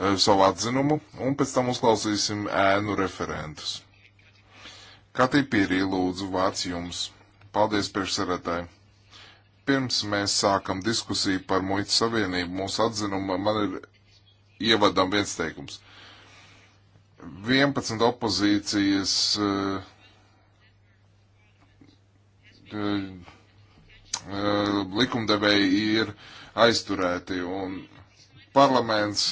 E, savu atzinumu, un pēc tam uzklausīsim ēnu referentus. Katī Pīrī lūdzu vārds jums. Paldies priekšsarētāji. Pirms mēs sākam diskusiju par muitas savienību, mūsu atzinuma man ir ievadam viens teikums. 11 opozīcijas uh, likumdevēji ir aizturēti un parlaments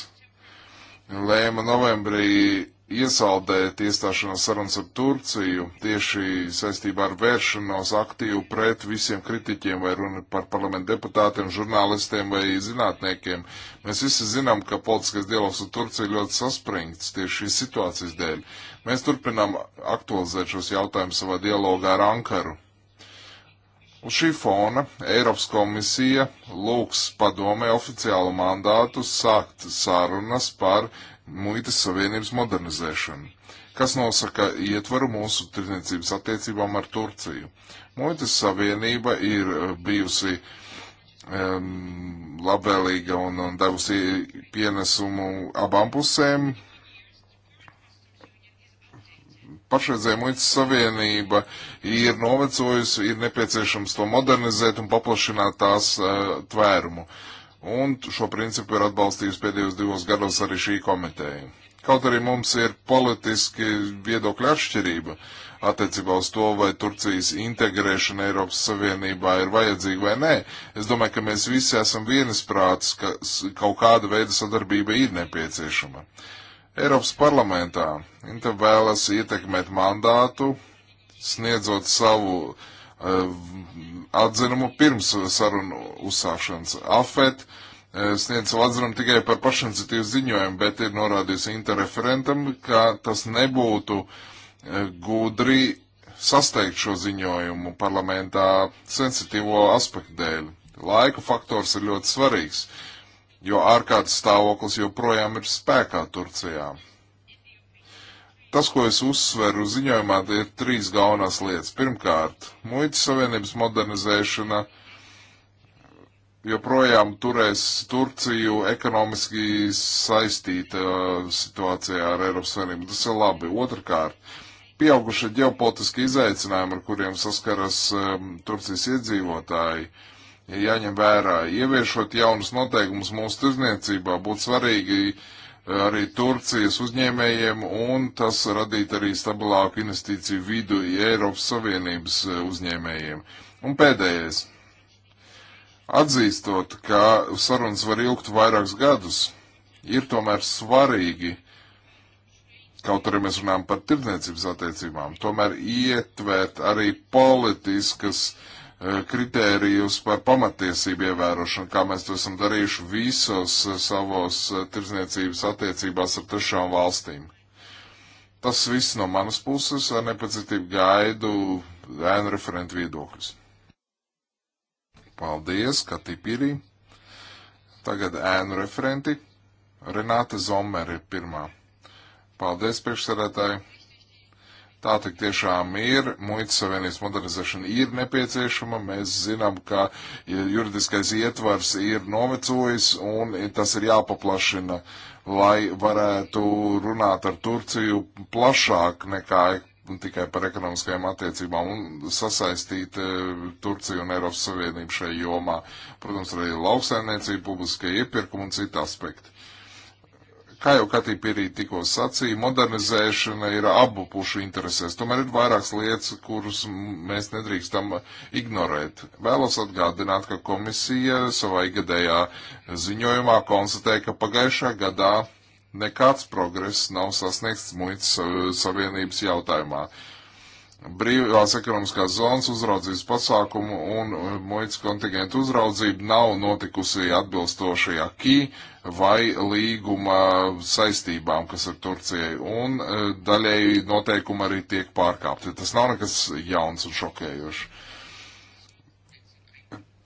lēma novembrī iesaldēt iestāšanās sarunas ar Turciju tieši saistībā ar vēršanos aktīvu pret visiem kritiķiem, vai runa par parlamentu deputātiem, žurnālistiem vai zinātniekiem. Mēs visi zinām, ka politiskais dialogs ar Turciju ļoti saspringts tieši šīs situācijas dēļ. Mēs turpinām aktualizēt šos jautājumus savā dialogā ar Ankaru. Uz šī fona Eiropas komisija lūgs padomē oficiālu mandātu sākt sarunas par muitas savienības modernizēšanu, kas nosaka ietvaru mūsu tirdzniecības attiecībām ar Turciju. Muitas savienība ir eh, bijusi um, labvēlīga un, un devusi pienesumu abām pusēm, pašreizējā muitas savienība ir novecojusi, ir nepieciešams to modernizēt un paplašināt tās uh, tvērumu. Un šo principu ir atbalstījusi pēdējos divos gados arī šī komiteja. Kaut arī mums ir politiski viedokļa atšķirība attiecībā uz to, vai Turcijas integrēšana Eiropas Savienībā ir vajadzīga vai nē. Es domāju, ka mēs visi esam vienisprāts, ka kaut kāda veida sadarbība ir nepieciešama. Uh, Eiropas parlamentā. Inta vēlas ietekmēt mandātu, sniedzot savu uh, atzinumu pirms sarunu uzsākšanas. AFET uh, sniedz savu atzinumu tikai par pašiniciatīvu ziņojumu, bet ir norādījusi interreferentam, ka tas nebūtu uh, gudri sasteigt šo ziņojumu parlamentā sensitīvo aspektu dēļ. Laika faktors ir ļoti svarīgs. Uh, jo ārkārtas stāvoklis joprojām ir spēkā Turcijā. Tas, ko es uzsveru ziņojumā, ir trīs galvenās lietas. Pirmkārt, muitas savienības modernizēšana joprojām turēs Turciju ekonomiski saistīta uh, situācijā ar Eiropas Savienību. Tas ir labi. Otrkārt, pieaugušie ģeopolitiski izaicinājumi, ar kuriem saskaras um, Turcijas iedzīvotāji. Uh, ir jāņem vērā. Ieviešot jaunas noteikumus mūsu tirzniecībā, būtu svarīgi eh, arī Turcijas uzņēmējiem, un tas radīt arī stabilāku investīciju vidu Eiropas Savienības eh, uzņēmējiem. Un pēdējais. Atzīstot, ka sarunas var ilgt vairākus gadus, ir tomēr svarīgi, kaut arī mēs runājam par tirdzniecības attiecībām, tomēr ietvērt arī politiskas uh, E, kritērijus par pamatiesību ievērošanu, kā mēs to esam darījuši visos e, savos e, tirzniecības attiecībās ar trešām valstīm. Tas viss no manas puses ar nepacitību gaidu ēnu referentu viedokļus. Paldies, Katipīrī. Tagad ēnu referenti. Renāte Zommer ir pirmā. Paldies, priekšsarētāji. Tā tik tiešām ir. Muitas savienības modernizēšana ir nepieciešama. Mēs zinām, ka juridiskais ietvars ir novecojis un tas ir jāpaplašina, lai varētu runāt ar Turciju plašāk nekā tikai par ekonomiskajām attiecībām un sasaistīt e, Turciju un Eiropas Savienību šajā jomā. Protams, arī lauksaimniecība, publiskie iepirkumi un citi aspekti kā jau Katī Pirī tikko sacīja, modernizēšana ir abu pušu interesēs. Tomēr ir vairākas lietas, kuras mēs nedrīkstam ignorēt. Vēlos atgādināt, ka komisija savā ikgadējā ziņojumā konstatēja, ka pagājušā gadā nekāds progress nav sasniegts muitas uh, savienības jautājumā. Uh, brīvās ekonomiskās zonas uzraudzības pasākumu un eh, muitas kontingentu uzraudzība nav notikusi atbilstoši akī vai līguma saistībām, kas ir Turcijai, un eh, daļēji noteikumi arī tiek pārkāpti. Tas nav nekas jauns un šokējošs.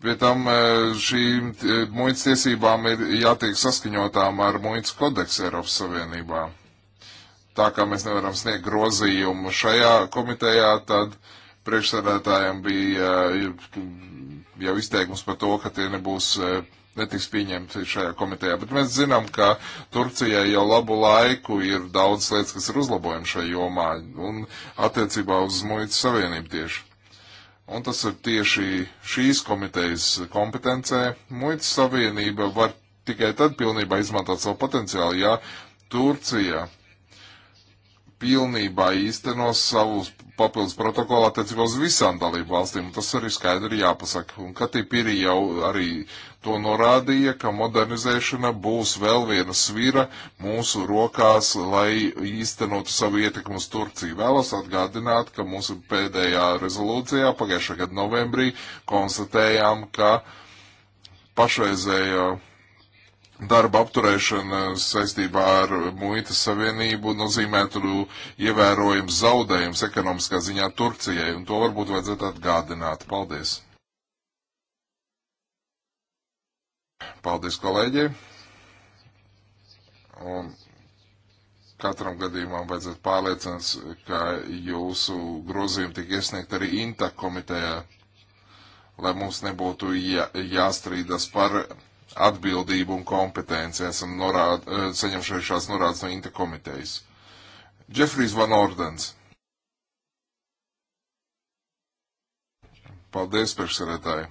Pie tam eh, šīm muitas tiesībām ir jātiek saskaņotām ar muitas kodeksu Eiropas Savienībā tā kā mēs nevaram sniegt grozījumu šajā komitejā, tad priekšsēdētājiem bija eh, jau izteikums par to, ka tie nebūs eh, netiks pieņemti šajā komitejā. Bet mēs zinām, ka Turcijai jau labu laiku ir daudz lietas, kas ir uzlabojumi šajā jomā un attiecībā uz muitas savienību tieši. Un tas ir tieši šīs komitejas kompetencē. Muitas savienība var tikai tad pilnībā izmantot savu potenciālu, ja Turcija pilnībā īstenos savus papildus protokolu attiecībā uz visām dalību valstīm. Tas arī skaidri jāpasaka. Un Katīpīri jau arī to norādīja, ka modernizēšana būs vēl viena svira mūsu rokās, lai īstenotu savu ietekmu uz Turciju. Vēlos atgādināt, ka mūsu pēdējā rezolūcijā pagājušā gada novembrī konstatējām, ka pašreizējā darba apturēšana saistībā ar muitas savienību nozīmētu ievērojams zaudējums ekonomiskā ziņā Turcijai, un to varbūt vajadzētu atgādināt. Paldies! Paldies, kolēģi! Un katram gadījumam vajadzētu pārliecināts, ka jūsu grozījumi tiek iesniegt arī INTA komitejā, lai mums nebūtu jā, jāstrīdas par atbildību un kompetenci esam norād, eh, saņemšojuši šās norādes no Inta komitejas. Džefrijs Van Ordens. Paldies, priekšsarētāji.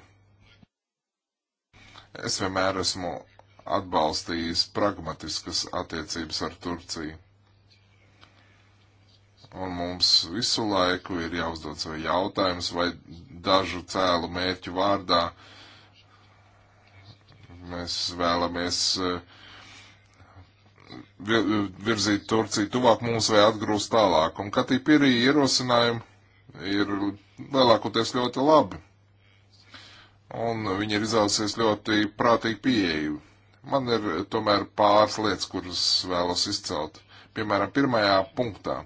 Es vienmēr esmu atbalstījis pragmatiskas attiecības ar Turciju. Un mums visu laiku ir jāuzdod sev jautājums, vai dažu cēlu mērķu vārdā uh, Mēs vēlamies eh, virzīt Turciju tuvāk mums vai atgrūst tālāk. Un Katī Pirī ierosinājumi ir lielākoties ļoti labi. Un viņi ir izvēlusies ļoti prātīgi pieeju. Man ir tomēr pāris lietas, kuras vēlos izcelt. Piemēram, pirmajā punktā.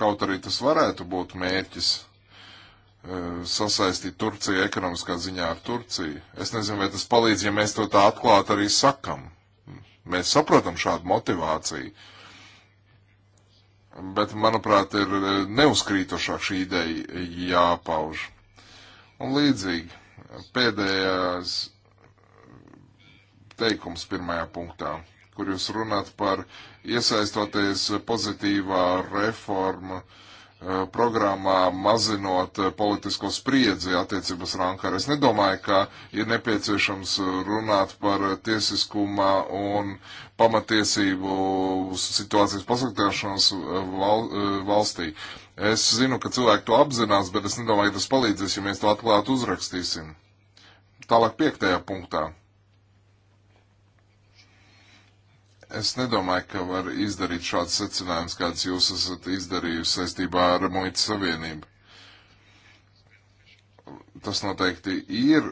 Kaut arī tas varētu būt mērķis, Uh, sasaistīt Turciju ekonomiskā ziņā ar Turciju. Es nezinu, vai tas palīdz, ja mēs to tā atklāti arī sakam. Mēs saprotam šādu motivāciju. Bet, manuprāt, ir uh, neuzkrītošāk šī ideja jāpauž. Un līdzīgi pēdējās teikums pirmajā punktā, kur jūs runāt par iesaistoties pozitīvā reforma uh, Eh, programmā mazinot eh, politisko spriedzi attiecības ar Ankaru. Es nedomāju, ka ir nepieciešams eh, runāt par tiesiskuma un pamatiesību situācijas pasliktināšanos val, valstī. Es zinu, ka cilvēki to apzinās, bet es nedomāju, ka tas palīdzēs, ja mēs to atklāti uzrakstīsim. Tālāk piektajā punktā Es nedomāju, ka var izdarīt šāds secinājums, kāds jūs esat izdarījusi saistībā ar Muitas Savienību. Tas noteikti ir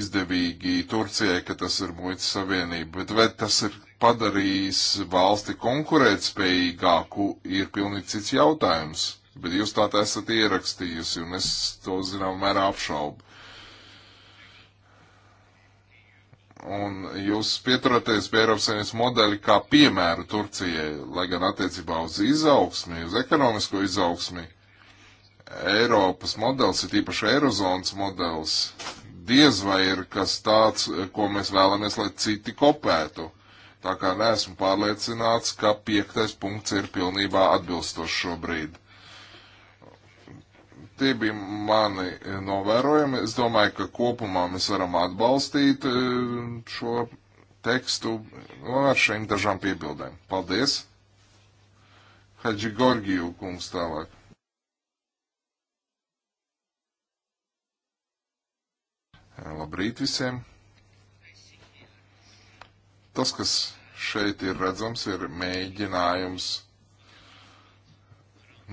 izdevīgi Turcijai, ka tas ir Muitas Savienība, bet vai tas ir padarījis valsti konkurētspējīgāku, ir pilnīgi cits jautājums. Bet jūs tā esat ierakstījusi, un es to zinām mērā apšaubu. Un jūs pieturaties pie Eiropas Savienības modeļa kā piemēru Turcijai, lai gan attiecībā uz izaugsmi, uz ekonomisko izaugsmi, Eiropas modelis ir īpaši Eirozonas modelis. Diez vai ir kas tāds, ko mēs vēlamies, lai citi kopētu. Tā kā neesmu pārliecināts, ka piektais punkts ir pilnībā atbilstošs šobrīd. Tie bija mani e, novērojumi. Es domāju, ka kopumā mēs varam atbalstīt e, šo tekstu nu, ar šīm dažām piebildēm. Paldies! Hadži Gorgiju kungs tālāk. E, labrīt visiem! Tas, kas šeit ir redzams, ir mēģinājums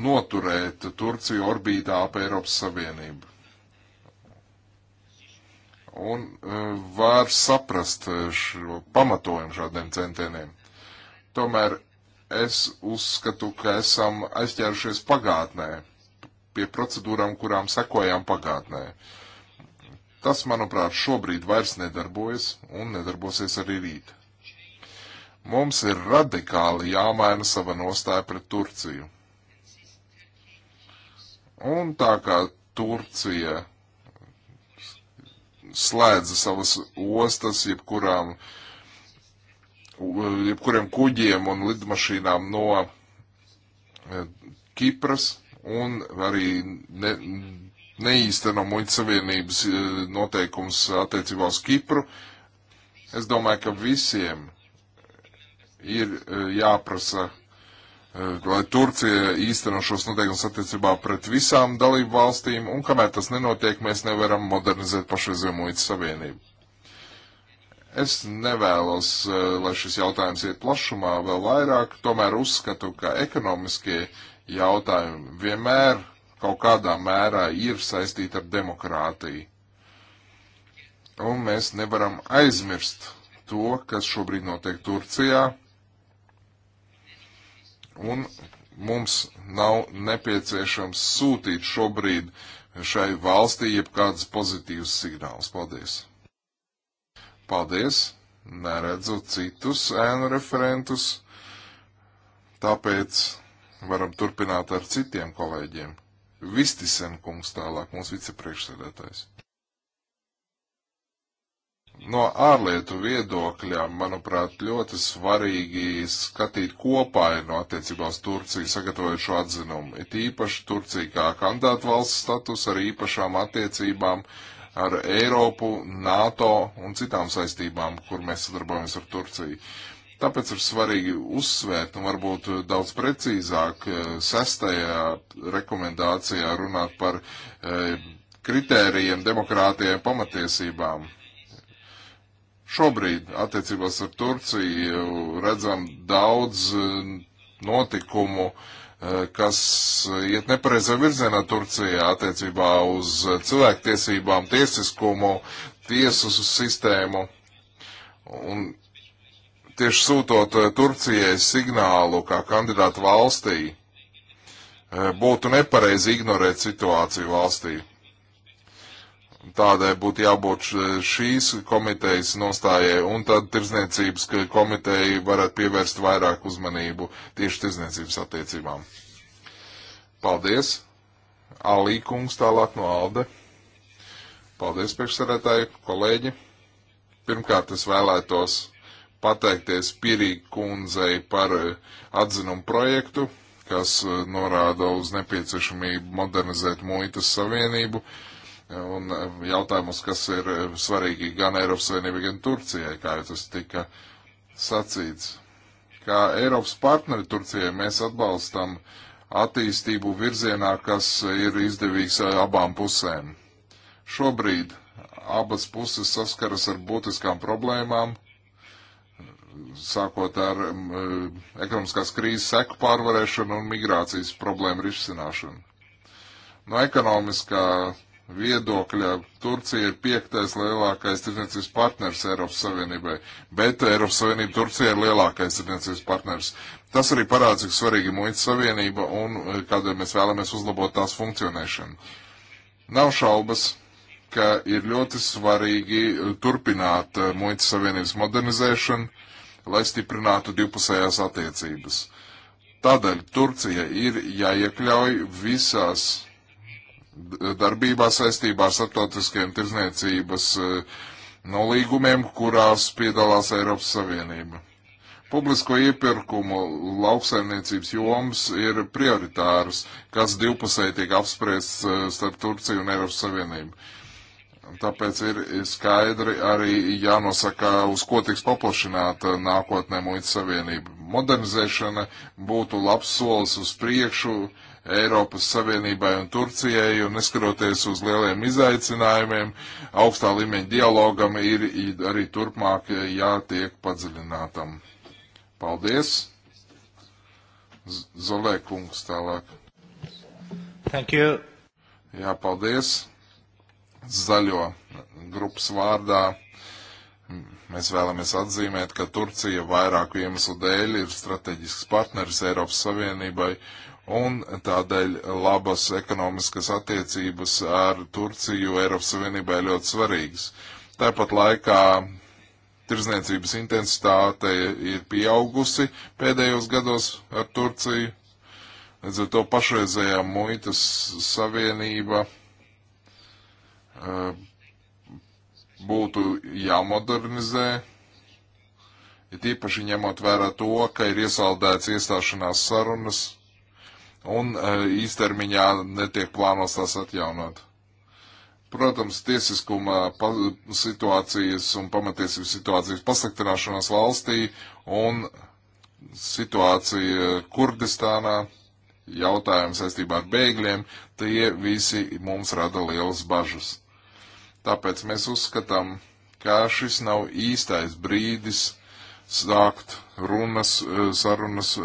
noturēt Turciju orbītā ap Eiropas Savienību. Un e, var saprast e, šo pamatojumu šādiem centieniem. Tomēr es uzskatu, ka esam aizķērušies pagātnē, pie procedūrām, kurām sekojām pagātnē. Tas, manuprāt, šobrīd vairs nedarbojas un nedarbosies arī rīt. Mums ir radikāli jāmaina sava nostāja pret Turciju. Un tā kā Turcija slēdza savas ostas jebkurām, jebkuriem kuģiem un lidmašīnām no e, Kipras un arī ne, neīsteno muitas savienības e, noteikums attiecībā uz Kipru. Es domāju, ka visiem ir e, jāprasa lai Turcija īsteno šos noteikumus attiecībā pret visām dalību valstīm, un kamēr tas nenotiek, mēs nevaram modernizēt pašreizējo muitas savienību. Es nevēlos, lai šis jautājums iet plašumā vēl vairāk, tomēr uzskatu, ka ekonomiskie jautājumi vienmēr kaut kādā mērā ir saistīti ar demokrātiju. Un mēs nevaram aizmirst to, kas šobrīd notiek Turcijā Un mums nav nepieciešams sūtīt šobrīd šai valstī jebkādas pozitīvas signālus. Paldies! Paldies! Neredzu citus ēnu referentus, tāpēc varam turpināt ar citiem kolēģiem. Vistisen kungs tālāk, mūsu vicepriekšsēdētājs no ārlietu viedokļa, manuprāt, ļoti svarīgi skatīt kopā no attiecībā uz Turciju sagatavojušo atzinumu. It īpaši Turcija kā kandidātu valsts status ar īpašām attiecībām ar Eiropu, NATO un citām saistībām, kur mēs sadarbojamies ar Turciju. Tāpēc ir svarīgi uzsvērt un varbūt daudz precīzāk eh, sestajā rekomendācijā runāt par e, kritērijiem demokrātiem pamatiesībām Šobrīd attiecībās ar Turciju redzam daudz eh, notikumu, eh, kas iet nepareizā virzienā Turcijā attiecībā uz cilvēktiesībām, tiesiskumu, tiesu sistēmu. Un tieši sūtot eh, Turcijai signālu kā kandidātu valstī, būtu nepareizi ignorēt situāciju valstī. Tādai būtu jābūt šīs komitejas nostājai, un tad tirzniecības komiteja varētu pievērst vairāk uzmanību tieši tirzniecības attiecībām. Paldies! Alī kungs tālāk no Alde. Paldies, priekšsarētāji, kolēģi! Pirmkārt, es vēlētos pateikties Pirīgi kundzei par eh, atzinumu projektu, kas eh, norāda uz nepieciešamību modernizēt muitas savienību. Uh, un eh, jautājumus, kas ir eh, svarīgi gan Eiropas Savienībai, gan Turcijai, kā jau tas tika sacīts. Kā Eiropas partneri Turcijai mēs atbalstam attīstību virzienā, kas ir izdevīgs eh, abām pusēm. Šobrīd abas puses saskaras ar būtiskām problēmām, sākot ar um, ekonomiskās krīzes seku pārvarēšanu un migrācijas problēmu risināšanu. No ekonomiskā viedokļa Turcija ir piektais lielākais tirdzniecības partners Eiropas Savienībai, bet Eiropas Savienība Turcija ir lielākais tirdzniecības partners. Tas arī parāda, cik svarīgi muitas savienība un eh, kādēļ mēs vēlamies uzlabot tās funkcionēšanu. Nav šaubas, ka ir ļoti svarīgi eh, turpināt eh, muitas savienības modernizēšanu, lai stiprinātu divpusējās attiecības. Tādēļ Turcija ir jāiekļauj visās darbībā saistībā ar starptautiskiem tirzniecības e, nolīgumiem, kurās piedalās Eiropas Savienība. Publisko iepirkumu lauksaimniecības joms ir prioritārs, kas divpusēji tiek apspriests e, starp Turciju un Eiropas Savienību. Tāpēc ir skaidri arī jānosaka, uz ko tiks paplašināta nākotnē muitas savienība. Modernizēšana būtu labs solis uz priekšu, uh, Eiropas Savienībai un Turcijai, un neskaroties uz lieliem izaicinājumiem, augstā līmeņa dialogam ir arī turpmāk jātiek padziļinātam. Paldies! Z Zolē kungs tālāk. Thank you. Jā, paldies. Zaļo grupas vārdā. Mēs vēlamies atzīmēt, ka Turcija vairāku iemeslu dēļ ir strateģisks partneris Eiropas Savienībai. Uh, un tādēļ labas ekonomiskas attiecības ar Turciju Eiropas Savienībā ir ļoti svarīgas. Tāpat laikā tirzniecības intensitāte ir pieaugusi pēdējos gados ar Turciju, līdz ar to pašreizējā muitas savienība eh, būtu jāmodernizē. Ir tīpaši ņemot vērā to, ka ir iesaldēts iestāšanās sarunas un e, īstermiņā netiek plānos tās atjaunot. Protams, tiesiskuma situācijas un pamatiesību situācijas pasliktināšanās valstī un situācija Kurdistānā, jautājums saistībā ar bēgļiem, tie visi mums rada lielas bažas. Tāpēc mēs uzskatām, ka šis nav īstais brīdis sākt runas, eh, sarunas eh,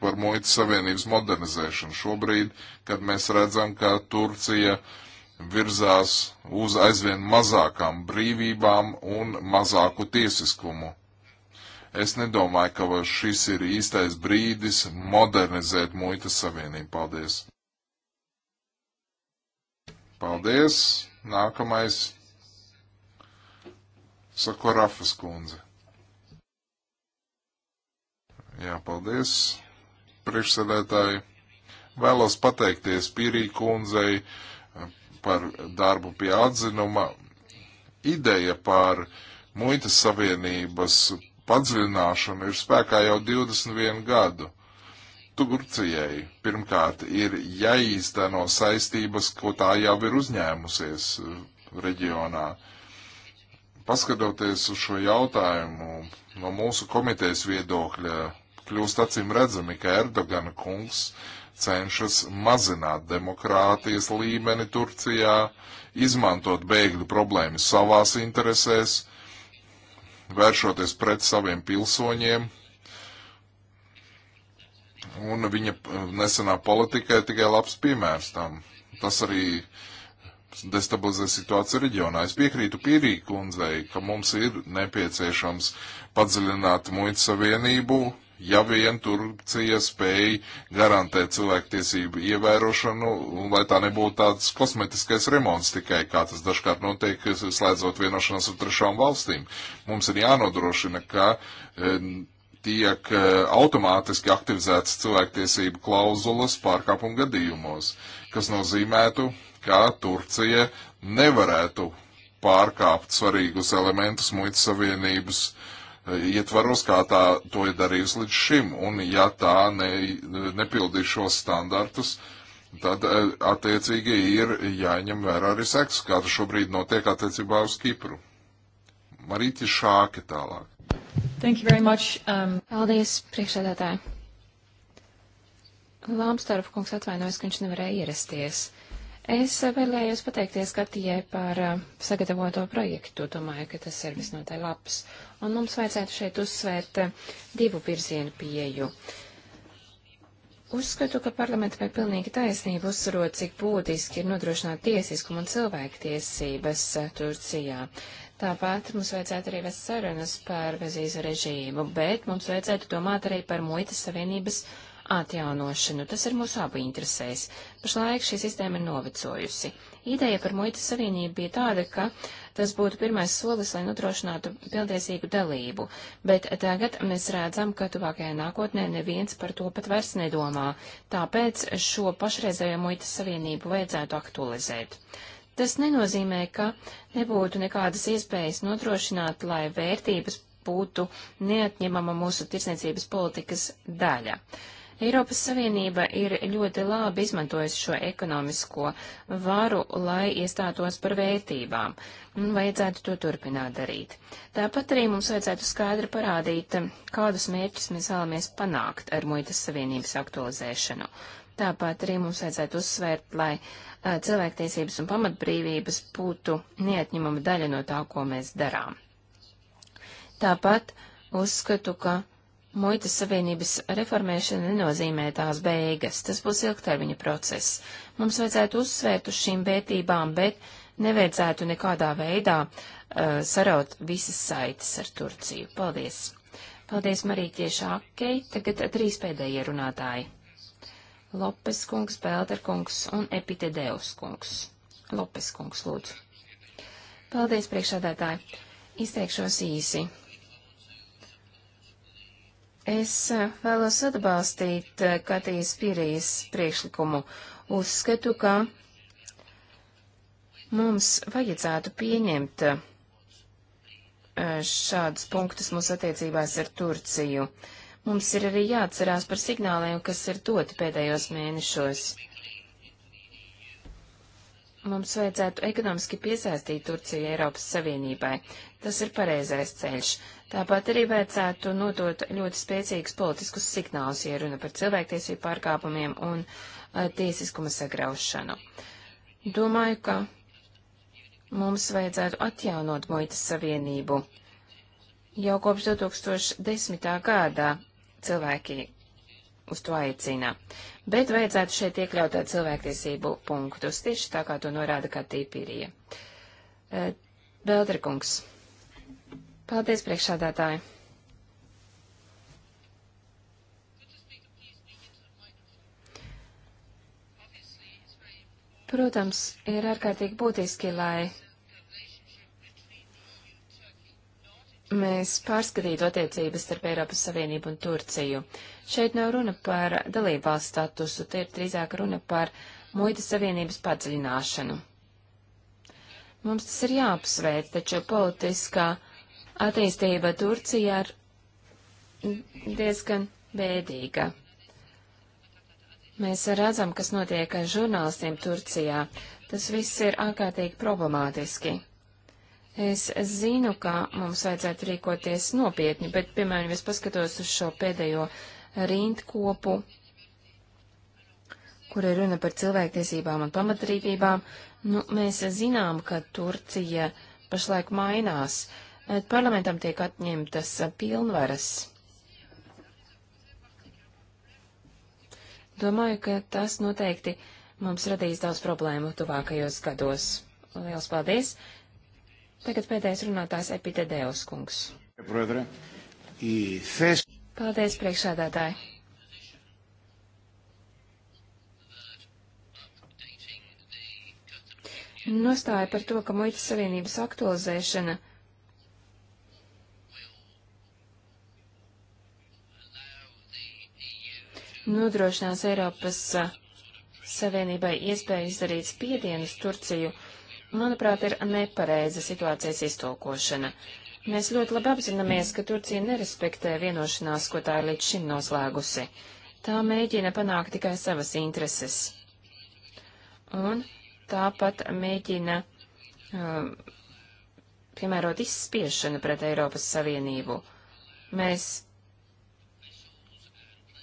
par muitas savienības modernizēšanu. Šobrīd, kad mēs redzam, ka Turcija virzās uz aizvien mazākām brīvībām un mazāku tiesiskumu. Es nedomāju, ka šis ir īstais brīdis modernizēt muitas savienību. Paldies! Paldies! Nākamais. Sako Rafas kundze. Jā, paldies, priekšsēdētāji. Vēlos pateikties Pīrī kundzei eh, par darbu pie atzinuma. Ideja par muitas savienības padziļināšanu ir spēkā jau 21 gadu. Turcijai pirmkārt ir jāīsteno saistības, ko tā jau ir uzņēmusies eh, reģionā. Paskatoties uz šo jautājumu no mūsu komitejas viedokļa, kļūst acīm redzami, ka Erdogana kungs cenšas mazināt demokrātijas līmeni Turcijā, izmantot bēgļu problēmas savās interesēs, vēršoties pret saviem pilsoņiem. Un viņa eh, nesenā politika ir tikai labs piemērs tam. Tas arī destabilizē situāciju reģionā. Es piekrītu Pīrī kundzei, ka mums ir nepieciešams padziļināt muitas savienību, ja vien Turcija spēj garantēt cilvēktiesību ievērošanu, un lai tā nebūtu tāds kosmetiskais remonts tikai, kā tas dažkārt notiek, slēdzot vienošanos ar trešām valstīm. Mums ir jānodrošina, ka e, tiek e, automātiski aktivizētas cilvēktiesību klauzulas pārkāpuma gadījumos, kas nozīmētu, ka Turcija nevarētu pārkāpt svarīgus elementus muitas savienības ietvaros, kā tā to ir darījusi līdz šim. Un ja tā ne, nepildīs šos standartus, tad eh, attiecīgi ir jāņem vērā arī seks, kā tas šobrīd notiek attiecībā uz Kipru. Marīti Šāke tālāk. Thank you very much. Um... Paldies, priekšsēdētāji. Lāmstarf kungs atvainojas, ka viņš nevarēja ierasties. Es vēlējos pateikties Katijai par sagatavoto projektu. Domāju, ka tas ir visnotaļ labs. Un mums vajadzētu šeit uzsvērt divu virzienu pieju. Uzskatu, ka parlamentam ir pilnīgi taisnība uzsverot, cik būtiski ir nodrošināt tiesiskumu un cilvēktiesības Turcijā. Tāpat mums vajadzētu arī vest sarunas par bezvīzu režīmu, bet mums vajadzētu domāt arī par muitas savienības atjaunošanu. Tas ir mūsu abu interesēs. Pašlaik šī sistēma ir novecojusi. Ideja par muitas savienību bija tāda, ka tas būtu pirmais solis, lai nodrošinātu pildiesīgu dalību, bet tagad mēs redzam, ka tuvākajā nākotnē neviens par to pat vairs nedomā, tāpēc šo pašreizējo muitas savienību vajadzētu aktualizēt. Tas nenozīmē, ka nebūtu nekādas iespējas nodrošināt, lai vērtības būtu neatņemama mūsu tirsniecības politikas daļa. Uh, Eiropas Savienība ir ļoti labi izmantojusi šo ekonomisko varu, lai iestātos par vērtībām, un vajadzētu to turpināt darīt. Tāpat arī mums vajadzētu skaidri parādīt, kādus mērķus mēs vēlamies panākt ar muitas savienības aktualizēšanu. Tāpat arī mums vajadzētu uzsvērt, lai a, cilvēktiesības un pamatbrīvības būtu neatņemama daļa no tā, ko mēs darām. Tāpat uzskatu, ka Muitas savienības reformēšana nenozīmē tās beigas, tas būs ilgtermiņa process. Mums vajadzētu uzsvērt uz šīm vērtībām, bet nevajadzētu nekādā veidā uh, saraut visas saites ar Turciju. Paldies! Paldies Marīķie Šākei, tagad trīs pēdējie runātāji. Lopes kungs, Pēlter kungs un Epitedeus kungs. Lopes kungs, lūdzu. Paldies, priekšādātāji. Izteikšos īsi. Es eh, vēlos atbalstīt eh, Katijas Pirijas priekšlikumu. Uzskatu, ka mums vajadzētu pieņemt eh, šādus punktus mūsu attiecībās ar Turciju. Mums ir arī jāatcerās par signāliem, kas ir doti pēdējos mēnešos. Mums vajadzētu ekonomiski piesaistīt Turciju Eiropas Savienībai. Tas ir pareizais ceļš. Tāpat arī vajadzētu nodot ļoti spēcīgus politiskus signālus, ja runa par cilvēktiesību pārkāpumiem un a, eh, tiesiskuma sagraušanu. Domāju, ka mums vajadzētu atjaunot muitas savienību. Jau kopš 2010. gadā cilvēki uz to aicina. Bet vajadzētu šeit iekļaut eh, cilvēktiesību punktus, tieši tā kā to norāda Katīpīrija. Eh, Belderkungs. E, Paldies, priekšādātāji! Protams, ir ārkārtīgi būtiski, lai mēs pārskatītu attiecības starp Eiropas Savienību un Turciju. Šeit nav runa par dalībvalsts statusu, te ir drīzāk runa par muitas savienības padziļināšanu. Mums tas ir jāapsveic, taču politiskā attīstība Turcijā ir diezgan bēdīga. Mēs redzam, kas notiek ar žurnālistiem Turcijā. Tas viss ir ārkārtīgi problemātiski. Es zinu, ka mums vajadzētu rīkoties nopietni, bet, piemēram, es paskatos uz šo pēdējo rindkopu, kur ir runa par cilvēktiesībām un pamatrīvībām. Nu, mēs zinām, ka Turcija pašlaik mainās. Uh, parlamentam tiek atņemtas pilnvaras. Domāju, ka tas noteikti mums radīs daudz problēmu tuvākajos gados. Lielas paldies! Tagad pēdējais runātājs Epitēdeus kungs. Paldies, priekšsādātāji! Nostāja par to, ka muitas savienības aktualizēšana – nodrošinās Eiropas Savienībai iespēju izdarīt spiedienu uz Turciju, manuprāt, ir nepareiza situācijas iztolkošana. Mēs ļoti labi apzināmies, ka Turcija nerespektē vienošanās, ko tā ir līdz šim noslēgusi. Tā mēģina panākt tikai savas intereses. Un tāpat mēģina um, piemērot izspiešanu pret Eiropas Savienību. Mēs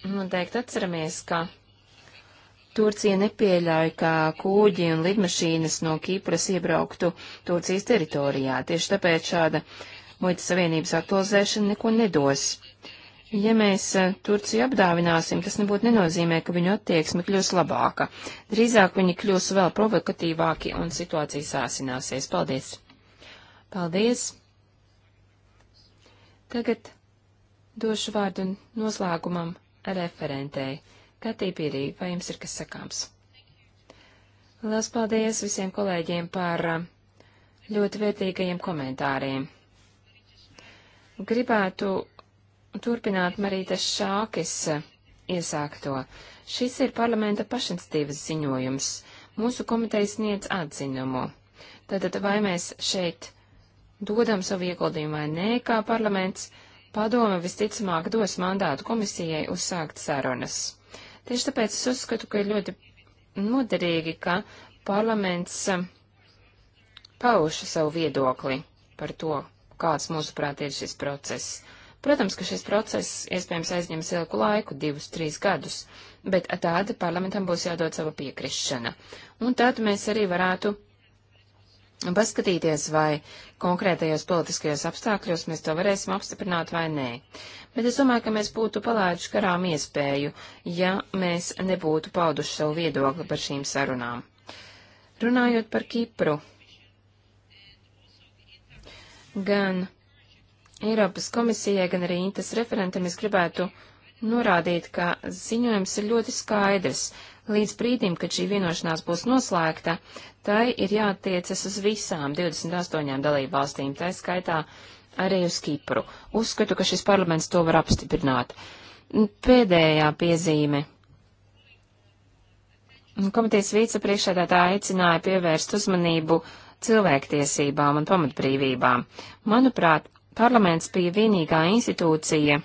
noteikti atceramies, ka Turcija nepieļauj, ka kūģi un lidmašīnas no Kīpras iebrauktu Turcijas teritorijā. Tieši tāpēc šāda muitas savienības aktualizēšana neko nedos. Ja mēs eh, Turciju apdāvināsim, tas nebūtu nenozīmē, ka viņu attieksme kļūs labāka. Drīzāk viņi kļūs vēl provokatīvāki un situācija sāsināsies. Paldies! Paldies! Tagad došu vārdu noslēgumam referentei. Katī Pīrī, vai jums ir kas sakāms? Lielas paldies visiem kolēģiem par uh, ļoti vērtīgajiem komentāriem. Gribētu turpināt Marītas Šākis uh, iesākto. Šis ir parlamenta pašinstīvas ziņojums. Mūsu komiteja sniedz atzinumu. Tātad vai mēs šeit dodam savu ieguldījumu vai nē, kā parlaments, Padome visticamāk dos mandātu komisijai uzsākt sarunas. Tieši tāpēc es uzskatu, ka ir ļoti noderīgi, ka parlaments eh, pauž savu viedokli par to, kāds mūsuprāt ir šis process. Protams, ka šis process iespējams aizņems ilgu laiku, divus, trīs gadus, bet tāda parlamentam būs jādod sava piekrišana. Un tad mēs arī varētu un paskatīties, vai konkrētajos politiskajos apstākļos mēs to varēsim apstiprināt vai nē. Bet es domāju, ka mēs būtu palaiduši garām iespēju, ja mēs nebūtu pauduši savu viedokli par šīm sarunām. Runājot par Kipru, gan Eiropas komisijai, gan arī Intas referentam es gribētu norādīt, ka ziņojums ir ļoti skaidrs, Līdz brīdim, kad šī vienošanās būs noslēgta, tai ir jātiecas uz visām 28 dalībvalstīm, tā skaitā arī uz Kipru. Uzskatu, ka šis parlaments to var apstiprināt. Pēdējā piezīme. Komitejas vicepriekšēdētāja aicināja pievērst uzmanību cilvēktiesībām un pamatbrīvībām. Manuprāt, parlaments bija vienīgā institūcija,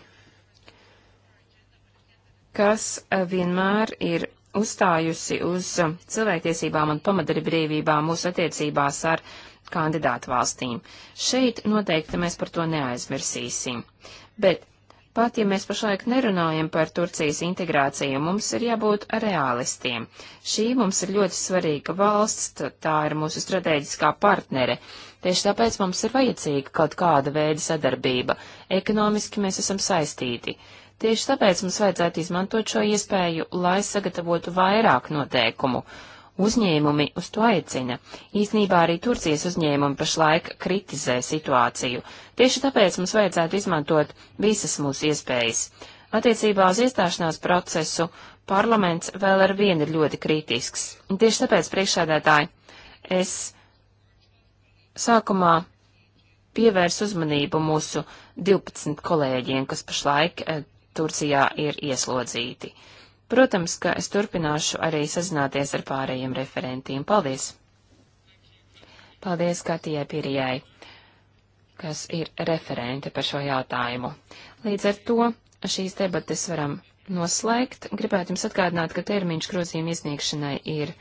kas eh, vienmēr ir uzstājusi uz um, cilvēktiesībām un pamatdarbrīvībām mūsu attiecībās ar kandidātu valstīm. Šeit noteikti mēs par to neaizmirsīsim. Bet pat ja mēs pašlaik nerunājam par Turcijas integrāciju, mums ir jābūt realistiem. Šī mums ir ļoti svarīga valsts, tā ir mūsu strateģiskā partnere. Tieši tāpēc mums ir vajadzīga kaut kāda veida sadarbība. Ekonomiski mēs esam saistīti. Tieši tāpēc mums vajadzētu izmantot šo iespēju, lai sagatavotu vairāk noteikumu. Uzņēmumi uz to aicina. Īsnībā arī Turcijas uzņēmumi pašlaik kritizē situāciju. Tieši tāpēc mums vajadzētu izmantot visas mūsu iespējas. Attiecībā uz iestāšanās procesu parlaments vēl ar vienu ir ļoti kritisks. Tieši tāpēc, priekšsēdētāji, es sākumā pievērs uzmanību mūsu 12 kolēģiem, kas pašlaik eh, Turcijā ir ieslodzīti. Protams, ka es turpināšu arī sazināties ar pārējiem referentiem. Paldies! Paldies Katijai Pirijai, kas ir referente par šo jautājumu. Līdz ar to šīs debates varam noslēgt. Gribētu jums atgādināt, ka termiņš grozījuma iesniegšanai ir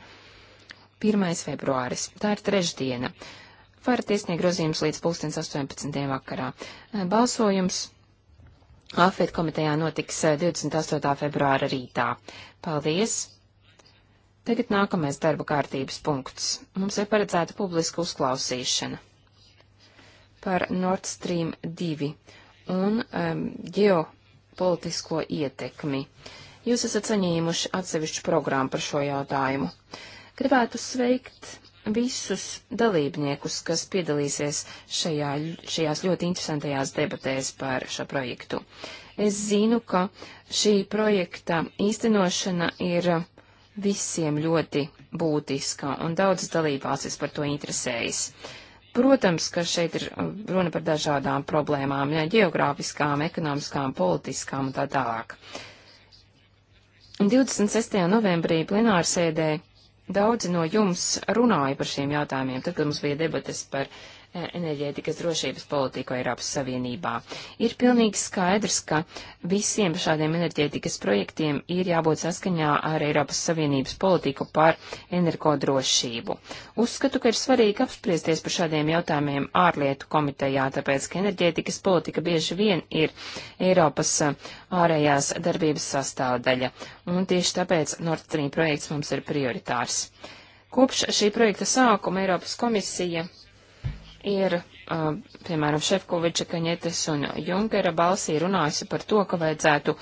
1. februāris. Tā ir trešdiena. Varat iesniegt grozījumus līdz 18. vakarā. Balsojums AFET komitejā notiks 28. Eh, februāra rītā. Paldies! Tagad nākamais darba kārtības punkts. Mums ir paredzēta publiska uzklausīšana par Nord Stream 2 un um, ģeopolitisko ietekmi. Jūs esat saņēmuši atsevišķu programmu par šo jautājumu. Gribētu sveikt visus dalībniekus, kas piedalīsies šajā, šajās ļoti interesantajās debatēs par šo projektu. Es zinu, ka šī projekta īstenošana ir visiem ļoti būtiska, un daudzas dalībvalstis par to interesējas. Protams, ka šeit ir runa par dažādām problēmām, ja geogrāfiskām, ekonomiskām, politiskām un tā tālāk. 26. novembrī plenārsēdē Daudzi no jums runāja par šiem jautājumiem, tad, kad mums bija debates par enerģētikas drošības politiku Eiropas Savienībā. Ir pilnīgi skaidrs, ka visiem šādiem enerģētikas projektiem ir jābūt saskaņā ar Eiropas Savienības politiku par energodrošību. Uzskatu, ka ir svarīgi apspriesties par šādiem jautājumiem ārlietu komitejā, tāpēc, ka enerģētikas politika bieži vien ir Eiropas ārējās darbības sastāvdaļa, un tieši tāpēc Nord Stream projekts mums ir prioritārs. Kopš šī projekta sākuma Eiropas komisija ir, piemēram, Šefkoviča, Kaņetes un Junkera balsī runājusi par to, ka vajadzētu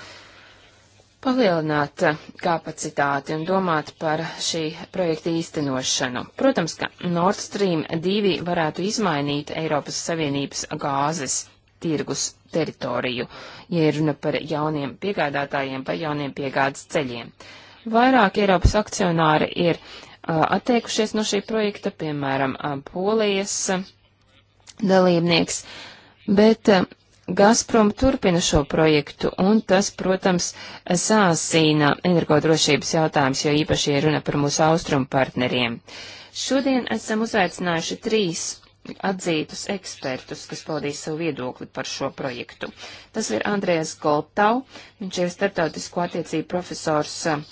palielināt kapacitāti un domāt par šī projekta īstenošanu. Protams, ka Nord Stream 2 varētu izmainīt Eiropas Savienības gāzes tirgus teritoriju, ja ir runa par jauniem piegādātājiem, par jauniem piegādes ceļiem. Vairāk Eiropas akcionāri ir uh, atteikušies no šī projekta, piemēram, Polijas dalībnieks, bet eh, Gazprom turpina šo projektu, un tas, protams, sāsīna energodrošības jautājums, jo īpaši ir runa par mūsu austrumu partneriem. Šodien esam uzaicinājuši trīs atzītus ekspertus, kas paudīs savu viedokli par šo projektu. Tas ir Andrēs Goltau, viņš ir starptautisko attiecību profesors eh,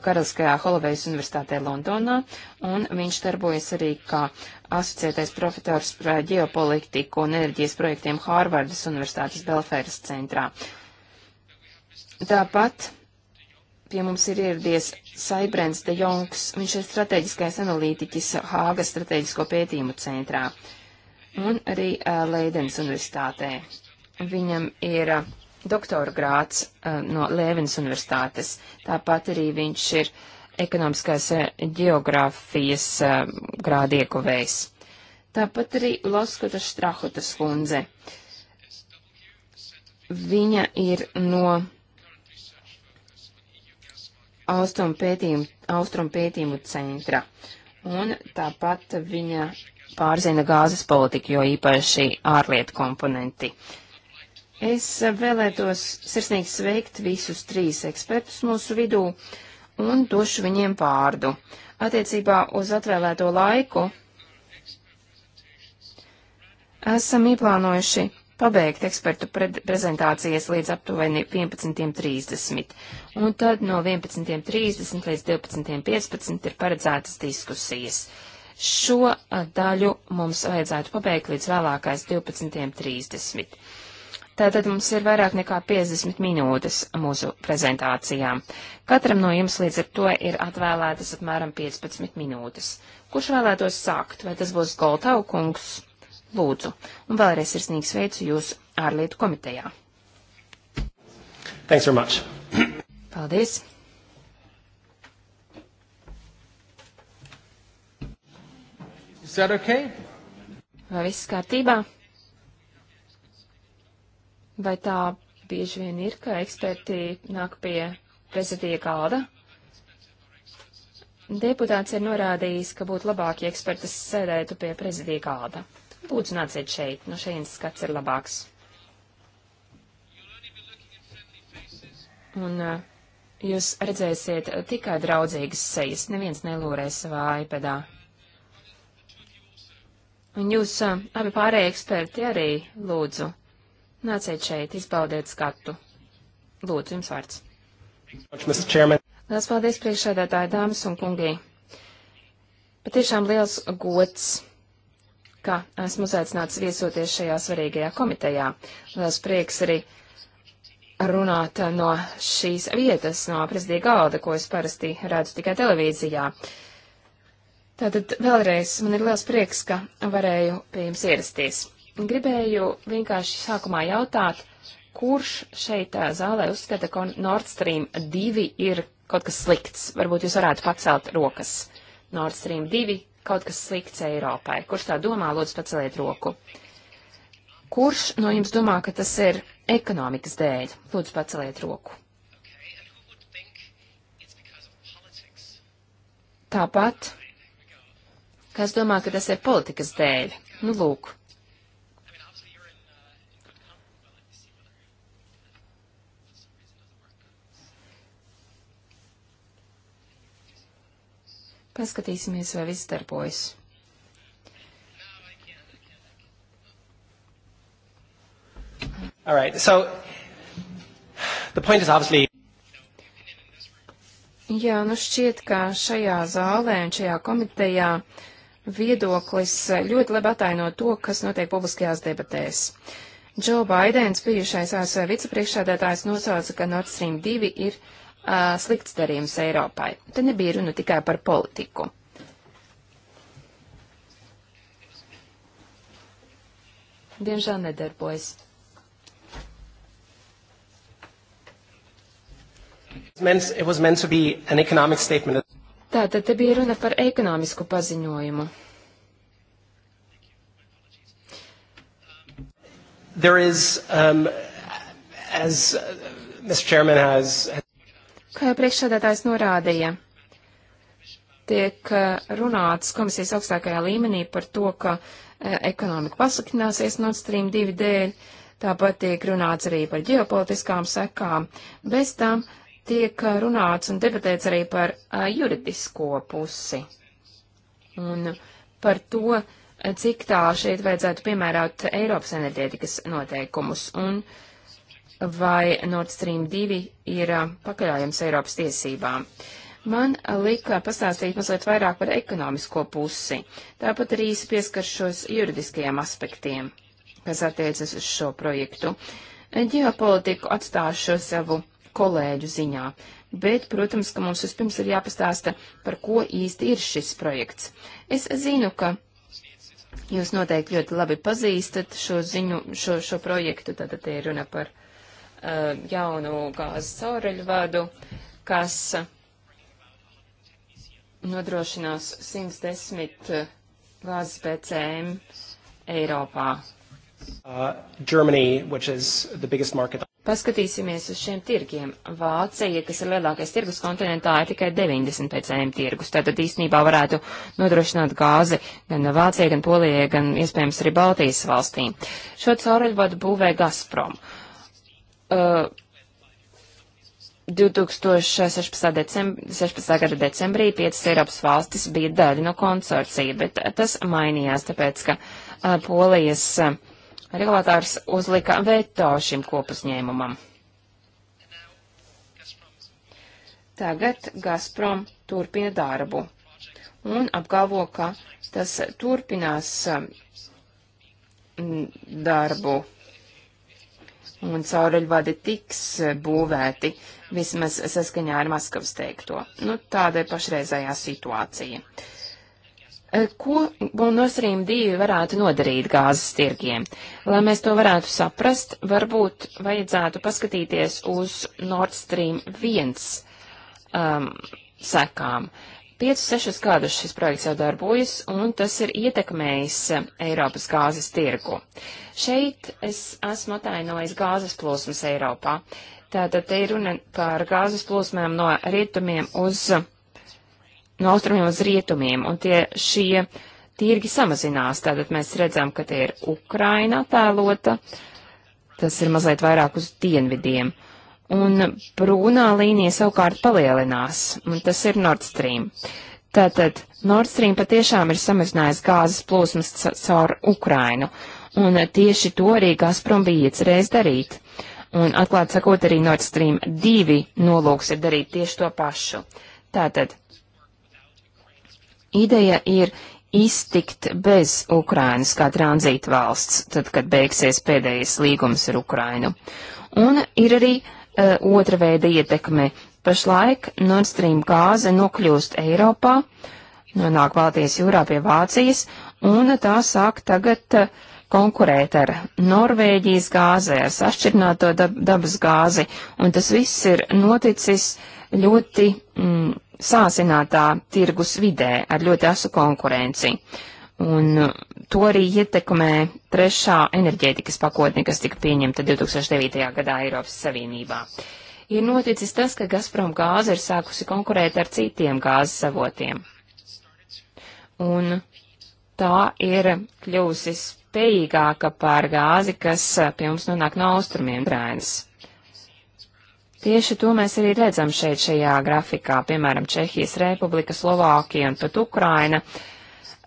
Karaliskajā Holovejas universitātē Londonā, un viņš darbojas arī kā asociētais profesors par ģeopolitiku un enerģijas projektiem Hārvardas Universitātes Belfēras centrā. Tāpat pie mums ir ieradies Saibrens de Jongs, viņš ir strateģiskais analītiķis Hāgas strateģisko pētījumu centrā un arī uh, Leidens Universitātē. Viņam ir uh, doktora grāts uh, no Lēvenas Universitātes, tāpat arī viņš ir uh, ekonomiskās eh, geogrāfijas eh, grādi iekuvējs. Tāpat arī Loskuta Štrahutas kundze. Viņa ir no Austrum pētījumu, Austrum pētījumu centra. Un tāpat viņa pārzina gāzes politiku, jo īpaši ārlietu komponenti. Es vēlētos sirsnīgi sveikt visus trīs ekspertus mūsu vidū. Uh, un došu viņiem vārdu. Attiecībā uz atvēlēto laiku esam ieplānojuši pabeigt ekspertu pre prezentācijas līdz aptuveni 11.30, un tad no 11.30 līdz 12.15 ir paredzētas diskusijas. Šo daļu mums vajadzētu pabeigt līdz vēlākais 12.30. Tātad mums ir vairāk nekā 50 minūtes mūsu prezentācijām. Katram no jums līdz ar to ir atvēlētas apmēram 15 minūtes. Kurš vēlētos sākt? Vai tas būs Goltaukungs? Lūdzu. Un vēlreiz ir snīgs sveicu jūs ārlietu komitejā. Thanks very much. Paldies. Is that okay? Vai viss kārtībā? Vai tā bieži vien ir, ka eksperti nāk pie prezidija galda? Deputāts ir norādījis, ka būtu labāk, ja ekspertas sēdētu pie prezidija galda. Lūdzu, nāciet šeit, no šeit skats ir labāks. Un uh, jūs redzēsiet tikai draudzīgas sejas, neviens nelūrēs savā iPadā. Un jūs uh, abi pārējie eksperti arī lūdzu Nāciet šeit, izbaudiet skatu. Lūdzu, jums vārds. Lielas paldies priekšsēdētāji, dāmas un kungi. Patiešām liels gods, ka esmu uzaicināts viesoties šajā svarīgajā komitejā. Liels prieks arī runāt no šīs vietas, no prezidija galda, ko es parasti redzu tikai televīzijā. Tātad vēlreiz man ir liels prieks, ka varēju pie jums ierasties. Gribēju vienkārši sākumā jautāt, kurš šeit zālē uzskata, ka Nord Stream 2 ir kaut kas slikts? Varbūt jūs varētu pacelt rokas. Nord Stream 2 kaut kas slikts Eiropai. Kurš tā domā, lūdzu, paceliet roku. Kurš no jums domā, ka tas ir ekonomikas dēļ? Lūdzu, paceliet roku. Tāpat, kas domā, ka tas ir politikas dēļ? Nu, lūk, Paskatīsimies, vai viss darbojas. All right, so the point is obviously. Jā, nu šķiet, ka šajā zālē un šajā komitejā viedoklis ļoti labi ataino to, kas notiek publiskajās debatēs. Džo Baidens, bijušais ASV vicepriekšādātājs, nosauca, ka Nord Stream 2 ir uh, slikts darījums Eiropai. Te nebija runa tikai par politiku. Diemžēl nedarbojas. Tātad te bija runa par ekonomisku paziņojumu. There is, um, as uh, Mr. Chairman has, Kā priekšsēdētājs norādīja, tiek eh, runāts komisijas augstākajā līmenī par to, ka eh, ekonomika pasliktināsies Nord Stream 2 dēļ, tāpat tiek runāts arī par ģeopolitiskām sekām, bez tam tiek eh, runāts un debatēts arī par juridisko pusi un par to, cik tā šeit vajadzētu piemērot Eiropas enerģētikas noteikumus. Un uh, vai Nord Stream 2 ir uh, pakaļājums Eiropas tiesībām. Man lika pastāstīt mazliet vairāk par ekonomisko pusi, tāpat arī īsi pieskaršos juridiskajiem aspektiem, kas attiecas uz šo projektu. Ģeopolitiku atstāšu savu kolēģu ziņā, bet, protams, ka mums vispirms ir jāpastāsta, par ko īsti ir šis projekts. Es zinu, ka jūs noteikti ļoti labi pazīstat šo ziņu, šo, šo projektu, tātad te ir runa par uh, Uh, jaunu gāzes caureļu vadu, kas nodrošinās 110 gāzes PCM Eiropā. Uh, Germany, which is the biggest market. Paskatīsimies uz šiem tirgiem. Vācija, kas ir lielākais tirgus kontinentā, ir tikai 90 PCM tirgus. Tātad īstenībā varētu nodrošināt gāzi gan Vācijai, gan Polijai, gan iespējams arī Baltijas valstīm. Šo cauruļvadu būvē Gazprom uh, 2016. Decembr, 16. gada decembrī piecas Eiropas valstis bija daļa no konsorcija, bet tas mainījās, tāpēc ka uh, Polijas uh, regulātārs uzlika veto šim kopuzņēmumam. Tagad Gazprom turpina darbu un apgalvo, ka tas turpinās uh, darbu un caureļvadi tiks eh, būvēti, vismaz saskaņā ar Maskavas teikto. Nu, tāda ir pašreizējā situācija. Eh, ko Bonusrīm divi varētu nodarīt gāzes tirgiem? Lai mēs to varētu saprast, varbūt vajadzētu paskatīties uz Nord Stream 1 um, ehm, sekām. Uh, 5-6 gadus šis projekts jau darbojas, un tas ir ietekmējis eh, Eiropas gāzes tirgu. Šeit es esmu atainojis gāzes plūsmas Eiropā. Tātad te ir runa par gāzes plūsmām no rietumiem uz, no austrumiem uz rietumiem, un tie šie tirgi samazinās. Tātad mēs redzam, ka tie ir Ukraina tēlota, tas ir mazliet vairāk uz dienvidiem. Uh, un brūnā līnija savukārt palielinās, un tas ir Nord Stream. Tātad Nord Stream patiešām ir samazinājis gāzes plūsmas caur Ukrainu, un tieši to arī Gazprom bija iecerējis darīt. Un atklāt sakot, arī Nord Stream 2 nolūks ir darīt tieši to pašu. Tātad, ideja ir iztikt bez Ukrainas kā tranzīta valsts, tad, kad beigsies pēdējais līgums ar Ukrainu. Un ir arī uh, Uh, otra veida ietekme. Pašlaik Nord Stream gāze nokļūst Eiropā, nonāk Baltijas jūrā pie Vācijas, un tā sāk tagad uh, konkurēt ar Norvēģijas gāzi, ar sašķirināto dab dabas gāzi, un tas viss ir noticis ļoti mm, sāsinātā tirgus vidē ar ļoti asu konkurenci. Uh, Un uh, to arī ietekmē trešā enerģētikas pakotne, kas tika pieņemta 2009. gadā Eiropas Savienībā. Ir noticis tas, ka Gazprom gāze ir sākusi konkurēt ar citiem gāzes avotiem. Un tā ir kļūsi spējīgāka par gāzi, kas pie mums nonāk no austrumiem drēnas. Tieši to mēs arī redzam šeit šajā grafikā, piemēram, Čehijas Republika, Slovākija un pat Ukraina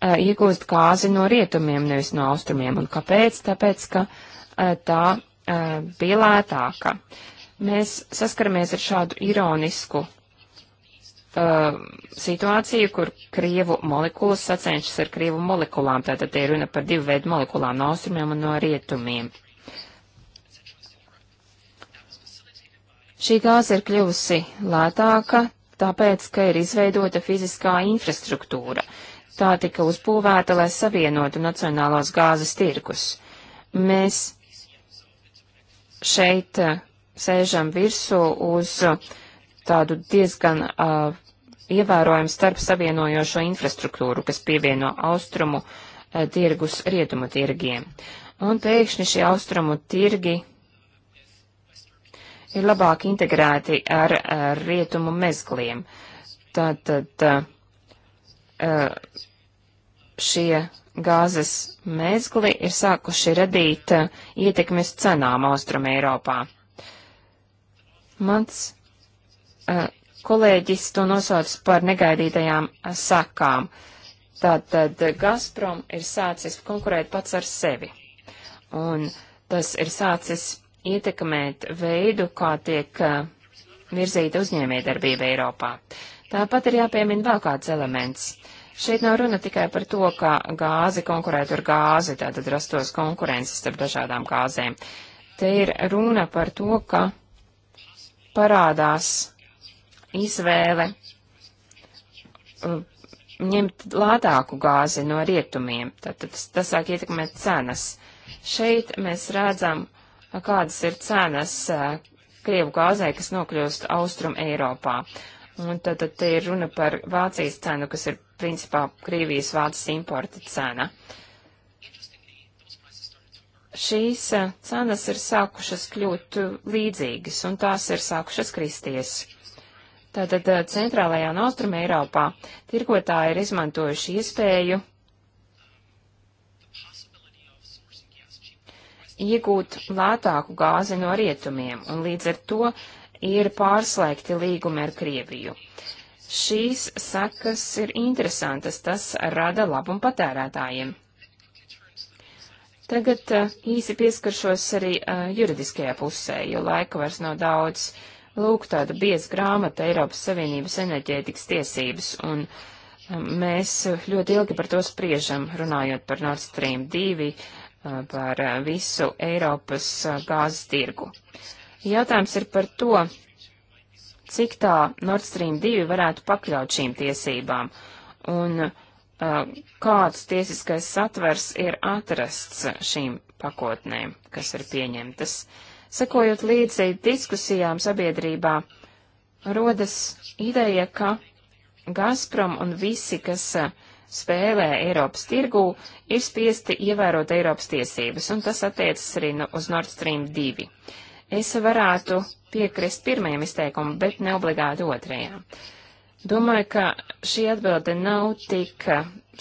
Uh, iegūst gāzi no rietumiem, nevis no austrumiem. Un kāpēc? Tāpēc, ka uh, tā uh, bija lētāka. Mēs saskaramies ar šādu ironisku situāciju, kur krievu molekulas sacenšas ar krievu molekulām. Tātad te ir runa par divu veidu molekulām no austrumiem un no rietumiem. Šī gāze ir kļuvusi lētāka, tāpēc, ka ir izveidota fiziskā infrastruktūra. Uh, Tā tika uzbūvēta, lai savienotu nacionālos gāzes tirkus. Mēs šeit eh, sēžam virsū uz eh, tādu diezgan uh, ievērojumu starp savienojošo infrastruktūru, kas pievieno austrumu uh, tirgus rietumu tirgiem. Un pēkšņi šie austrumu tirgi ir labāk integrēti ar, ar rietumu mezgliem. Tātad uh, Eh, šie gāzes mezgli ir sākuši radīt eh, ietekmes cenām Austrum Eiropā. Mans eh, kolēģis to nosauc par negaidītajām sakām. Tātad Gazprom ir sācis konkurēt pats ar sevi. Un tas ir sācis ietekmēt veidu, kā tiek virzīta uzņēmējdarbība Eiropā. Uh, Tāpat ir jāpiemina vēl kāds elements. Šeit nav runa tikai par to, ka gāzi konkurētu ar gāzi, tātad rastos konkurences starp dažādām gāzēm. Te ir runa par to, ka parādās izvēle uh, ņemt lētāku gāzi no rietumiem, tad tas sāk ietekmēt cenas. Šeit mēs redzam, uh, kādas ir cenas uh, Krievu gāzē, kas nokļūst Austrum Eiropā. Un tad, tad te ir runa par Vācijas cenu, kas ir principā Krievijas Vācijas importa cena. Šīs eh, cenas ir sākušas kļūt līdzīgas, un tās ir sākušas kristies. Tātad eh, centrālajā un austrumē Eiropā tirgotāji ir izmantojuši iespēju iegūt lētāku gāzi no rietumiem, un līdz ar to ir pārslēgti līgumi ar Krieviju. Šīs sakas ir interesantas, tas rada labumu patērētājiem. Tagad eh, īsi pieskaršos arī uh, juridiskajā pusē, jo laika vairs nav daudz. Lūk, tāda biez grāmata Eiropas Savienības enerģētikas tiesības, un um, mēs ļoti ilgi par to spriežam, runājot par Nord Stream 2, uh, par visu Eiropas gāzes tirgu. Jautājums ir par to, cik tā Nord Stream 2 varētu pakļaut šīm tiesībām un kāds tiesiskais satvers ir atrasts šīm pakotnēm, kas ir pieņemtas. Sekojot līdzi diskusijām sabiedrībā, rodas ideja, ka Gazprom un visi, kas spēlē Eiropas tirgū, ir spiesti ievērot Eiropas tiesības, un tas attiecas arī uz Nord Stream 2. Es varētu piekrist pirmajam izteikumam, bet neobligāti otrajam. Domāju, ka šī atbilde nav tik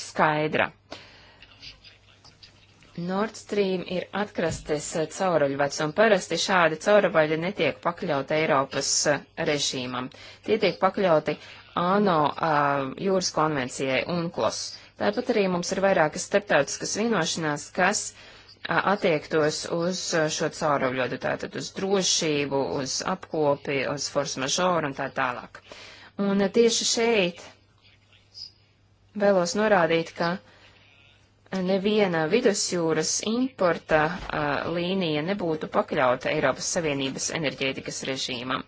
skaidra. Nord Stream ir atkrastes cauruļvads, un parasti šādi cauruļvaļi netiek pakļauti Eiropas eh, režīmam. Tie tiek pakļauti ANO uh, jūras konvencijai UNCLOS. Tāpat arī mums ir vairākas starptautiskas vienošanās, kas uh, attiektos uz šo cauruļodu, tātad uz drošību, uz apkopi, uz force majeure un tā tālāk. Un tieši šeit vēlos norādīt, ka neviena vidusjūras importa a, līnija nebūtu pakļauta Eiropas Savienības enerģētikas režīmam.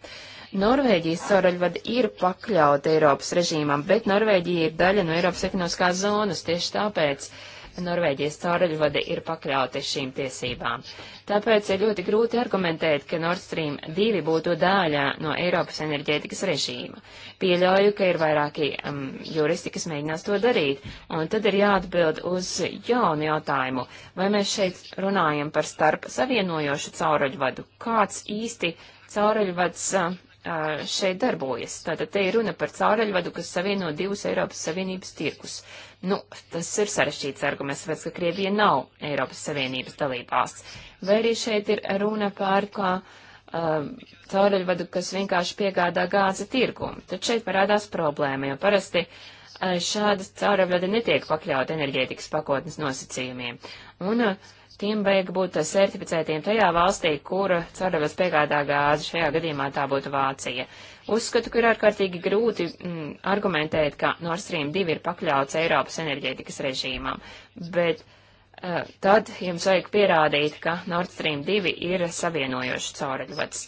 Norvēģijas cauruļvadi ir pakļauta Eiropas režīmam, bet Norvēģija ir daļa no Eiropas ekonomiskās zonas, tieši tāpēc uh, Norvēģijas caureļvadi ir pakļauti šīm tiesībām. Tāpēc ir ļoti grūti argumentēt, ka Nord Stream 2 būtu daļā no Eiropas enerģētikas režīma. Pieļauju, ka ir vairāki um, juristi, kas mēģinās to darīt, un tad ir jāatbild uz jaunu jautājumu, vai mēs šeit runājam par starp savienojošu caureļvadu, kāds īsti caureļvads uh, uh, šeit darbojas. Tātad te ir runa par caureļvadu, kas savieno divus Eiropas Savienības tirkus. Nu, tas ir sarešķīts arguments, tāpēc, ka Krievija nav Eiropas Savienības dalībās. Vai arī šeit ir runa par kā um, cauruļvadu, kas vienkārši piegādā gāzi tirgumu. Tad šeit parādās problēma, jo parasti uh, šādas cauruļvadi netiek pakļaut enerģētikas pakotnes nosacījumiem. Un uh, tiem vajag būt certificētiem tajā valstī, kura cauruļvads piegādā gāzi. Šajā gadījumā tā būtu Vācija. Uh, Uzskatu, ka ir ārkārtīgi grūti mm, argumentēt, ka Nord Stream 2 ir pakļauts Eiropas enerģētikas režīmam, bet uh, tad jums vajag pierādīt, ka Nord Stream 2 ir savienojošs caureļvads.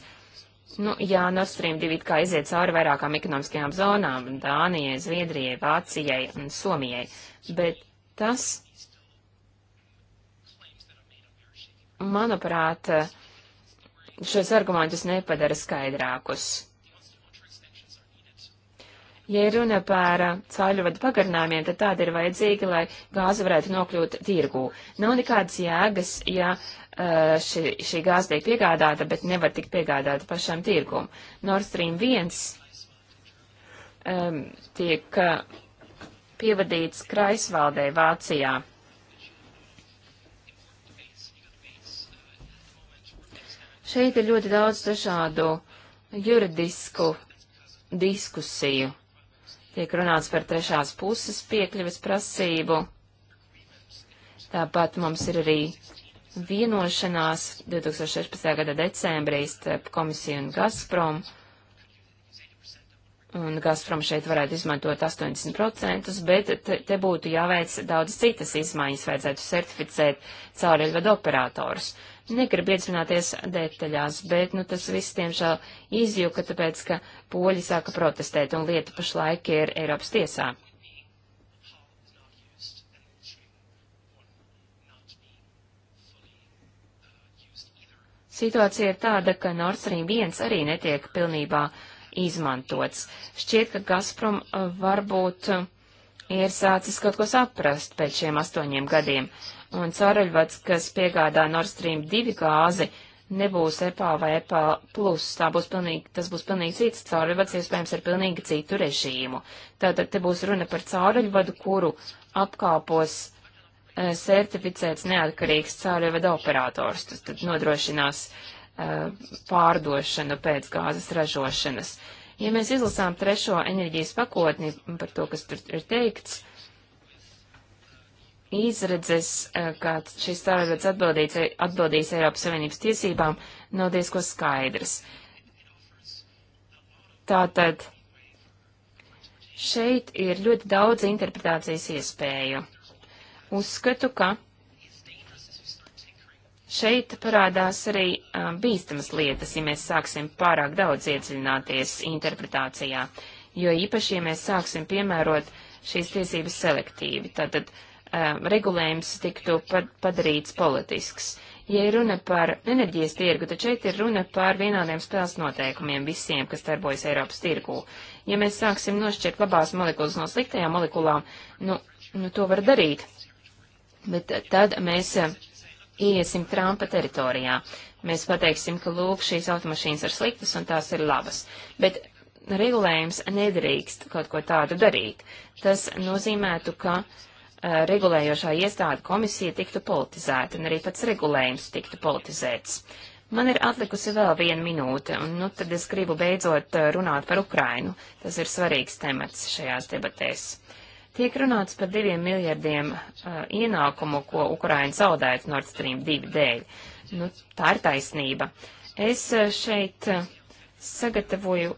Nu, jā, Nord Stream 2 kā iziet cauri vairākām ekonomiskajām zonām - Dānijai, Zviedrijai, Vācijai un Somijai, bet tas, manuprāt, eh, šos argumentus nepadara skaidrākus. Ja runa par uh, cauļuvadu pagarinājumiem, tad tāda ir vajadzīga, lai gāze varētu nokļūt tirgū. Nav nekādas jēgas, ja uh, šī, šī gāze tiek piegādāta, bet nevar tikt piegādāta pašam tirgum. Nord Stream 1 um, tiek uh, pievadīts Kraisvaldē Vācijā. Šeit ir ļoti daudz dažādu juridisku diskusiju. Tiek runāts par trešās puses piekļuves prasību. Tāpat mums ir arī vienošanās 2016. gada decembrī starp komisiju un Gazprom. Un Gazprom šeit varētu izmantot 80%, bet te, te būtu jāveic daudz citas izmaiņas, vajadzētu certificēt caurļvedu operators. Uh, Negribu iedzināties detaļās, bet, nu, tas viss, diemžēl, izjuka, tāpēc, ka poļi sāka protestēt, un lieta pašlaik ir Eiropas tiesā. Situācija ir tāda, ka Nord Stream 1 arī netiek pilnībā izmantots. Šķiet, ka Gazprom uh, varbūt uh, ir sācis kaut ko saprast pēc šiem astoņiem gadiem. Uh, un cauruļvads, kas piegādā Nord Stream 2 gāzi, nebūs EPA vai EPA plus, tā būs pilnīgi, tas būs pilnīgi cits cauruļvads, iespējams, ar pilnīgi citu režīmu. Tātad te būs runa par cauruļvadu, kuru apkāpos e, certificēts neatkarīgs cauruļvada operators, tas tad nodrošinās e, pārdošanu pēc gāzes ražošanas. Ja mēs izlasām trešo enerģijas pakotni par to, kas tur ir teikts, uh, izredzes, eh, ka šis tārādāts e, atbildīs Eiropas Savienības tiesībām, nav diezko skaidrs. Tātad šeit ir ļoti daudz interpretācijas iespēju. Uzskatu, ka šeit parādās arī eh, bīstamas lietas, ja mēs sāksim pārāk daudz iedziļināties interpretācijā, jo īpaši, ja mēs sāksim piemērot šīs tiesības selektīvi. Tātad, uh, um, regulējums tiktu padarīts politisks. Ja ir runa par enerģijas tirgu, tad šeit ir runa par vienādiem spēles noteikumiem visiem, kas darbojas Eiropas tirgū. Ja mēs sāksim nošķirt labās molekulas no sliktajām molekulām, nu, nu to var darīt, bet tad mēs eh, iesim Trumpa teritorijā. Mēs pateiksim, ka lūk, šīs automašīnas ir sliktas un tās ir labas. Bet regulējums nedrīkst kaut ko tādu darīt. Tas nozīmētu, ka uh, Eh, regulējošā iestāde komisija tiktu politizēta un arī pats regulējums tiktu politizēts. Man ir atlikusi vēl viena minūte, un nu tad es gribu beidzot eh, runāt par Ukrainu. Tas ir svarīgs temats šajās debatēs. Tiek runāts par diviem miljardiem uh, ienākumu, ko Ukraina zaudētu Nord Stream 2 dēļ. Nu, tā ir taisnība. Es šeit sagatavoju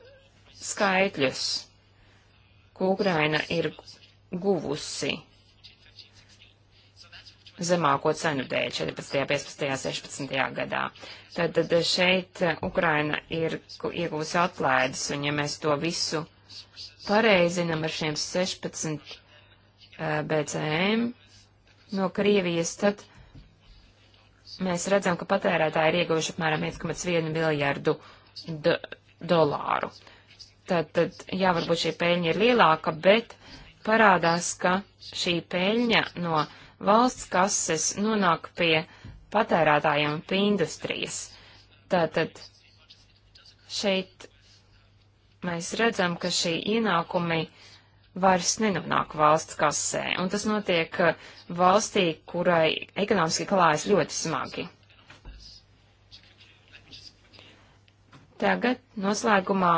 skaitļus, ko Ukraina ir guvusi zemāko cenu dēļ 14., 15., 16. gadā. Tad, tad šeit eh, Ukraina ir iegūs atlaides, un ja mēs to visu pareizinam ar šiem 16 uh, BCM no Krievijas, tad mēs redzam, ka patērētāji ir ieguvuši apmēram 1,1 miljardu do dolāru. Tad, tad, jā, varbūt šī peļņa ir lielāka, bet parādās, ka šī peļņa no uh, valsts kases nonāk pie patērētājiem un pie industrijas. Tātad šeit mēs redzam, ka šī ienākumi vairs nenonāk valsts kasē, un tas notiek uh, valstī, kurai ekonomiski klājas ļoti smagi. Tagad noslēgumā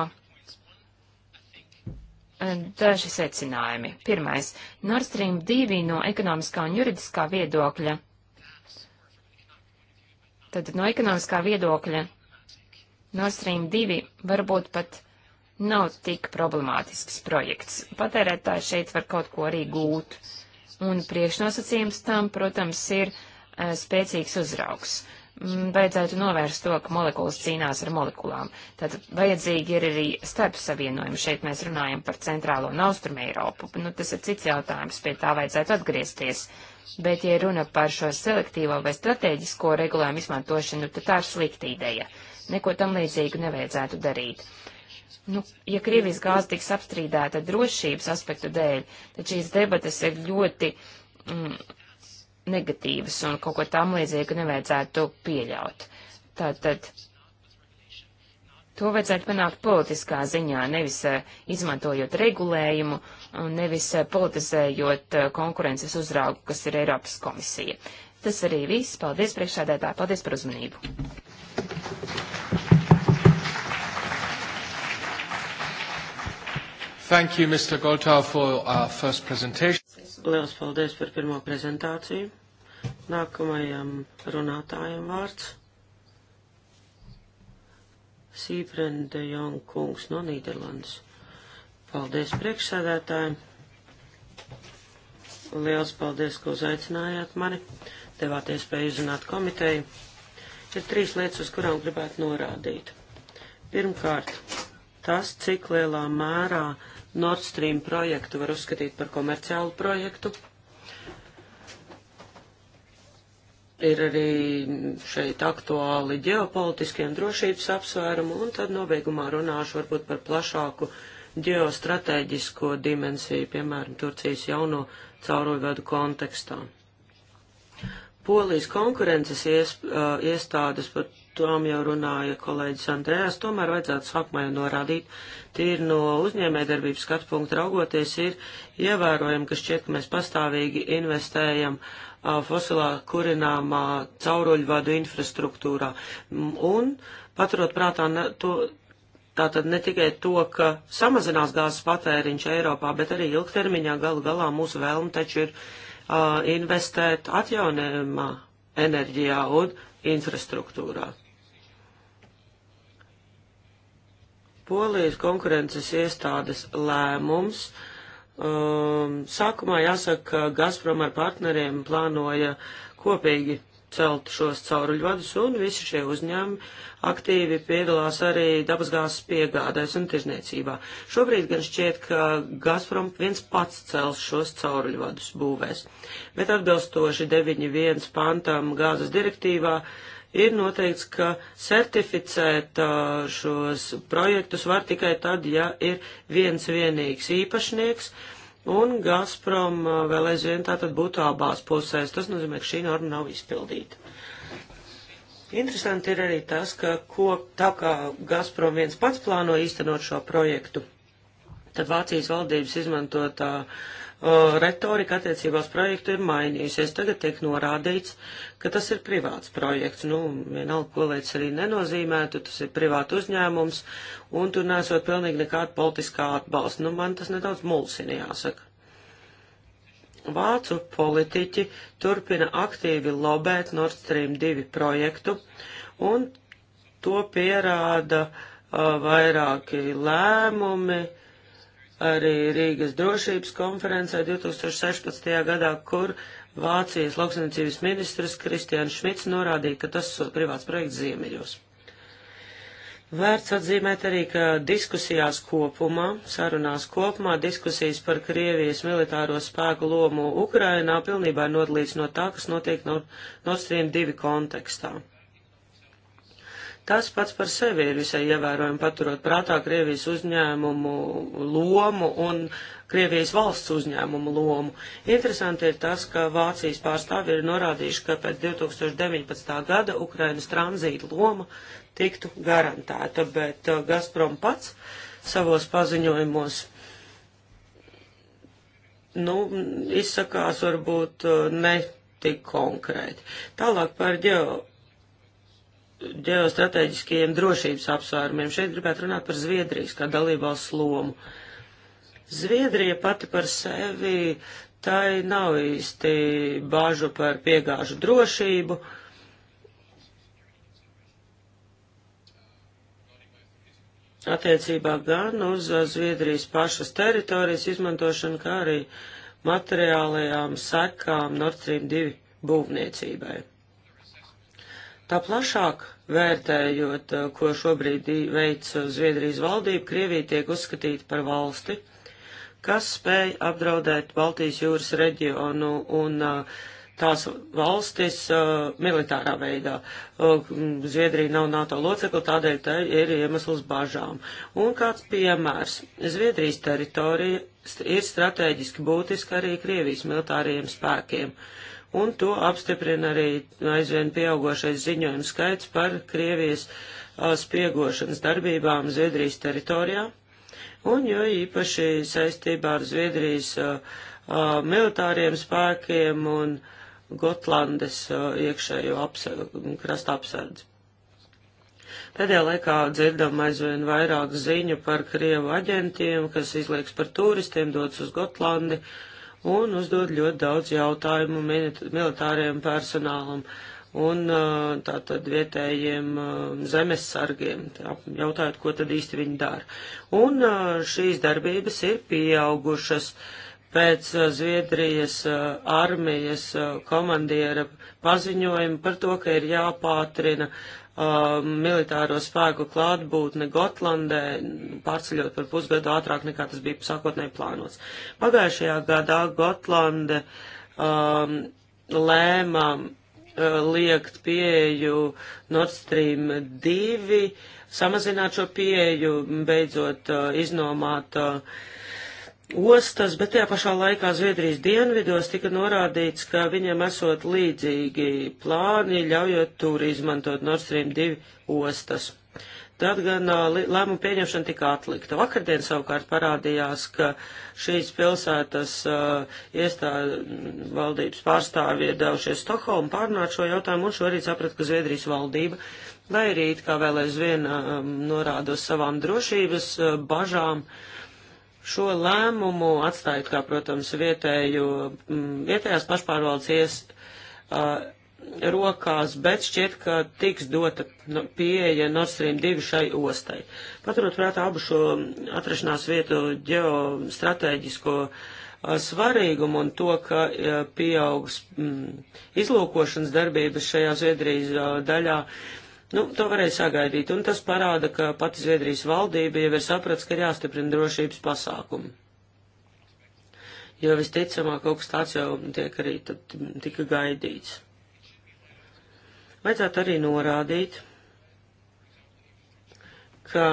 daži secinājumi. Pirmais, Nord Stream 2 no ekonomiskā un juridiskā viedokļa. Tad no ekonomiskā viedokļa Nord Stream 2 varbūt pat nav tik problemātisks projekts. Patērētāji šeit var kaut ko arī gūt. Un priekšnosacījums tam, protams, ir uh, spēcīgs uzraugs. Uh, Mm, vajadzētu novērst to, ka molekulas cīnās ar molekulām. Tad vajadzīgi ir arī starpsavienojumi. Šeit mēs runājam par centrālo un austrumu Eiropu. Nu, tas ir cits jautājums, pie tā vajadzētu atgriezties. Bet, ja runa par šo selektīvo vai strateģisko regulējumu izmantošanu, tad tā ir slikta ideja. Neko tam līdzīgu nevajadzētu darīt. Nu, ja Krievijas gāze tiks apstrīdēta drošības aspektu dēļ, tad šīs debatas ir ļoti mm, negatīvas un kaut ko tam līdzīgu nevajadzētu pieļaut. Tātad to vajadzētu panākt politiskā ziņā, nevis eh, izmantojot regulējumu un nevis eh, politizējot eh, konkurences uzraugu, kas ir Eiropas komisija. Tas arī viss. Paldies priekšsādētāji, paldies par uzmanību. Thank you, Mr. Goltau, for our first presentation. Lielas paldies par pirmo prezentāciju. Nākamajam runātājam vārds. Sīprende Jonkungs no Nīderlandes. Paldies priekšsēdētājiem. Liels paldies, ka uzaicinājāt mani, devāt iespēju uzrunāt komiteju. Ir trīs lietas, uz kurām gribētu norādīt. Pirmkārt, tas, cik lielā mērā Nord Stream projektu var uzskatīt par komerciālu projektu. ir arī šeit aktuāli ģeopolitiskie un drošības apsvērumi, un tad nobeigumā runāšu varbūt par plašāku ģeostrateģisko dimensiju, piemēram, Turcijas jauno caurulvadu kontekstā. Polijas konkurences iesp, uh, iestādes, par tām jau runāja kolēģis Andrējas, tomēr vajadzētu sākumā jau norādīt, tīri no uzņēmējdarbības skatu punktu raugoties, ir ievērojami, ka šķiet, ka mēs pastāvīgi investējam uh, fosilā kurināmā cauruļvadu infrastruktūrā. Un paturot prātā ne, to, tātad ne tikai to, ka samazinās gāzes patēriņš Eiropā, bet arī ilgtermiņā galu galā mūsu vēlme taču ir uh, investēt atjaunējumā enerģijā un infrastruktūrā. Polijas konkurences iestādes lēmums uh, Um, sākumā jāsaka, ka Gazprom ar partneriem plānoja kopīgi celt šos cauruļvadus, un visi šie uzņēmumi aktīvi piedalās arī dabasgāzes piegādēs un tirzniecībā. Šobrīd gan šķiet, ka Gazprom viens pats cels šos cauruļvadus būvēs, bet atbilstoši 9.1 pantam gāzes direktīvā ir noteikts, ka certificēt šos projektus var tikai tad, ja ir viens vienīgs īpašnieks, un Gazprom vēl aizvien tātad būtu abās pusēs. Tas nozīmē, ka šī norma nav izpildīta. Interesanti ir arī tas, ka ko, tā kā Gazprom viens pats plāno īstenot šo projektu, tad Vācijas valdības izmantotā uh, retorika attiecībā uz projektu ir mainījusies. Tagad tiek norādīts, ka tas ir privāts projekts. Nu, vienalga, ko lai tas arī nenozīmētu, tas ir privāta uzņēmums, un tur nesot pilnīgi nekāda politiskā atbalsta. Nu, man tas nedaudz mulsina, jāsaka. Vācu politiķi turpina aktīvi lobēt Nord Stream 2 projektu, un to pierāda uh, vairāki lēmumi, uh, arī Rīgas drošības konferencē 2016. gadā, kur Vācijas lauksaimniecības ministrs Kristians Šmits norādīja, ka tas ir privāts projekts ziemeļos. Vērts atzīmēt arī, ka diskusijās kopumā, sarunās kopumā, diskusijas par Krievijas militāro spēku lomu Ukrainā pilnībā nodalīts no tā, kas notiek Nord Stream 2 kontekstā. Tas pats par sevi ir visai ievērojami paturot prātā Krievijas uzņēmumu lomu un Krievijas valsts uzņēmumu lomu. Interesanti ir tas, ka Vācijas pārstāvi ir norādījuši, ka pēc 2019. gada Ukrainas tranzīta loma tiktu garantēta, bet uh, Gazprom pats savos paziņojumos nu, izsakās varbūt uh, ne tik konkrēti. Tālāk par ģeo ģeostrateģiskajiem drošības apsvērumiem. Šeit gribētu runāt par Zviedrijas kā dalībvalsts lomu. Zviedrija pati par sevi, tai nav īsti bāžu par piegāžu drošību. Attiecībā gan uz Zviedrijas pašas teritorijas izmantošanu, kā arī materiālajām sekām Nord Stream 2 būvniecībai. Tā plašāk vērtējot, eh, ko šobrīd veic eh, Zviedrijas valdība, Krievija tiek uzskatīta par valsti, kas spēj apdraudēt Baltijas jūras reģionu un eh, tās valstis uh, militārā veidā. Uh, Zviedrija nav NATO locekla, tādēļ tā ir iemesls bažām. Un kāds piemērs. Zviedrijas teritorija ir strateģiski būtiska arī Krievijas militārajiem spēkiem. Uh, un to apstiprina arī aizvien pieaugošais ziņojums skaits par Krievijas spiegošanas darbībām Zviedrijas teritorijā, un jo īpaši saistībā ar Zviedrijas a, a, militāriem spēkiem un Gotlandes a, iekšējo apsar, krasta apsardzi. Pēdējā laikā dzirdam aizvien vairāk ziņu par Krievu aģentiem, kas izlieks par turistiem, dodas uz Gotlandi, uh, un uzdod ļoti daudz jautājumu militāriem personālam un uh, tātad vietējiem uh, zemes sargiem, jautājot, ko tad īsti viņi dara. Un uh, šīs darbības ir pieaugušas pēc Zviedrijas armijas komandiera paziņojuma par to, ka ir jāpātrina uh, uh, militāro spēku klātbūtne Gotlandē, pārceļot par pusgadu ātrāk nekā tas bija sākotnēji plānots. Pagājušajā gadā Gotlande um, lēma uh, liekt pieeju Nord Stream 2, samazināt šo pieeju, beidzot uh, iznomāt. Uh, ostas, bet tajā pašā laikā Zviedrijas dienvidos tika norādīts, ka viņiem esot līdzīgi plāni, ļaujot tūri izmantot Nord Stream 2 ostas. Tad gan lēmuma pieņemšana tika atlikta. Vakardien savukārt parādījās, ka šīs pilsētas uh, iestāde valdības pārstāvji ir devušies Stokholmu pārnāt šo jautājumu, un šorīt saprat, ka Zviedrijas valdība, lai arī it kā vēl aizvien um, norāda uz savām drošības uh, bažām, uh, Šo lēmumu atstājot, kā, protams, vietēju, mm, vietējās pašpārvaldes iest uh, rokās, bet šķiet, ka tiks dota pieeja Nord Stream 2 šai ostai. Paturot prātā abu šo atrašanās vietu ģeostrateģisko uh, svarīgumu un to, ka pieaugs mm, izlūkošanas darbības šajā Zviedrijas daļā, uh, Nu, to varēja sagaidīt, un tas parāda, ka pati Zviedrijas valdība jau ir sapratusi, ka ir jāstiprina drošības pasākumi. Jo visticamāk kaut kas tāds jau tiek arī tad tika gaidīts. Vajadzētu arī norādīt, ka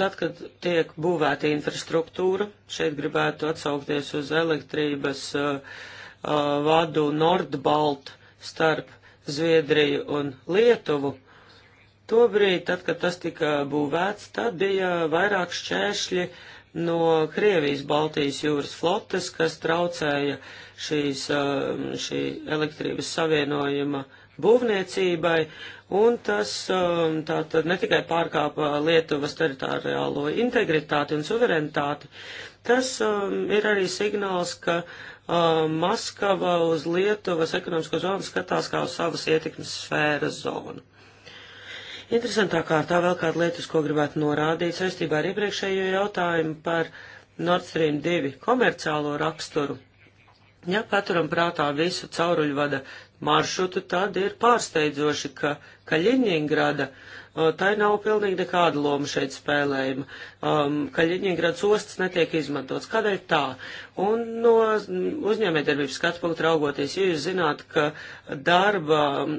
tad, kad tiek būvēta infrastruktūra, šeit gribētu atsaukties uz elektrības uh, uh, vadu Nordbalt starp Zviedriju un Lietuvu. Tobrīd, tad, kad tas tika būvēts, tad bija vairāk šķēršļi no Krievijas Baltijas jūras flotes, kas traucēja šīs, um, šī elektrības savienojuma būvniecībai, un tas um, tātad ne tikai pārkāpa Lietuvas teritoriālo integritāti un suverenitāti, tas um, ir arī signāls, ka uh, Uh, Maskava uz Lietuvas ekonomisko zonu skatās kā uz savas ietekmes sfēras zonu. Interesantā kārtā vēl kāda lietas, ko gribētu norādīt saistībā ar iepriekšējo jautājumu par Nord Stream 2 komerciālo raksturu. Ja paturam prātā visu cauruļvada maršrutu, tad ir pārsteidzoši, ka Kaļiņingrada uh, Uh, tai nav pilnīgi nekāda loma šeit spēlējuma. Um, Kaļiņģerads ostas netiek izmantots. Kādēļ tā? Un no uzņēmējdarbības skatu punktu raugoties, ja jūs zināt, ka darba um,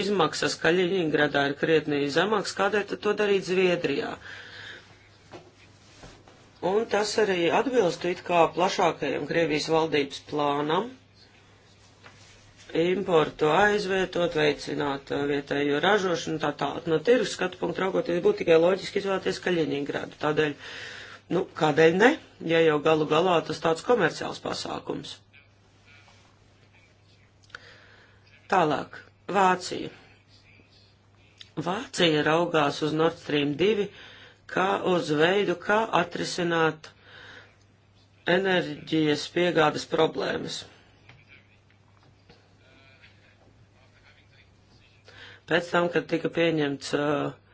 izmaksas Kaļiņģeradā ir krietnī zemāks, kādēļ tad to darīt Zviedrijā? Un tas arī atbilst it kā plašākajam Krievijas valdības plānam importu aizvietot, veicināt uh, vietējo ražošanu, tā tālāk. No tirgus skatu punktu raugoties būtu tikai loģiski izvēlēties Kaļiņingradu. Tādēļ, nu, kādēļ ne, ja jau galu galā tas tāds komerciāls pasākums. Tālāk, Vācija. Vācija raugās uz Nord Stream 2 kā uz veidu, kā atrisināt enerģijas piegādes problēmas pēc tam, kad tika pieņemts uh,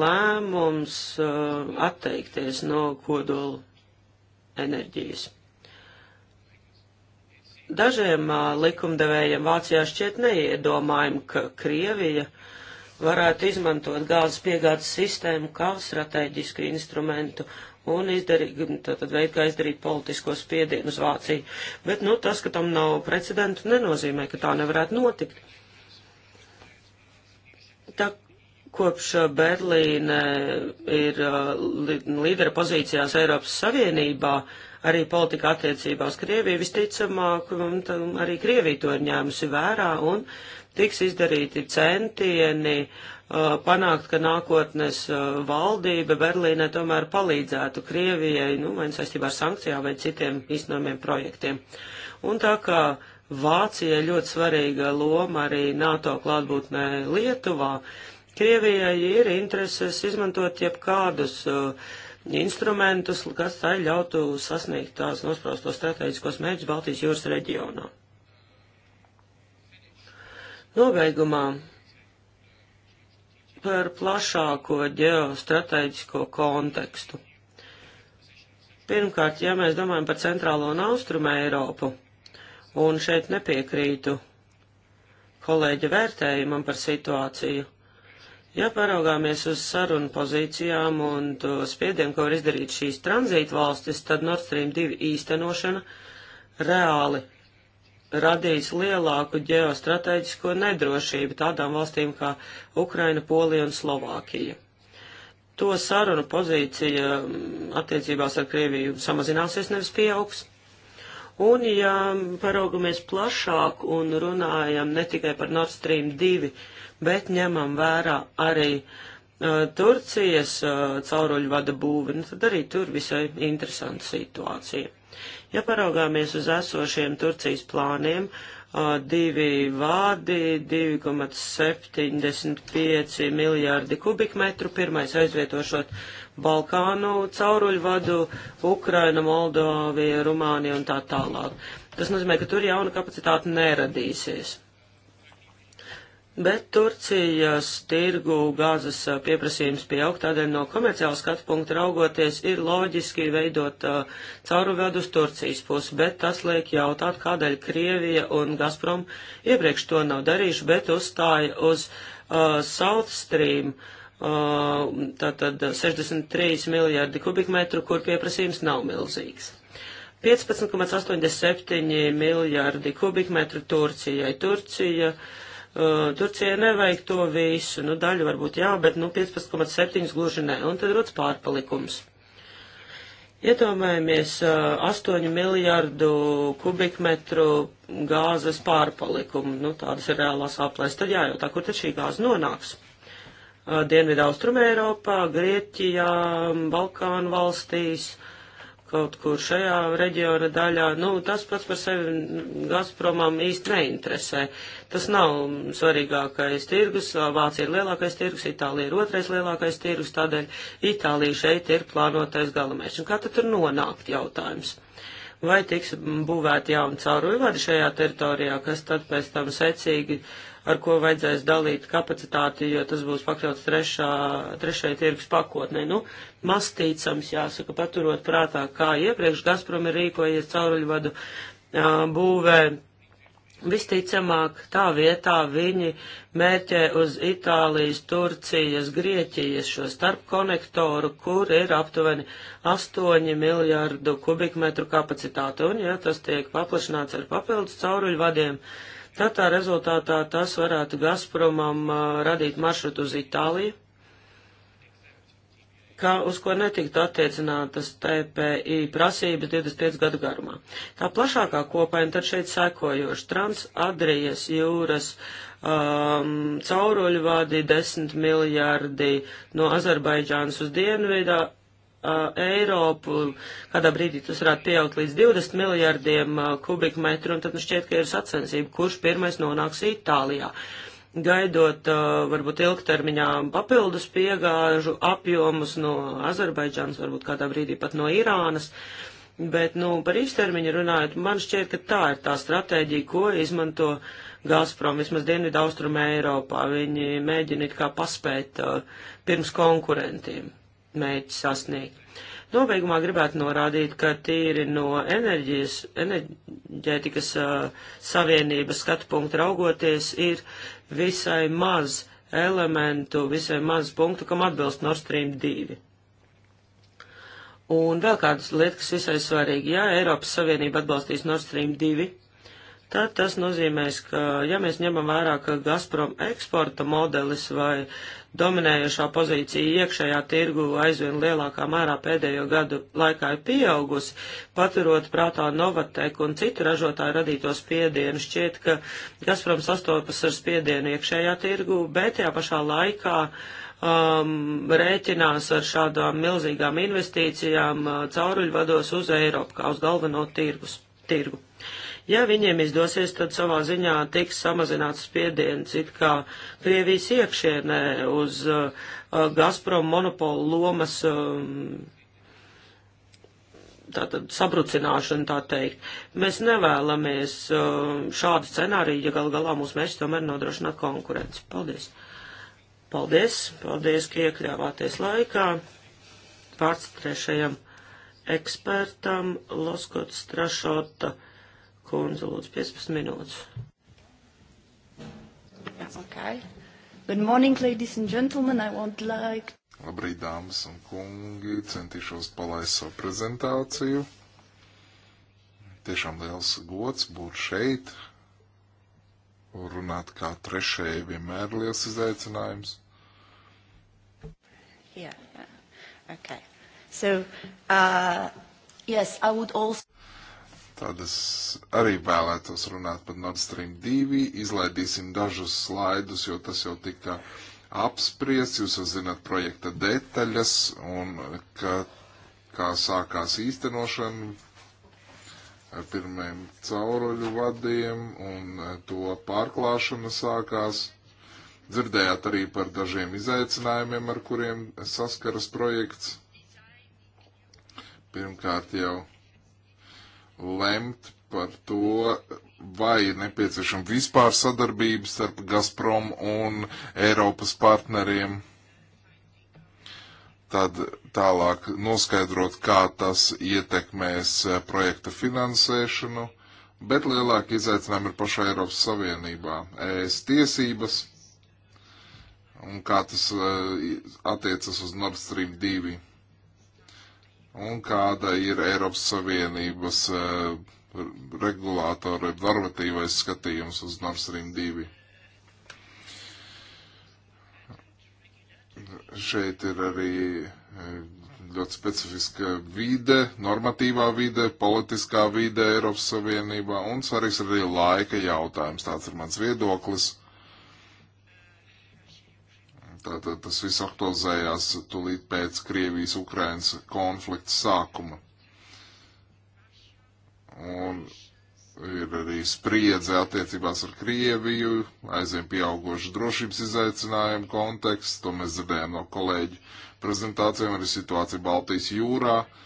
lēmums uh, atteikties no kodola enerģijas. Dažiem uh, likumdevējiem Vācijā šķiet neiedomājami, ka Krievija varētu izmantot gāzes piegādes sistēmu kā strateģisku instrumentu un izdarīt, tātad veidu, kā izdarīt politisko spiedienu uz Vāciju. Bet, nu, tas, ka tam nav precedentu, nenozīmē, ka tā nevarētu notikt tā kopš uh, Berlīne ir uh, līdera pozīcijās Eiropas Savienībā, arī politika attiecībā uz Krieviju visticamāk, un arī Krievija to ir ņēmusi vērā, un tiks izdarīti centieni uh, panākt, ka nākotnes uh, valdība Berlīnē tomēr palīdzētu Krievijai, nu, vai saistībā ar sankcijām vai citiem iznāmiem projektiem. Un tā kā uh, Vācijai ļoti svarīga loma arī NATO klātbūtnē Lietuvā. Krievijai ir intereses izmantot jebkādus uh, instrumentus, kas tai ļautu sasniegt tās nospraustos strateģiskos mērķus Baltijas jūras reģionā. Nobeigumā par plašāko ģeostrateģisko kontekstu. Pirmkārt, ja mēs domājam par centrālo un austrumu Eiropu, Un šeit nepiekrītu kolēģa vērtējumam par situāciju. Ja paraugāmies uz sarunu pozīcijām un to spiedienu, ko var izdarīt šīs tranzīta valstis, tad Nord Stream 2 īstenošana reāli radīs lielāku ģeostrateģisko nedrošību tādām valstīm kā Ukraina, Polija un Slovākija. To sarunu pozīcija mm, attiecībās ar Krieviju samazināsies, nevis pieaugs. Un, ja paraugamies plašāk un runājam ne tikai par Nord Stream 2, bet ņemam vērā arī uh, Turcijas uh, cauruļvada būvi, nu, tad arī tur visai interesanta situācija. Ja paraugāmies uz esošiem Turcijas plāniem, uh, divi vādi, 2,75 miljārdi kubikmetru, pirmais aizvietošot Balkānu cauruļvadu, Ukraina, Moldovija, Rumānija un tā tālāk. Tas nozīmē, ka tur jauna kapacitāte neradīsies. Bet Turcijas tirgu gāzes pieprasījums pieaug, tādēļ no komerciāla skatu punkta raugoties ir loģiski veidot uh, caurvadu uz Turcijas pusi, bet tas liek jautāt, kādēļ Krievija un Gazprom iepriekš to nav darījuši, bet uzstāja uz uh, South Stream uh, Uh, tātad 63 miljārdi kubikmetru, kur pieprasījums nav milzīgs. 15,87 miljārdi kubikmetru Turcijai. Turcija, uh, Turcijai nevajag to visu, nu daļu varbūt jā, bet nu 15,7 gluži nē, un tad rodas pārpalikums. Iedomājamies uh, 8 miljārdu kubikmetru gāzes pārpalikumu, nu tādas ir reālās aplēs, tad jājautā, kur tad šī gāze nonāks. Uh, Dienvidā Austrum Eiropā, Grieķijā, um, Balkānu valstīs, kaut kur šajā reģiona daļā. Nu, tas pats par sevi Gazpromam īsti neinteresē. Tas nav svarīgākais tirgus. Vācija ir lielākais tirgus, Itālija ir otrais lielākais tirgus, tādēļ Itālija šeit ir plānotais galamērķis. Un kā tad tur nonākt jautājums? vai tiks būvēti jauni cauruļvadi šajā teritorijā, kas tad pēc tam secīgi ar ko vajadzēs dalīt kapacitāti, jo tas būs pakļauts trešā, trešai tirgus pakotnē. Nu, mastīcams, jāsaka, paturot prātā, kā iepriekš Gazprom ir rīkojies cauruļvadu būvē. Visticamāk, tā vietā viņi mērķē uz Itālijas, Turcijas, Grieķijas šo starpkonektoru, kur ir aptuveni 8 miljārdu kubikmetru kapacitāte. Un, ja tas tiek paplašināts ar papildus cauruļvadiem, vadiem, Tad tā rezultātā tas varētu Gazpromam uh, radīt maršrutu uz Itāliju, kā uz ko netiktu attiecinātas TPI prasības 25 gadu garumā. Tā plašākā kopaina tad šeit sekojoši Transadrijas jūras um, cauruļvādi 10 miljārdi no Azerbaidžānas uz dienvidā, uh, Eiropu, kādā brīdī tas varētu pieaugt līdz 20 miljardiem uh, kubikmetru, un tad nu šķiet, ka ir sacensība, kurš pirmais nonāks Itālijā. Gaidot uh, varbūt ilgtermiņā papildus piegāžu apjomus no Azerbaidžānas, varbūt kādā brīdī pat no Irānas. Bet, nu, par īstermiņu runājot, man šķiet, ka tā ir tā stratēģija, ko izmanto Gazprom, vismaz Dienvidu Austrumē Eiropā. Viņi mēģina it kā paspēt uh, pirms konkurentiem mērķi sasniegt. Nobeigumā gribētu norādīt, ka tīri no enerģijas, enerģētikas uh, savienības skatu punktu raugoties ir visai maz elementu, visai maz punktu, kam atbilst Nord Stream 2. Un vēl kādas lietas, kas visai svarīgi. Ja Eiropas Savienība atbalstīs Nord Stream 2, tad tas nozīmēs, ka, ja mēs ņemam vērā, ka Gazprom eksporta modelis vai dominējošā pozīcija iekšējā tirgu aizvien lielākā mērā pēdējo gadu laikā ir pieaugusi, paturot prātā Novatek un citu ražotāju radīto spiedienu, šķiet, ka Gazprom sastopas ar spiedienu iekšējā tirgu, bet tajā pašā laikā um, rēķinās ar šādām milzīgām investīcijām uh, cauruļvados uz Eiropu kā uz galveno tirgus, tirgu. Ja viņiem izdosies, tad savā ziņā tiks samazināts spiediens it kā Krievijas iekšienē uz uh, uh Gazprom monopolu lomas. Um, tātad sabrucināšana, tā teikt. Mēs nevēlamies um, šādu scenāriju, ja gal galā mūsu mērķis tomēr nodrošināt konkurenci. Paldies! Paldies! Paldies, ka iekļāvāties laikā. Vārds trešajam ekspertam Loskots Trašota kundze, lūdzu, 15 minūtes. Okay. Good morning, ladies and gentlemen. I would like. Labrīt, dāmas un kungi. Centīšos palaist savu prezentāciju. Tiešām liels gods būt šeit. Runāt kā trešajai vienmēr liels izaicinājums. Yeah, yeah. Okay. So, uh, yes, I would also. Tad es arī vēlētos runāt par Nord Stream 2. Izlaidīsim dažus slaidus, jo tas jau tika apspriests. Jūs jau zināt projekta detaļas un ka, kā sākās īstenošana ar pirmiem cauruļu vadiem un to pārklāšana sākās. Dzirdējāt arī par dažiem izaicinājumiem, ar kuriem saskaras projekts. Pirmkārt jau lemt par to, vai nepieciešama vispār sadarbība starp Gazprom un Eiropas partneriem. Tad tālāk noskaidrot, kā tas ietekmēs eh, projekta finansēšanu, bet lielākie izaicinājumi ir pašā Eiropas Savienībā. ES tiesības un kā tas eh, attiecas uz Nord Stream 2 un kāda ir Eiropas Savienības uh, regulātora normatīvais skatījums uz Nord Stream 2. Šeit ir arī eh, ļoti specifiska vide, normatīvā vide, politiskā vide Eiropas Savienībā, un svarīgs arī laika jautājums. Tāds ir mans viedoklis. Tātad tas viss aktualizējās tūlīt pēc Krievijas-Ukrainas konflikta sākuma. Un ir arī spriedze attiecībās ar Krieviju, aizvien pieaugoši drošības izaicinājumu konteksts, to mēs dzirdējām no kolēģu prezentācijām, arī situācija Baltijas jūrā. Uh,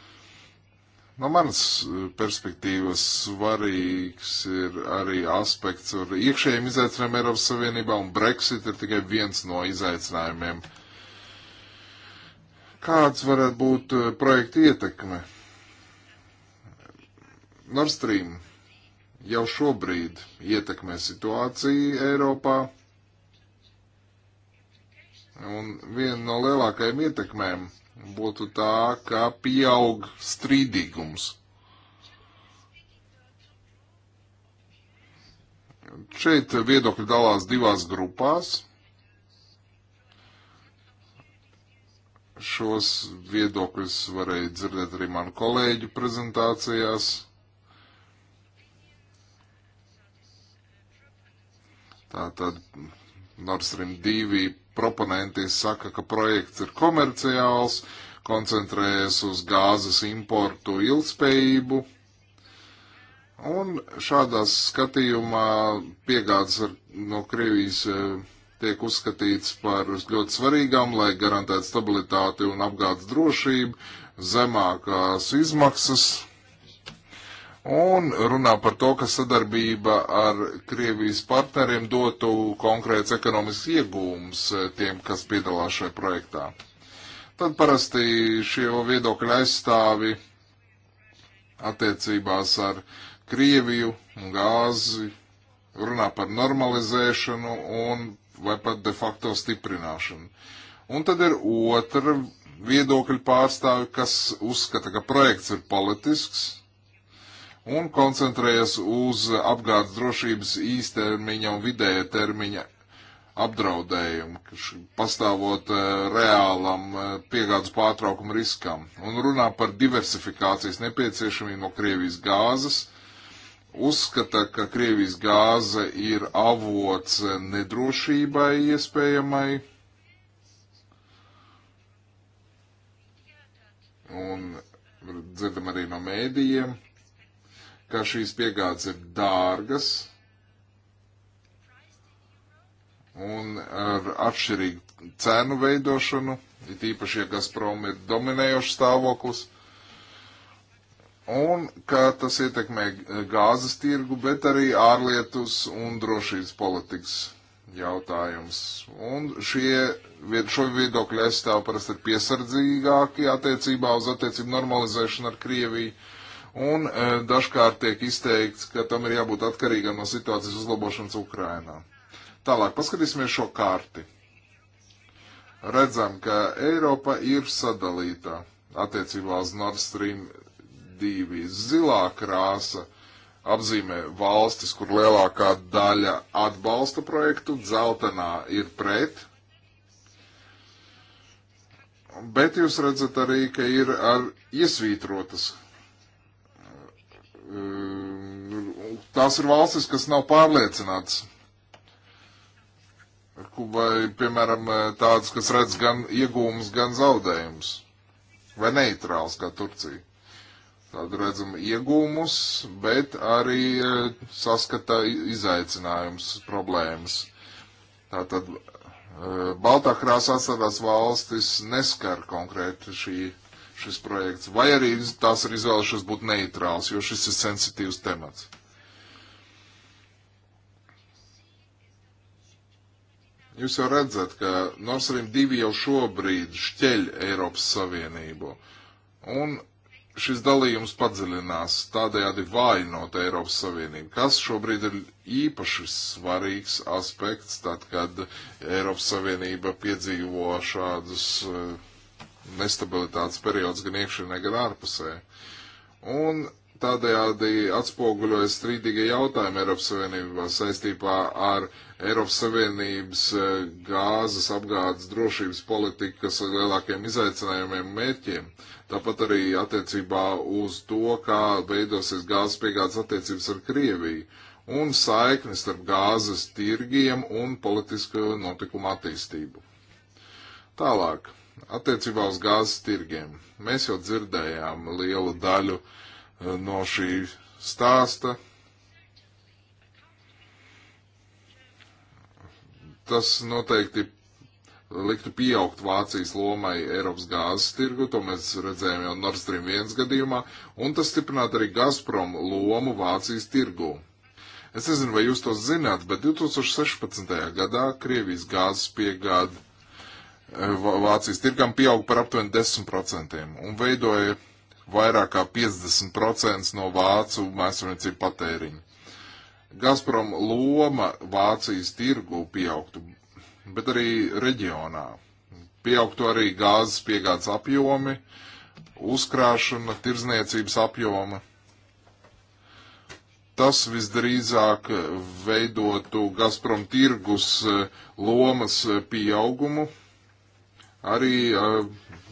No manas eh, perspektīvas svarīgs ir arī aspekts ar iekšējiem izaicinājumiem Eiropas Savienībā, un Brexit ir tikai viens no izaicinājumiem. Kāds varētu būt eh, projekta ietekme? Nord Stream jau šobrīd ietekmē situāciju Eiropā, un viena no lielākajām ietekmēm – būtu tā, ka pieaug strīdīgums. Šeit viedokļi dalās divās grupās. Šos viedokļus varēja dzirdēt arī manu kolēģu prezentācijās. Tātad Nord Stream 2 proponenti saka, ka projekts ir komerciāls, koncentrējas uz gāzes importu ilgspējību. Un šādā skatījumā piegādes ar, no Krievijas eh, tiek uzskatīts par ļoti svarīgām, lai garantētu stabilitāti un apgādes drošību, zemākās izmaksas un runā par to, ka sadarbība ar Krievijas partneriem dotu konkrēts ekonomisks iegūms eh, tiem, kas piedalās šajā projektā. Tad parasti šie viedokļi aizstāvi attiecībās ar Krieviju un gāzi runā par normalizēšanu un vai pat de facto stiprināšanu. Un tad ir otra viedokļa pārstāvi, kas uzskata, ka projekts ir politisks, un koncentrējas uz apgādes drošības īstermiņa un vidēja termiņa apdraudējumu, pastāvot eh, reālam eh, piegādes pārtraukuma riskam, un runā par diversifikācijas nepieciešamību no Krievijas gāzes, uzskata, ka Krievijas gāze ir avots eh, nedrošībai iespējamai, un dzirdam arī no mēdījiem ka šīs piegādes ir dārgas un ar atšķirīgu cenu veidošanu, it īpaši, ja Gazprom ir dominējošs stāvoklis, un ka tas ietekmē gāzes tirgu, bet arī ārlietus un drošības politikas jautājums. Un šie, šo viedokļu aizstāv parasti ir piesardzīgāki attiecībā uz attiecību normalizēšanu ar Krieviju un e, dažkārt tiek izteikts, ka tam ir jābūt atkarīgam no situācijas uzlabošanas Ukrainā. Tālāk, paskatīsimies šo karti. Redzam, ka Eiropa ir sadalīta attiecībā uz Nord Stream 2. Zilā krāsa apzīmē valstis, kur lielākā daļa atbalsta projektu, dzeltenā ir pret. Bet jūs redzat arī, ka ir ar iesvītrotas Ehm, tās ir valstis, kas nav pārliecināts. Vai, piemēram, eh, tādas, kas redz gan iegūmus, gan zaudējumus. Vai neitrāls, kā Turcija. Tad redzam iegūmus, bet arī eh, saskata izaicinājums, problēmas. Tātad eh, Baltā krāsā atstādās valstis neskar konkrēti šī šis projekts, vai arī tās ir izvēlušas būt neitrāls, jo šis ir sensitīvs temats. Jūs jau redzat, ka Nord Stream 2 jau šobrīd šķeļ Eiropas Savienību, un šis dalījums padziļinās, tādējādi vājinot Eiropas Savienību, kas šobrīd ir īpaši svarīgs aspekts, tad, kad Eiropas Savienība piedzīvo šādus uh, nestabilitātes periods gan iekšienē, gan ārpusē. Un tādējādi atspoguļojas strīdīgie jautājumi Eiropas Savienībā saistībā ar Eiropas Savienības eh, gāzes apgādes drošības politikas lielākiem izaicinājumiem un mērķiem. Tāpat arī attiecībā uz to, kā veidosies gāzes piegādes attiecības ar Krieviju un saikni starp gāzes tirgiem un politisko notikumu attīstību. Tālāk. Attiecībā uz gāzes tirgiem mēs jau dzirdējām lielu daļu eh, no šī stāsta. Tas noteikti liktu pieaugt Vācijas lomai Eiropas gāzes tirgu, to mēs redzējām jau Nord Stream 1 gadījumā, un tas stiprinātu arī Gazprom lomu Vācijas tirgu. Es nezinu, vai jūs to zināt, bet 2016. gadā Krievijas gāzes piegāda Vācijas tirgam pieauga par aptuveni 10% un veidoja vairāk kā 50% no vācu mēsturniecību patēriņa. Gazprom loma Vācijas tirgu pieaugtu, bet arī reģionā. Pieaugtu arī gāzes piegādes apjomi, uzkrāšana, tirzniecības apjoma. Tas visdrīzāk veidotu Gazprom tirgus eh, lomas eh, pieaugumu arī uh,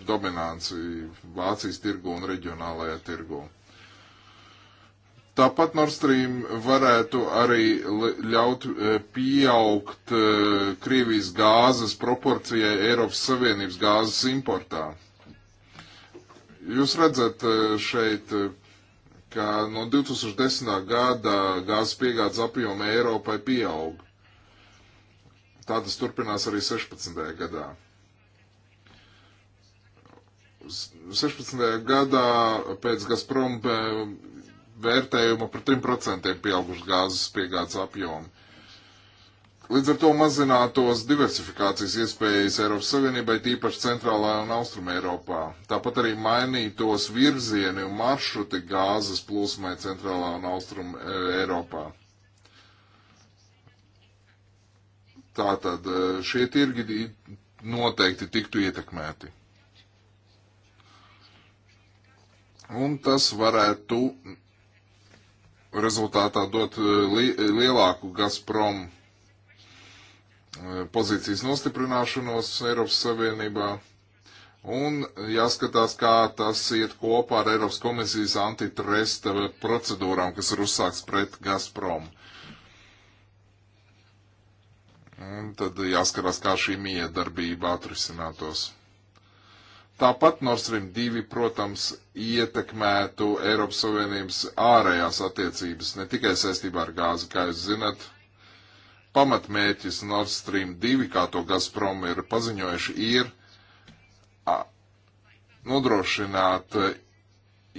dominanci Vācijas tirgu un reģionālajā tirgu. Tāpat Nord Stream varētu arī ļaut pieaugt Krievijas gāzes proporcijai Eiropas Savienības gāzes importā. Jūs redzat šeit, ka no 2010. gada gāzes piegādes apjoma Eiropai pieaug. Tā tas turpinās arī 16. gadā. 16. gadā pēc Gazprom eh, vērtējuma par 3% pieauguši gāzes piegādes apjomi. Līdz ar to mazinātos diversifikācijas iespējas Eiropas Savienībai, tīpaši centrālā un austrumē Eiropā. Tāpat arī mainītos virzieni un maršruti gāzes plūsmai centrālā un austrumē eh, Eiropā. Tātad eh, šie tirgi noteikti tiktu ietekmēti. un tas varētu rezultātā dot e, li e, lielāku Gazprom e, pozīcijas nostiprināšanos Eiropas Savienībā. Un jāskatās, kā tas iet kopā ar Eiropas komisijas antitresta procedūrām, kas ir uzsāks pret Gazprom. Un tad jāskatās, kā šī miedarbība atrisinātos. Tāpat Nord Stream 2, protams, ietekmētu Eiropas Savienības ārējās attiecības, ne tikai saistībā ar gāzi, kā jūs zinat. Pamatmērķis Nord Stream 2, kā to Gazprom ir paziņojuši, ir nodrošināt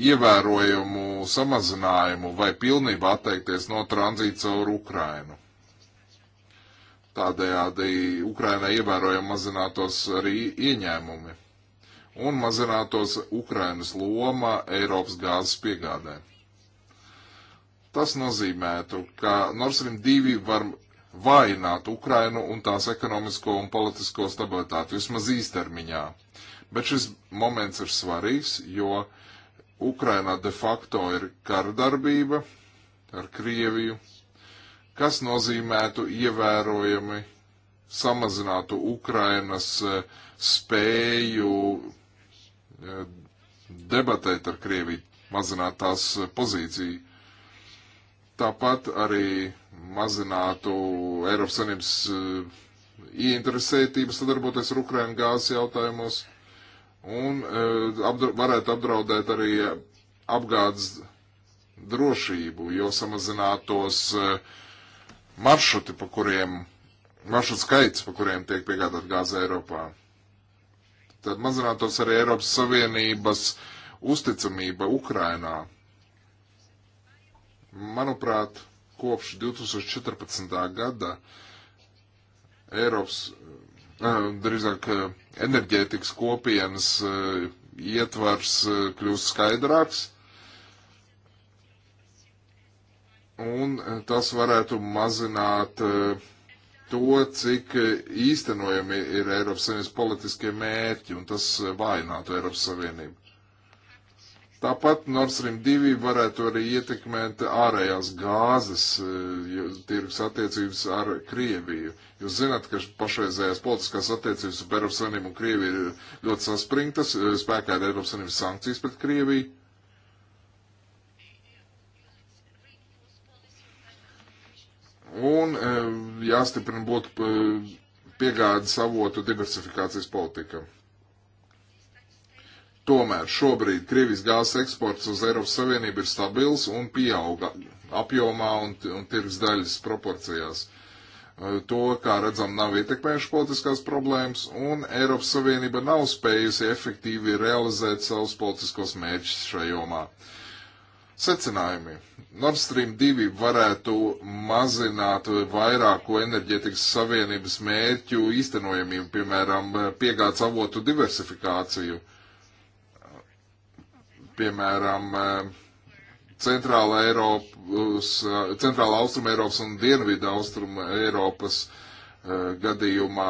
ievērojumu samazinājumu vai pilnībā atteikties no tranzīta caur Ukrainu. Tādējādi Ukrainai ievērojami mazinātos arī ieņēmumi un mazinātos Ukrainas loma Eiropas gāzes piegādē. Tas nozīmētu, ka Nord Stream 2 var vājināt Ukrainu un tās ekonomisko un politisko stabilitāti, vismaz īstermiņā. Bet šis moments ir svarīgs, jo Ukrainā de facto ir kardarbība ar Krieviju, kas nozīmētu ievērojami samazinātu Ukrainas eh, spēju debatēt ar Krieviju, mazināt tās pozīciju. Tāpat arī mazinātu Eiropas Savienības eh, ieinteresētību sadarboties ar Ukrainu gāzes jautājumos un eh, apdra varētu apdraudēt arī apgādes drošību, jo samazinātos eh, maršruti, pa kuriem, maršrutu skaits, pa kuriem tiek piegādāt gāze Eiropā. Tad mazinātos arī Eiropas Savienības uzticamība Ukrainā. Manuprāt, kopš 2014. gada Eiropas, eh, drīzāk, eh, enerģētikas kopienas eh, ietvars kļūst skaidrāks. Un tas varētu mazināt uh, to, cik īstenojami ir Eiropas Savienības politiskie mērķi, un tas vājinātu Eiropas Savienību. Tāpat Nord Stream 2 varētu arī ietekmēt ārējās gāzes eh, tirgus attiecības ar Krieviju. Jūs zināt, ka pašreizējās politiskās attiecības ar Eiropas Savienību un Krieviju ir ļoti saspringtas, eh, spēkā ir Eiropas Savienības sankcijas pret Krieviju. un e, jāstiprina būtu e, piegādes avotu diversifikācijas politika. Tomēr šobrīd Krievijas gāzes eksports uz Eiropas Savienību ir stabils un pieauga apjomā un, un tirgus daļas proporcijās. E, to, kā redzam, nav ietekmējuši politiskās problēmas, un Eiropas Savienība nav spējusi efektīvi realizēt savus politiskos mērķus šajā jomā. Uh, Secinājumi. Nord Stream 2 varētu mazināt vairāku enerģetikas savienības mērķu īstenojamību, piemēram, piegādes avotu diversifikāciju, piemēram, Centrāla Eiropas, Centrāla Austruma Eiropas un Dienvida Austruma Eiropas eh, gadījumā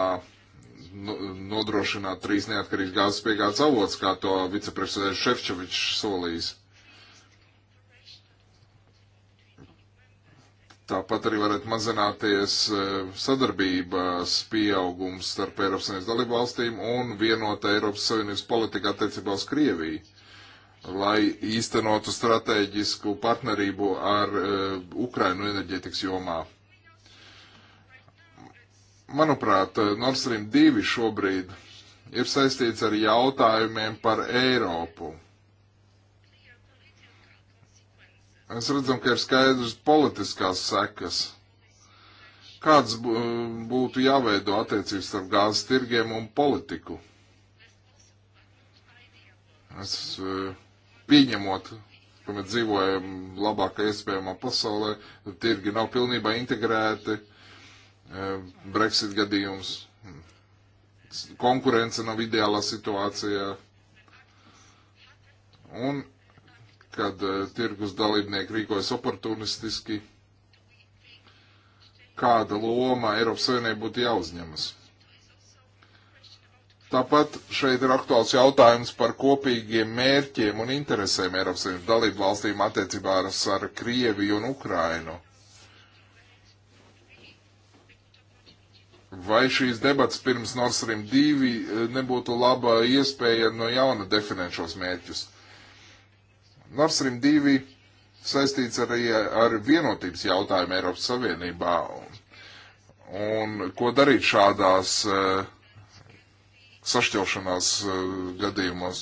nodrošināt trīs neatkarīgas gāzes piegādes avots, kā to viceprezidents Šefčovičs solījis. Tāpat arī varētu mazināties e, sadarbības pieaugums starp Eiropas Savienības dalību valstīm un vienota Eiropas Savienības politika attiecībā uz Krieviju, lai īstenotu strateģisku partnerību ar uh, Ukrainu enerģētikas jomā. Manuprāt, e, Nord Stream 2 šobrīd ir saistīts ar jautājumiem par Eiropu Mēs redzam, ka ir skaidrs politiskās sekas. Kāds būtu jāveido attiecības starp gāzes tirgiem un politiku? Es e, pieņemot, ka mēs dzīvojam labākajā iespējamā pasaulē, tirgi nav pilnībā integrēti, e, Brexit gadījums, konkurence nav ideālā situācijā. Un kad eh, tirgus dalībnieki rīkojas oportunistiski, kāda loma Eiropas Savienībai būtu jāuzņemas. Tāpat šeit ir aktuāls jautājums par kopīgiem mērķiem un interesēm Eiropas Savienības dalību valstīm attiecībā ar Krieviju un Ukrainu. Vai šīs debats pirms Nord Stream 2 eh, nebūtu laba iespēja no jauna definēt šos mērķus? Nord Stream 2 saistīts arī ar vienotības jautājumu Eiropas Savienībā. Un ko darīt šādās uh, sašķelšanās uh, gadījumos?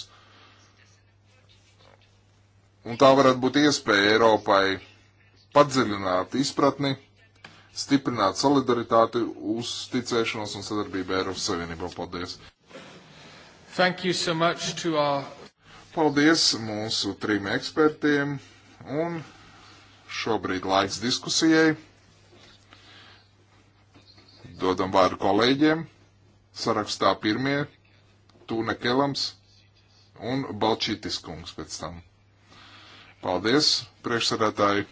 Un tā varētu būt iespēja Eiropai padziļināt izpratni, stiprināt solidaritāti, uzticēšanos un sadarbību Eiropas Savienībā. Paldies! Thank you so much to our Paldies mūsu trim ekspertiem un šobrīd laiks diskusijai. Dodam vārdu kolēģiem. Sarakstā pirmie Tūne Kelams un Balčītis kungs pēc tam. Paldies, priekšsarētāji.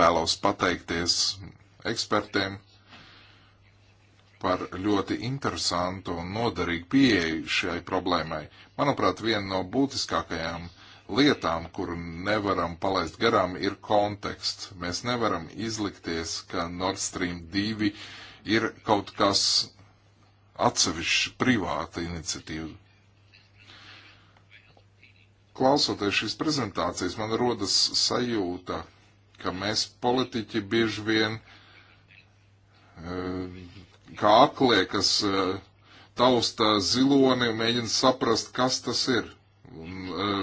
Vēlos pateikties ekspertiem par ļoti interesantu un noderīgu pieeju šai problēmai. Manuprāt, viena no būtiskākajām lietām, kuru nevaram palaist garām, ir konteksts. Mēs nevaram izlikties, ka Nord Stream 2 ir kaut kas atsevišķa privāta iniciatīva. Klausoties šīs prezentācijas, man rodas sajūta, ka mēs politiķi bieži vien e, kā aklie, kas eh, tausta ziloni, mēģina saprast, kas tas ir. Un, eh,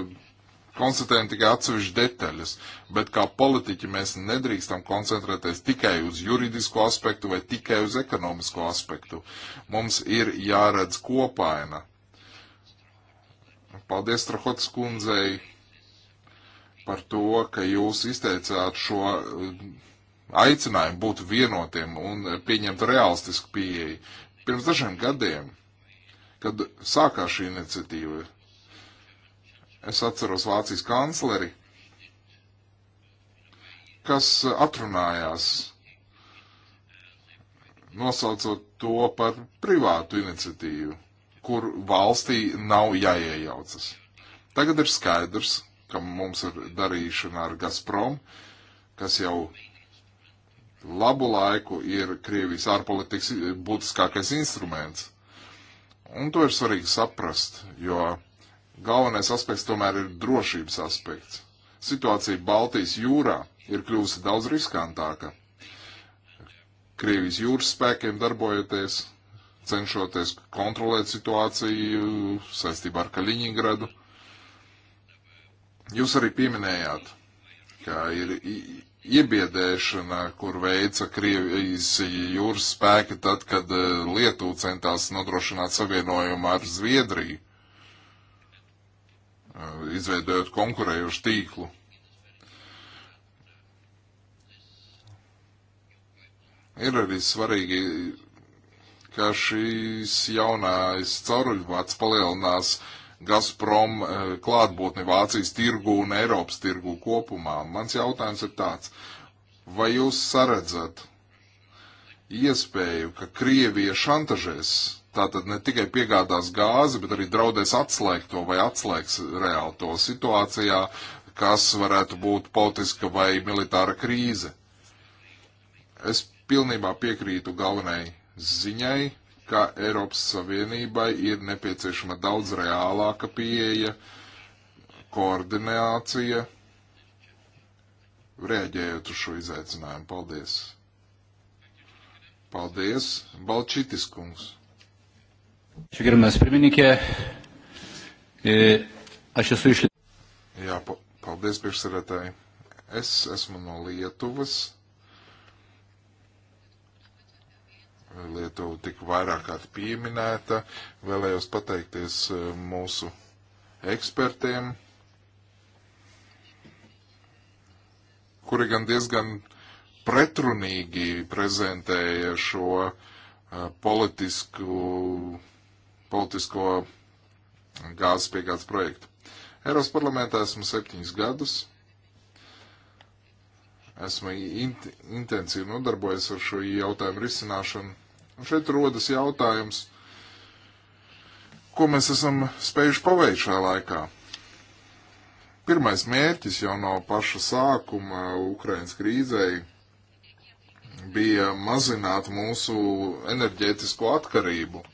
konstatējam tikai atsevišķas detaļas, bet kā politiķi mēs nedrīkstam koncentrēties tikai uz juridisko aspektu vai tikai uz ekonomisko aspektu. Mums ir jāredz kopaina. Paldies Trahotas kundzei par to, ka jūs izteicāt šo eh, aicinājumu būt vienotiem un eh, pieņemt realistisku pieeju. Pirms dažiem gadiem, kad sākās šī iniciatīva, es atceros Vācijas kancleri, kas atrunājās, nosaucot to par privātu iniciatīvu, kur valstī nav jāiejaucas. Tagad ir skaidrs, ka mums ir darīšana ar Gazprom, kas jau labu laiku ir Krievijas ārpolitikas būtiskākais instruments. Un to ir svarīgi saprast, jo galvenais aspekts tomēr ir drošības aspekts. Situācija Baltijas jūrā ir kļuvusi daudz riskantāka. Krievijas jūras spēkiem darbojoties, cenšoties kontrolēt situāciju saistībā ar Kaļiņingradu. Jūs arī pieminējāt, ka ir iebiedēšana, kur veica Krievijas jūras spēki tad, kad eh, Lietuva centās nodrošināt savienojumu ar Zviedriju, eh, izveidojot konkurējošu tīklu. Ir arī svarīgi, ka šīs jaunais cauruļvārds palielinās uh, Gazprom eh, klātbūtni Vācijas tirgu un Eiropas tirgu kopumā. Mans jautājums ir tāds, vai jūs saredzat iespēju, ka Krievija šantažēs, tātad ne tikai piegādās gāzi, bet arī draudēs atslēgt to vai atslēgs reāli to situācijā, kas varētu būt politiska vai militāra krīze? Es pilnībā piekrītu galvenai ziņai, ka Eiropas Savienībai ir nepieciešama daudz reālāka pieeja, koordinācija, rēģējot uz šo izaicinājumu. Paldies! Paldies, Balčitis kungs! Čia gerbiamas pirmininkė, e, aš esu iš. Jā, paldies, priekšsēdētāji. Es esmu no Lietuvas Lietuva tika vairāk kārt pieminēta. Vēlējos pateikties e, mūsu ekspertiem, kuri gan diezgan pretrunīgi prezentēja šo e, politisku, politisko gāzes piegādes projektu. Eiropas parlamentā esmu septiņus gadus. Esmu int intensīvi nodarbojies ar šo jautājumu risināšanu. Un šeit rodas jautājums, ko mēs esam spējuši paveikt šajā laikā. Pirmais mērķis jau no paša sākuma Ukrainas krīzei bija mazināt mūsu enerģētisko atkarību.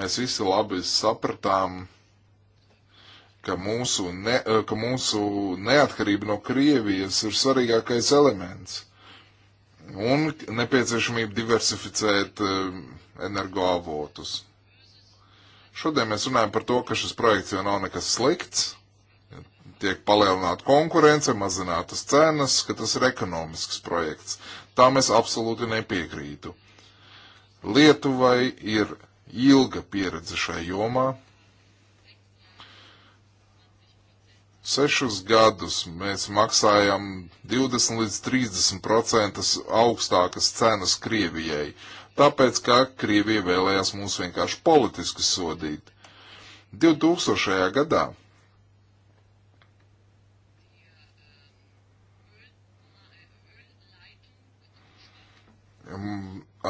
Mēs visi labi sapratām, ka mūsu, ne, ka mūsu neatkarība no Krievijas ir svarīgākais elements un nepieciešamība diversificēt um, energoavotus. Šodien mēs runājam par to, ka šis projekts jau nav nekas slikts, tiek palielināta konkurence, mazinātas cenas, ka tas ir ekonomisks projekts. Tā mēs absolūti nepiekrītu. Lietuvai ir ilga pieredze šai jomā, Sešus gadus mēs maksājam 20 līdz 30% augstākas cenas Krievijai, tāpēc, ka Krievija vēlējās mūs vienkārši politiski sodīt. 2000. gadā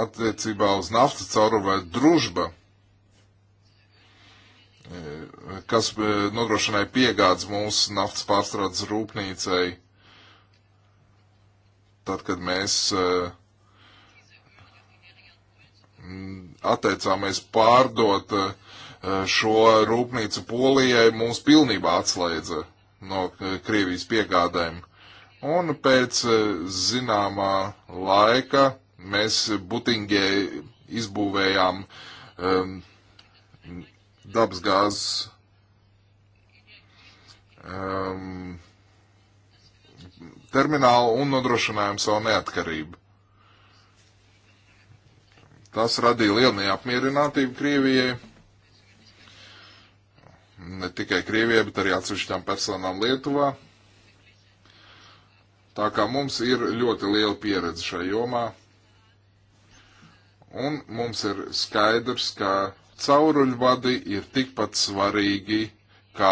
attiecībā uz naftas caurumu vai družba kas e, nodrošināja piegādes mūsu naftas pārstrādes rūpnīcai, tad, kad mēs e, atteicāmies pārdot e, šo rūpnīcu Polijai, mūs pilnībā atslēdza no Krievijas piegādēm. Un pēc zināmā laika mēs Butingē izbūvējām um, dabasgāzes um, terminālu un nodrošinājumu savu neatkarību. Tas radīja lielu neapmierinātību Krievijai, ne tikai Krievijai, bet arī atsevišķām personām Lietuvā. Tā kā mums ir ļoti liela pieredze šajā jomā, un mums ir skaidrs, ka cauruļvadi ir tikpat svarīgi kā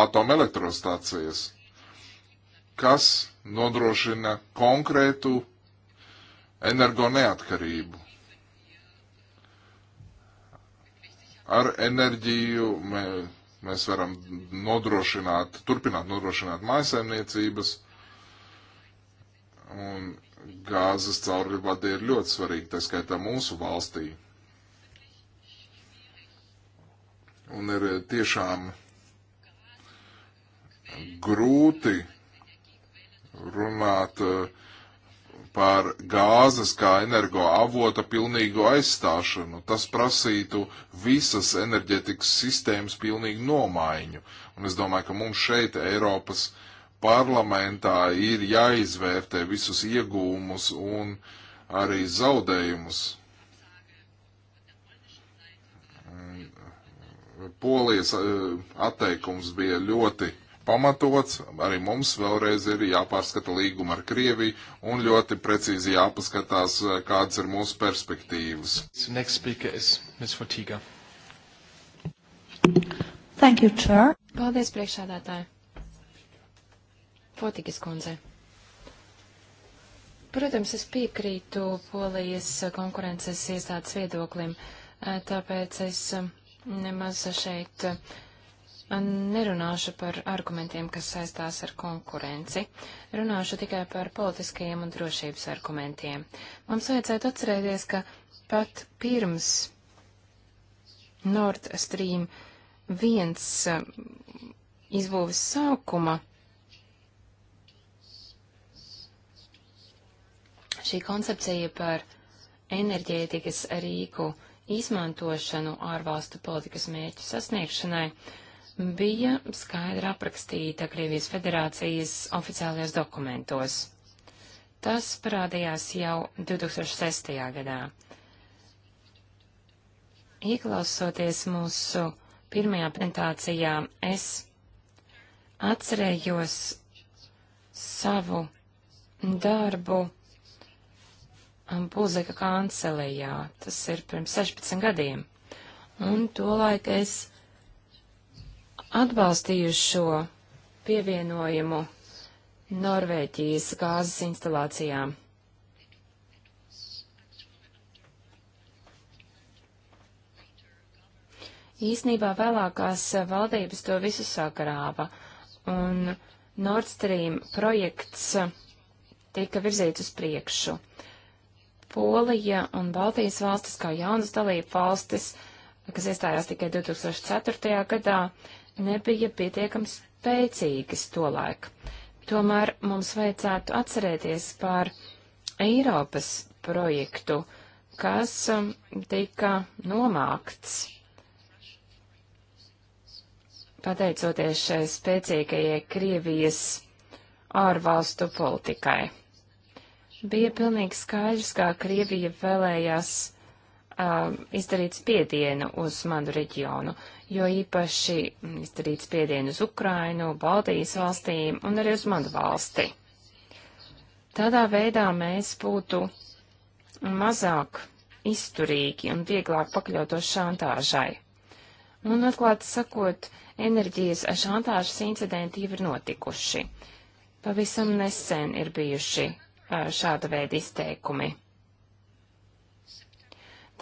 atomelektrostācijas, kas nodrošina konkrētu energoneatkarību. Ar enerģiju mē, mēs varam nodrošināt, turpināt nodrošināt mājasaimniecības, un gāzes caurvadi ir ļoti svarīgi, tā skaitā mūsu valstī. un ir tiešām grūti runāt eh, par gāzes kā energo avota pilnīgu aizstāšanu. Tas prasītu visas enerģetikas sistēmas pilnīgu nomaiņu. Un es domāju, ka mums šeit Eiropas parlamentā ir jāizvērtē visus iegūmus un arī zaudējumus Polijas eh, atteikums bija ļoti pamatots. Arī mums vēlreiz ir jāpārskata līguma ar Krieviju un ļoti precīzi jāpaskatās, eh, kādas ir mūsu perspektīvas. Thank you, Chair. Paldies, priekšsādātāji. Fotikas kundze. Protams, es piekrītu Polijas konkurences iestādes viedoklim, eh, tāpēc es Nemaz šeit eh, nerunāšu par argumentiem, kas saistās ar konkurenci. Runāšu tikai par politiskajiem un drošības argumentiem. Mums vajadzētu atcerēties, ka pat pirms Nord Stream 1 eh, izbūves sākuma šī koncepcija par enerģētikas rīku izmantošanu ārvalstu politikas mērķu sasniegšanai bija skaidri aprakstīta Krievijas federācijas oficiālajos dokumentos. Tas parādījās jau 2006. gadā. Ieklausoties mūsu pirmajā prezentācijā, es atcerējos savu darbu Um, Pūzeka kancelijā. Tas ir pirms 16 gadiem. Un tolaik es atbalstīju šo pievienojumu Norvēģijas gāzes instalācijām. Īsnībā vēlākās valdības to visu sagrāva, un Nord Stream projekts tika virzīts uz priekšu. Polija un Baltijas valstis, kā jaunas dalība valstis, kas iestājās tikai 2004. gadā, nebija pietiekami spēcīgas tolaik. Tomēr mums vajadzētu atcerēties par Eiropas projektu, kas um, tika nomākts pateicoties šai spēcīgajai Krievijas ārvalstu politikai. Bija pilnīgi skaidrs, kā Krievija vēlējās um, izdarīt spiedienu uz manu reģionu, jo īpaši izdarīt spiedienu uz Ukrainu, Baltijas valstīm un arī uz manu valsti. Tādā veidā mēs būtu mazāk izturīgi un vieglāk pakļautos šantāžai. Un, atklāti sakot, enerģijas šantāžas incidenti jau ir notikuši. Pavisam nesen ir bijuši šāda veida izteikumi.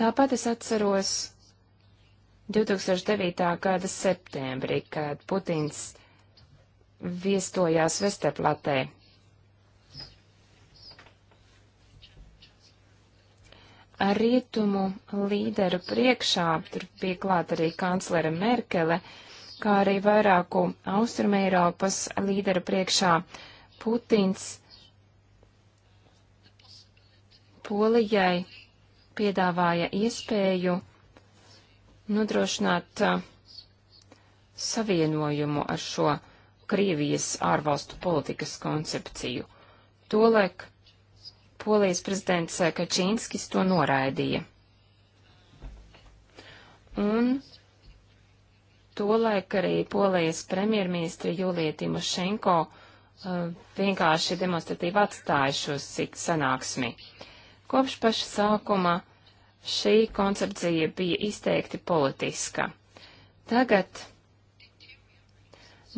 Tāpat es atceros 2009. gada septembrī, kad Putins viestojās Vesteplatē. Ar rietumu līderu priekšā tur bija klāt arī kanclere Merkele, kā arī vairāku Austrumēropas līderu priekšā Putins Polijai piedāvāja iespēju nodrošināt uh, savienojumu ar šo Krievijas ārvalstu politikas koncepciju. Tolēk Polijas prezidents uh, Kačīnskis to noraidīja. Un tolēk arī Polijas premjerministri Julija Timošenko uh, vienkārši demonstratīvi atstāja šo sanāksmi. Uh, Kopš paša sākuma šī koncepcija bija izteikti politiska. Tagad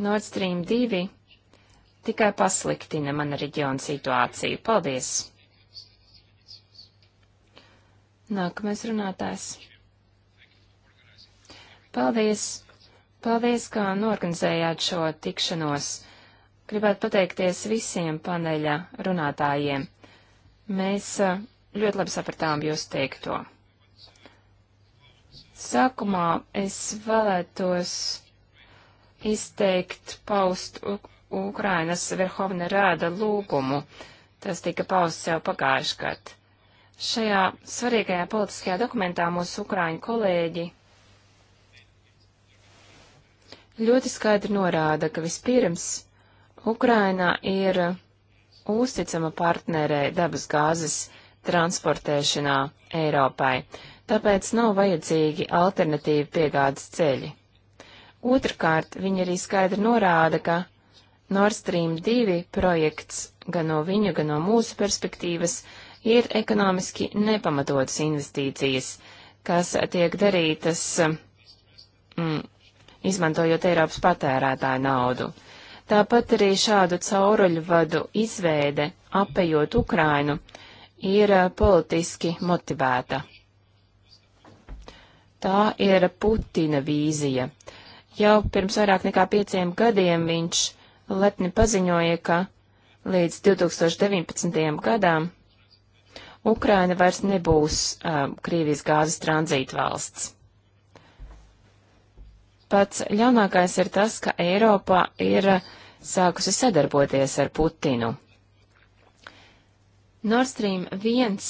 Nord Stream 2 tikai pasliktina mana reģiona situāciju. Paldies! Nākamais runātājs. Paldies! Paldies, kā norganizējāt šo tikšanos. Gribētu pateikties visiem paneļa runātājiem. Mēs uh, ļoti labi sapratām jūs teikto. Sākumā es vēlētos izteikt paust Ukrainas Verhovna Rāda lūgumu. Tas tika pausts jau pagājuši gadu. Šajā svarīgajā politiskajā dokumentā mūsu ukrāņu kolēģi ļoti skaidri norāda, ka vispirms Ukraina ir uzticama partnerē dabas gāzes transportēšanā Eiropai, tāpēc nav vajadzīgi alternatīvi piegādes ceļi. Otrakārt, viņi arī skaidri norāda, ka Nord Stream 2 projekts gan no viņu, gan no mūsu perspektīvas ir ekonomiski nepamatotas investīcijas, kas tiek darītas mm, izmantojot Eiropas patērētāju naudu. Tāpat arī šādu cauruļu vadu izveide, apējot Ukrainu, uh, ir eh, politiski motivēta. Tā ir Putina vīzija. Jau pirms vairāk nekā pieciem gadiem viņš lepni paziņoja, ka līdz 2019. gadām Ukraina vairs nebūs um, eh, Krievijas gāzes tranzīta valsts. Pats ļaunākais ir tas, ka Eiropā ir eh, sākusi sadarboties ar Putinu. Nord Stream 1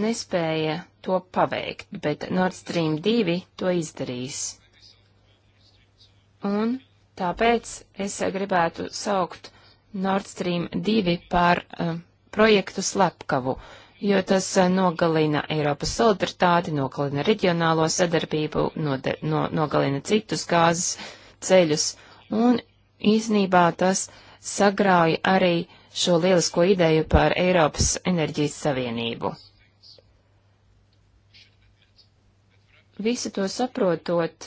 nespēja to paveikt, bet Nord Stream 2 to izdarīs. Un tāpēc es gribētu saukt Nord Stream 2 par uh, projektu slepkavu, jo tas eh, nogalina Eiropas solidaritāti, nogalina reģionālo sadarbību, node, no, nogalina citus gāzes ceļus, un īsnībā tas sagrauj arī šo lielisko ideju par Eiropas enerģijas savienību. Visu to saprotot,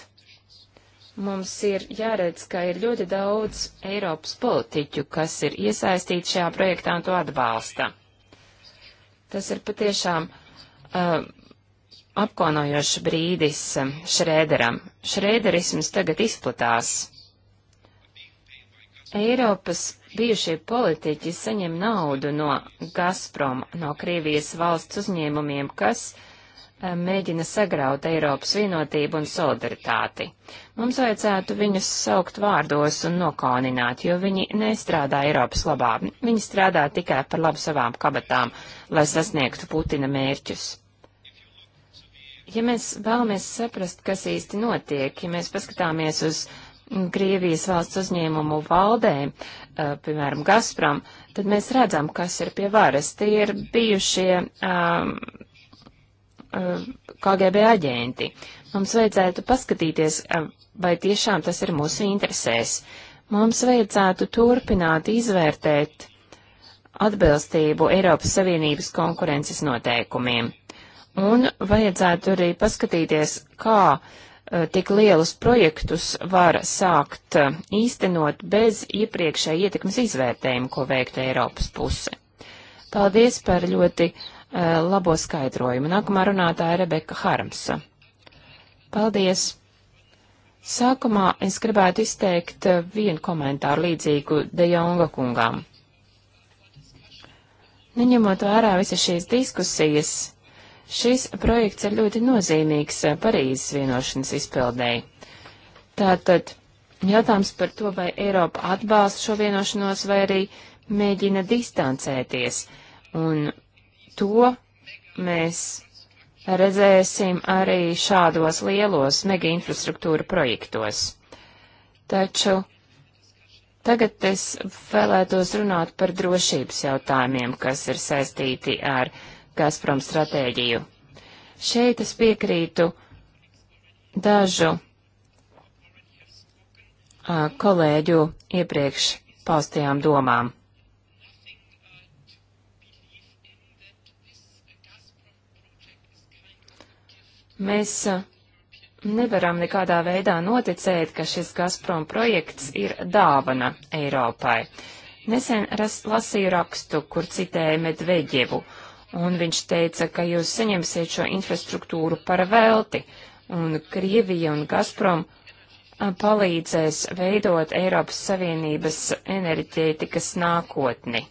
mums ir jāredz, ka ir ļoti daudz Eiropas politiķu, kas ir iesaistīti šajā projektā un to atbalsta. Tas ir patiešām uh, apkonojošs brīdis um, Šrēderam. Šrēderisms tagad izplatās. Eiropas bijušie politiķi saņem naudu no Gazprom, no Krievijas valsts uzņēmumiem, kas eh, mēģina sagraut Eiropas vienotību un solidaritāti. Mums vajadzētu viņus saukt vārdos un nokalināt, jo viņi nestrādā Eiropas labā. Viņi strādā tikai par labu savām kabatām, lai sasniegtu Putina mērķus. Ja mēs vēlamies saprast, kas īsti notiek, ja mēs paskatāmies uz Krievijas valsts uzņēmumu valdēm, piemēram, Gazprom, tad mēs redzam, kas ir pie varas. Tie ir bijušie um, KGB aģenti. Mums vajadzētu paskatīties, vai tiešām tas ir mūsu interesēs. Mums vajadzētu turpināt izvērtēt atbilstību Eiropas Savienības konkurences noteikumiem. Un vajadzētu arī paskatīties, kā uh, Eh, tik lielus projektus var sākt eh, īstenot bez iepriekšēja ietekmes izvērtējuma, ko veikta Eiropas puse. Paldies par ļoti uh, labo skaidrojumu. Nākamā runātāja Rebeka Harmsa. Paldies! Sākumā es gribētu izteikt vienu komentāru līdzīgu De Jonga kungām. Neņemot vērā visas šīs diskusijas, Šis projekts ir ļoti nozīmīgs eh, Parīzes vienošanas izpildēji. Tātad jautājums par to, vai Eiropa atbalsta šo vienošanos vai arī mēģina distancēties. Un to mēs redzēsim arī šādos lielos mega infrastruktūra projektos. Taču tagad es vēlētos runāt par drošības jautājumiem, kas ir saistīti ar Gazprom stratēģiju. Šeit es piekrītu dažu a, kolēģu iepriekš paustajām domām. Mēs nevaram nekādā veidā noticēt, ka šis Gazprom projekts ir dāvana Eiropai. Nesen ras, lasīju rakstu, kur citēja Medveģevu, un viņš teica, ka jūs saņemsiet šo infrastruktūru par velti, un Krievija un Gazprom palīdzēs veidot Eiropas Savienības enerģētikas nākotni.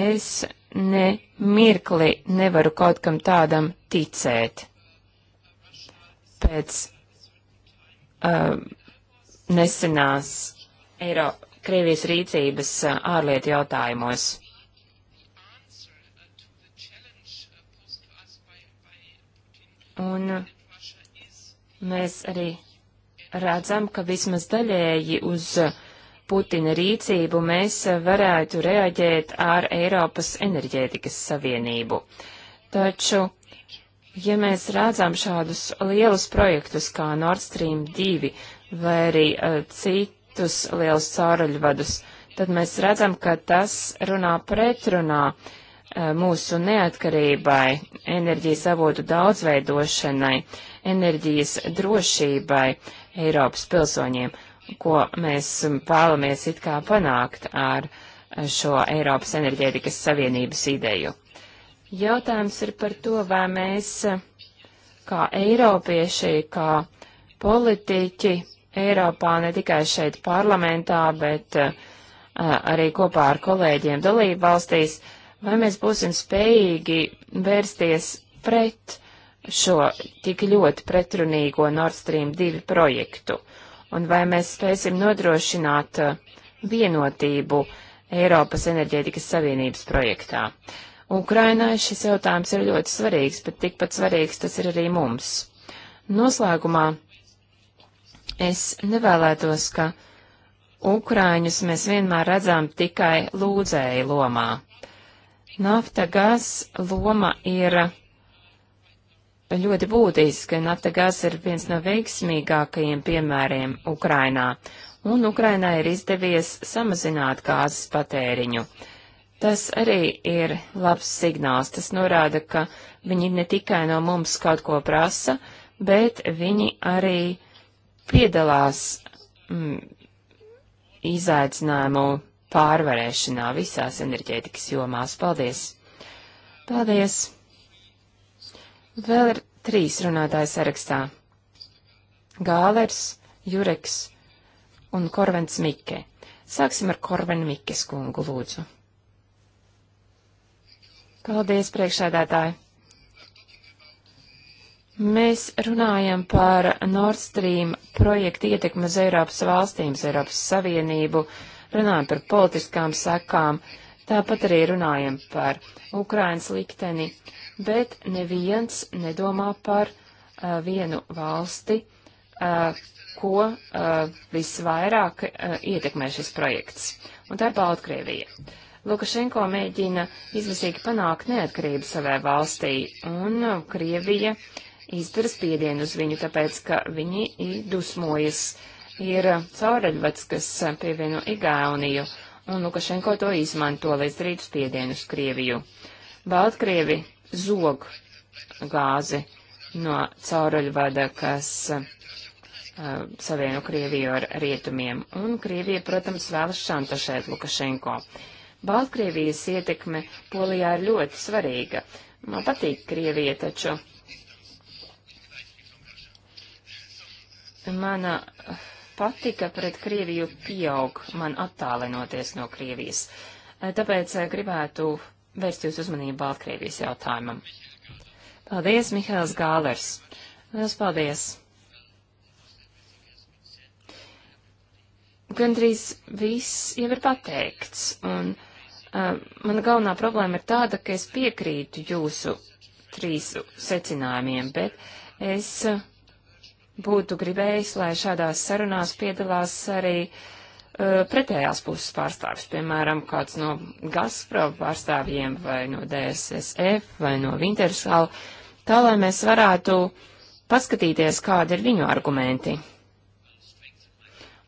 Es ne mirkli nevaru kaut kam tādam ticēt. Pēc uh, nesenās Eiro Krievijas rīcības ārlietu jautājumos. Un mēs arī redzam, ka vismaz daļēji uz Putina rīcību mēs varētu reaģēt ar Eiropas enerģētikas savienību. Taču, ja mēs redzam šādus lielus projektus kā Nord Stream 2 vai arī uh, citus lielus cauruļvadus, tad mēs redzam, ka tas runā pretrunā uh, Eh, mūsu neatkarībai, enerģijas avotu daudzveidošanai, enerģijas drošībai Eiropas pilsoņiem, ko mēs mm, vēlamies it kā panākt ar eh, šo Eiropas enerģētikas savienības ideju. Jautājums ir par to, vai mēs eh, kā eiropieši, kā politiķi Eiropā, ne tikai šeit parlamentā, bet arī kopā ar kolēģiem dalību valstīs, uh, Vai mēs būsim spējīgi vērsties pret šo tik ļoti pretrunīgo Nord Stream 2 projektu? Un vai mēs spēsim nodrošināt uh, vienotību Eiropas enerģētikas savienības projektā? Ukrainai šis jautājums ir ļoti svarīgs, bet tikpat svarīgs tas ir arī mums. Noslēgumā es nevēlētos, ka Ukrāņus mēs vienmēr redzam tikai lūdzēju lomā. Naftagās loma ir ļoti būtiska. Naftagās ir viens no veiksmīgākajiem piemēriem Ukrainā, un Ukrainā ir izdevies samazināt gāzes patēriņu. Tas arī ir labs signāls. Tas norāda, ka viņi ne tikai no mums kaut ko prasa, bet viņi arī piedalās mm, izaicinājumu pārvarēšanā visās enerģētikas jomās. Paldies! Paldies! Vēl ir trīs runātāji sarakstā - Gālers, Jureks un Korvens Mikke. Sāksim ar Korvenu Mikkes kungu, lūdzu. Paldies, priekšādātāji! Mēs runājam par Nord Stream projektu ietekmi uz Eiropas valstīm, uz Eiropas Savienību. Uh, runājam par politiskām sekām, tāpat arī runājam par Ukrainas likteni, bet neviens nedomā par uh, vienu valsti, uh, ko uh, visvairāk uh, ietekmē šis projekts. Un tā ir Baltkrievija. Lukašenko mēģina izvisīgi panākt neatkarību savai valstī, un uh, Krievija izdara spiedienu uz viņu, tāpēc, ka viņi dusmojas ir caureļvads, kas pievieno Igauniju, un Lukašenko to izmanto, lai darītu spiedienu uz Krieviju. Baltkrievi zog gāzi no caureļvada, kas uh, savieno Krieviju ar rietumiem, un Krievija, protams, vēlas šantašēt Lukašenko. Baltkrievijas ietekme Polijā ir ļoti svarīga. Man patīk Krievija, taču mana patika pret Krieviju pieaug man attālinoties no Krievijas. Eh, tāpēc eh, gribētu vērst jūs uzmanību Baltkrievijas jautājumam. Paldies, Mihāls Gālers. Lielas paldies. Gandrīz viss jau ir pateikts, un uh, mana galvenā problēma ir tāda, ka es piekrītu jūsu trīs secinājumiem, bet es uh, būtu gribējis, lai šādās sarunās piedalās arī uh, pretējās puses pārstāvis, piemēram, kāds no Gazprom pārstāvjiem vai no DSSF vai no Wintersal, tā lai mēs varētu paskatīties, kādi ir viņu argumenti.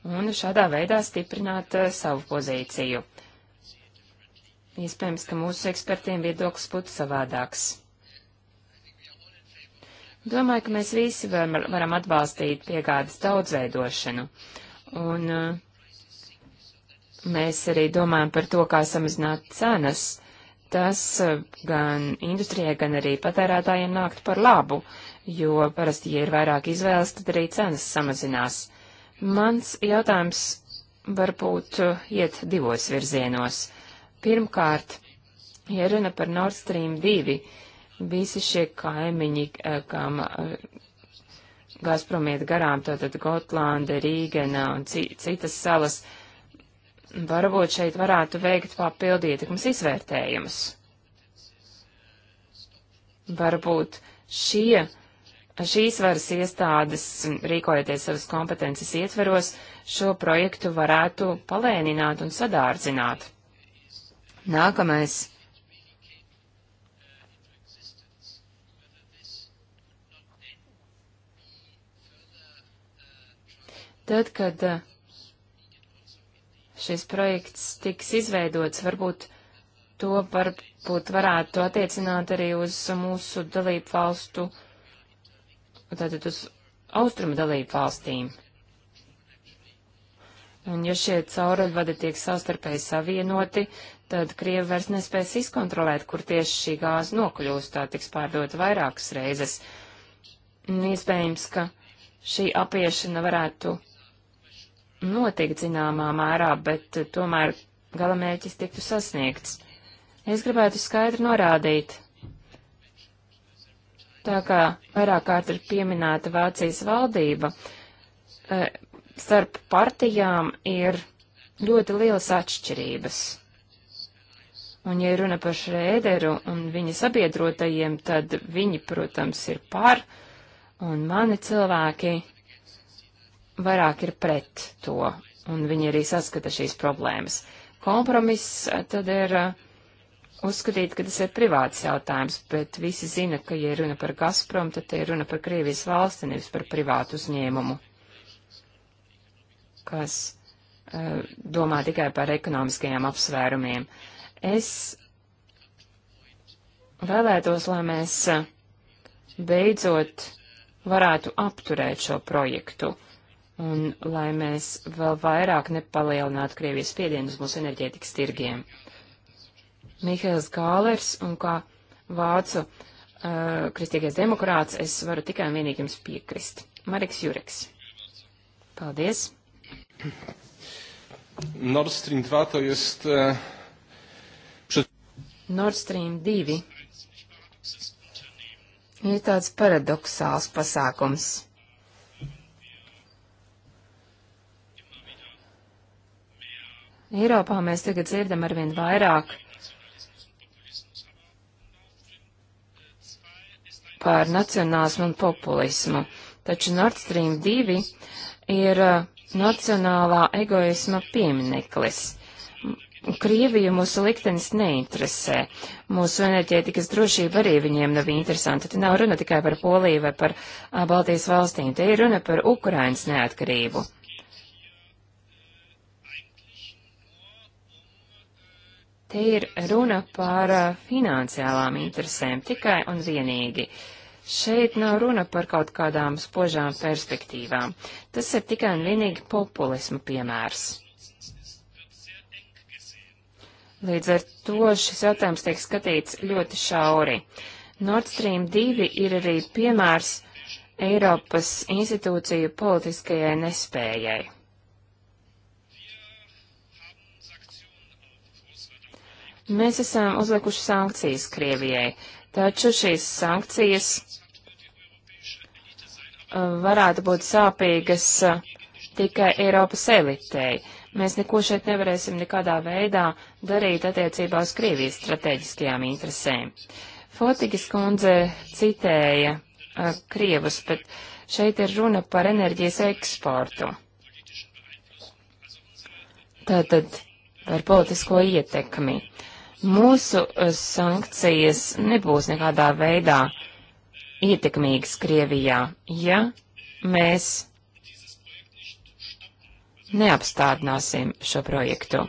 Un šādā veidā stiprināt uh, savu pozīciju. Iespējams, ka mūsu ekspertiem viedoklis būtu savādāks. Domāju, ka mēs visi var, varam atbalstīt piegādes daudzveidošanu. Un uh, mēs arī domājam par to, kā samazināt cenas. Tas uh, gan industrijai, gan arī patērētājiem nākt par labu, jo parasti, ja ir vairāk izvēles, tad arī cenas samazinās. Mans jautājums varbūt uh, iet divos virzienos. Pirmkārt, ja runa par Nord Stream 2, Visi šie kaimiņi, eh, kam eh, Gazprom iet garām, tātad Gotlanda, Rīgena un citas salas, varbūt šeit varētu veikt papildu ietekmes izvērtējumus. Varbūt šie šīs varas iestādes, rīkojoties savas kompetences ietveros, šo projektu varētu palēnināt un sadārdzināt. Nākamais Tad, kad eh, šis projekts tiks izveidots, varbūt to varbūt varētu attiecināt arī uz mūsu dalību valstu, tātad uz austrumu dalību valstīm. Un ja šie cauruļvadi tiek savstarpēji savienoti, tad Krievi vairs nespēs izkontrolēt, kur tieši šī gāze nokļūst, tā tiks pārdota vairākas reizes. Un iespējams, ka šī apiešana varētu notiek zināmā mērā, bet eh, tomēr galamērķis tiktu sasniegts. Es gribētu skaidri norādīt, tā kā vairāk kārt ir pieminēta Vācijas valdība, eh, starp partijām ir ļoti lielas atšķirības. Un, ja runa par Šrēderu un viņa sabiedrotajiem, tad viņi, protams, ir par, un mani cilvēki vairāk ir pret to, un viņi arī saskata šīs problēmas. Kompromiss eh, tad ir eh, uzskatīt, ka tas ir privāts jautājums, bet visi zina, ka, ja runa par Gazprom, tad te ir runa par Krievijas valsti, nevis par privātu uzņēmumu, kas eh, domā tikai par ekonomiskajiem apsvērumiem. Es vēlētos, lai mēs beidzot varētu apturēt šo projektu un lai mēs vēl vairāk nepalielinātu Krievijas spiedienu uz mūsu enerģētikas tirgiem. Mihails Gālers un kā vācu uh, kristīgais demokrāts es varu tikai un vienīgi jums piekrist. Mareks Jureks. Paldies. Nord Stream 2 to jest... Uh, e, pret... Nord Stream 2 ir tāds paradoxāls pasākums Eiropā mēs tagad dzirdam arvien vairāk par nacionālismu un populismu, taču Nord Stream 2 ir uh, nacionālā egoisma piemineklis. Krieviju mūsu liktenis neinteresē. Mūsu enerģētikas drošība arī viņiem nav interesanta. Te nav runa tikai par Poliju vai par uh, Baltijas valstīm, te ir runa par Ukrainas neatkarību. Te ir runa par uh, finansiālām interesēm tikai un vienīgi. Šeit nav runa par kaut kādām spožām perspektīvām. Tas ir tikai un vienīgi populismu piemērs. Līdz ar to šis jautājums tiek skatīts ļoti šauri. Nord Stream 2 ir arī piemērs Eiropas institūciju politiskajai nespējai. Mēs esam uzlikuši sankcijas Krievijai, taču šīs sankcijas uh, varētu būt sāpīgas uh, tikai Eiropas elitei. Mēs neko šeit nevarēsim nekādā veidā darīt attiecībā uz Krievijas strateģiskajām interesēm. Fotigas kundze citēja a, uh, Krievus, bet šeit ir runa par enerģijas eksportu. Tātad par politisko ietekmi. Mūsu eh, sankcijas nebūs nekādā veidā ietekmīgas Krievijā, ja mēs neapstādināsim šo projektu.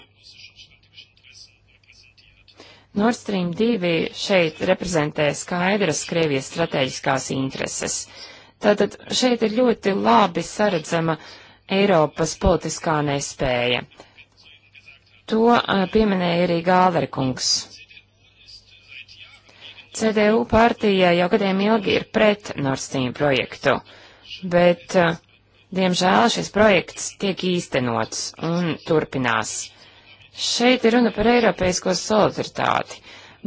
Nord Stream 2 šeit reprezentē skaidras Krievijas strateģiskās intereses. Tātad šeit ir ļoti labi saredzama Eiropas politiskā nespēja. To pieminēja arī Gāverkungs. CDU partija jau gadiem ilgi ir pret Nord Stream projektu, bet, diemžēl, šis projekts tiek īstenots un turpinās. Šeit ir runa par eiropeisko solidaritāti.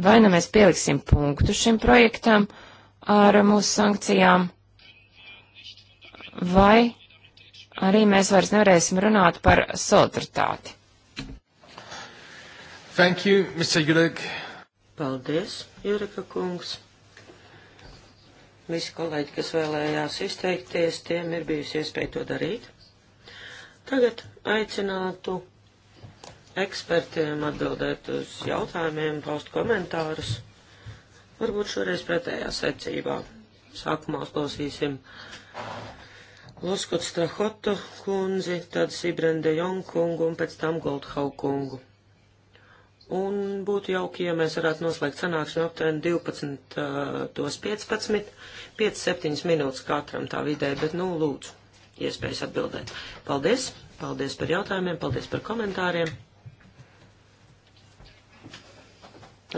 Vai nu mēs pieliksim punktu šim projektam ar mūsu sankcijām, vai arī mēs vairs nevarēsim runāt par solidaritāti. Thank you, Mr. Jurek. Paldies, Jureka kungs. Visi kolēģi, kas vēlējās izteikties, tiem ir bijusi iespēja to darīt. Tagad aicinātu ekspertiem atbildēt uz jautājumiem, paust komentārus. Varbūt šoreiz pretējā secībā. Sākumā klausīsim Loskot Strahotu kundzi, tad Sibrende Jonkungu un pēc tam Goldhau kungu. Un būtu jauki, ja mēs varētu noslēgt sanāksmi aptuveni 12.15, 5-7 minūtes katram tā vidē, bet, nu, lūdzu, iespējas atbildēt. Paldies, paldies par jautājumiem, paldies par komentāriem.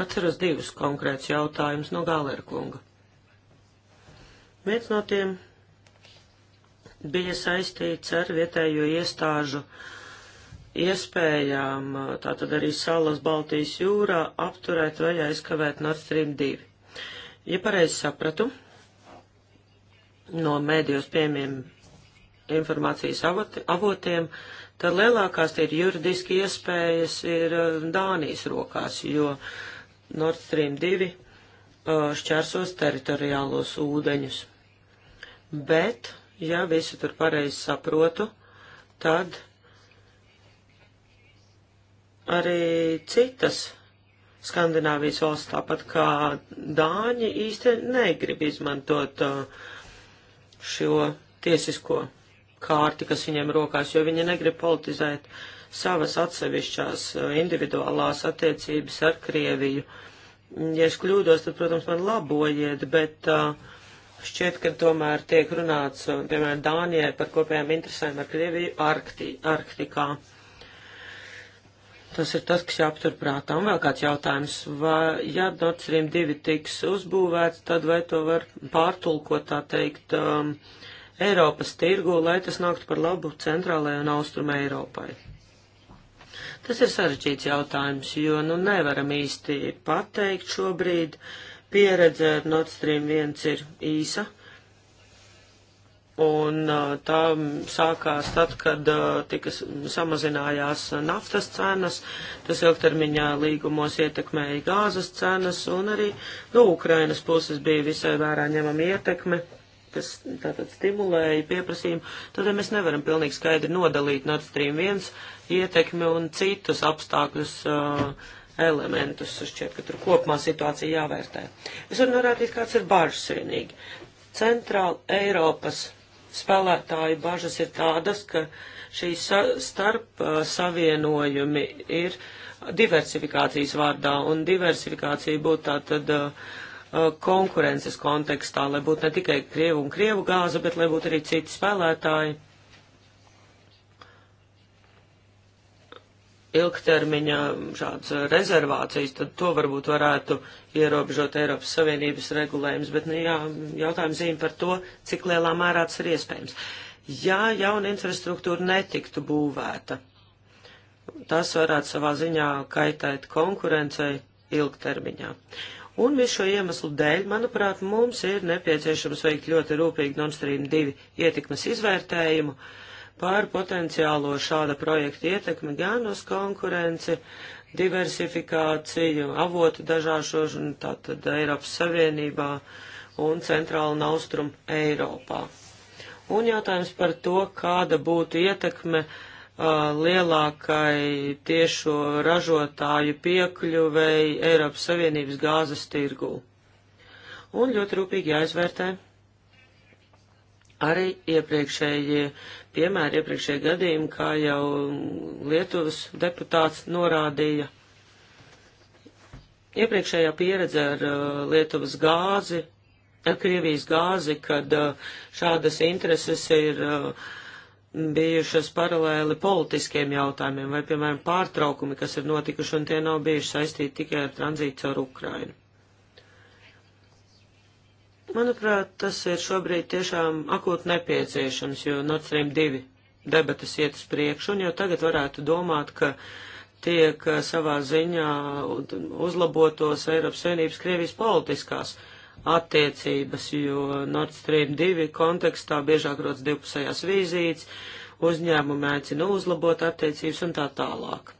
Atceros divus konkrētus jautājumus no Gālera kunga. Viens no tiem bija saistīts ar vietējo iestāžu uh, iespējām, tātad arī salas Baltijas jūrā, apturēt vai aizkavēt Nord Stream 2. Ja pareizi sapratu, no mēdījos piemiem informācijas avotiem, tad lielākās ir juridiski iespējas ir Dānijas rokās, jo Nord Stream 2 šķērsos teritoriālos ūdeņus. Bet, ja visu tur pareizi saprotu, tad arī citas Skandināvijas valsts, tāpat kā Dāņi, īsti negrib izmantot uh, šo tiesisko kārti, kas viņiem rokās, jo viņi negrib politizēt savas atsevišķās uh, individuālās attiecības ar Krieviju. Ja es kļūdos, tad, protams, man labojiet, bet uh, šķiet, ka tomēr tiek runāts, piemēram, Dānijai par kopējām interesēm ar Krieviju Arkti, Arktikā. Arkti Tas ir tas, kas jāaptur prātā. Un vēl kāds jautājums, vai, ja Nord Stream 2 tiks uzbūvēts, tad vai to var pārtulkot, tā teikt, um, Eiropas tirgu, lai tas nāktu par labu centrālajai un austrumē Eiropai? Tas ir sarežģīts jautājums, jo, nu, nevaram īsti pateikt šobrīd. Pieredze ar Nord Stream 1 ir īsa. Uh, Un tā sākās tad, kad tika samazinājās naftas cenas, tas ilgtermiņā līgumos ietekmēja gāzes cenas, un arī no nu, Ukrainas puses bija visai vērā ņemama ietekme, kas tātad stimulēja pieprasījumu. Tad mēs nevaram pilnīgi skaidri nodalīt Nord Stream 1 ietekmi un citus apstākļus. Uh, elementus, šķiet, ka tur kopumā situācija jāvērtē. Es varu norādīt, kāds ir bažas vienīgi. Centrāla Eiropas spēlētāju bažas ir tādas, ka šīs starp savienojumi ir diversifikācijas vārdā, un diversifikācija būtu tātad konkurences kontekstā, lai būtu ne tikai Krievu un Krievu gāze, bet lai būtu arī citi spēlētāji ilgtermiņa šāds eh, rezervācijas, tad to varbūt varētu ierobežot Eiropas Savienības regulējums, bet, nu jā, jautājums zīm par to, cik lielā mērā tas ir iespējams. Ja jauna infrastruktūra netiktu būvēta, tas varētu savā ziņā kaitēt konkurencei ilgtermiņā. Un visu šo iemeslu dēļ, manuprāt, mums ir nepieciešams veikt ļoti rūpīgi Nord Stream 2 ietekmes izvērtējumu. Uh, par potenciālo šāda projekta ietekmi gan uz konkurenci, diversifikāciju, avotu dažāšošanu, tātad Eiropas Savienībā un Centrāla un Austrum Eiropā. Un jautājums par to, kāda būtu ietekme uh, lielākai tiešo ražotāju piekļuvei Eiropas Savienības gāzes tirgū. Un ļoti rūpīgi jāizvērtē Arī iepriekšējie piemēri, iepriekšējie gadījumi, kā jau Lietuvas deputāts norādīja, iepriekšējā pieredze ar uh, Lietuvas gāzi, ar Krievijas gāzi, kad uh, šādas intereses ir uh, bijušas paralēli politiskiem jautājumiem vai, piemēram, pārtraukumi, kas ir notikuši, un tie nav bijuši saistīti tikai ar tranzītu caur Ukrainu. Manuprāt, tas ir šobrīd tiešām akūti nepieciešams, jo Nord Stream 2 debatas iet uz priekšu, un jau tagad varētu domāt, ka tiek eh, savā ziņā uzlabotos Eiropas Savienības Krievijas politiskās attiecības, jo Nord Stream 2 kontekstā biežāk rodas divpusējās vīzītes, uzņēmumi aicina uzlabot attiecības un tā tālāk.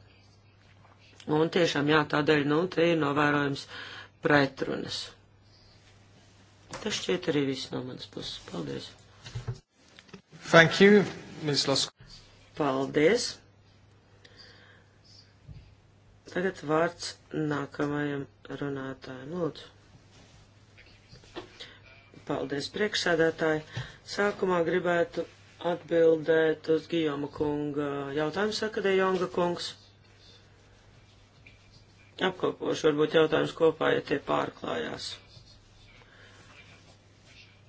Un tiešām, jā, tādēļ, nu, te ir novērojams pretrunas. Tas šķiet arī viss no manas puses. Paldies. Thank you, Ms. Lasko. Paldies. Tagad vārds nākamajam runātājam. Lūdzu. Paldies, priekšsēdētāji. Sākumā gribētu atbildēt uz Gijoma kunga jautājumu, saka Dejonga kungs. Apkopošu varbūt jautājumus kopā, ja tie pārklājās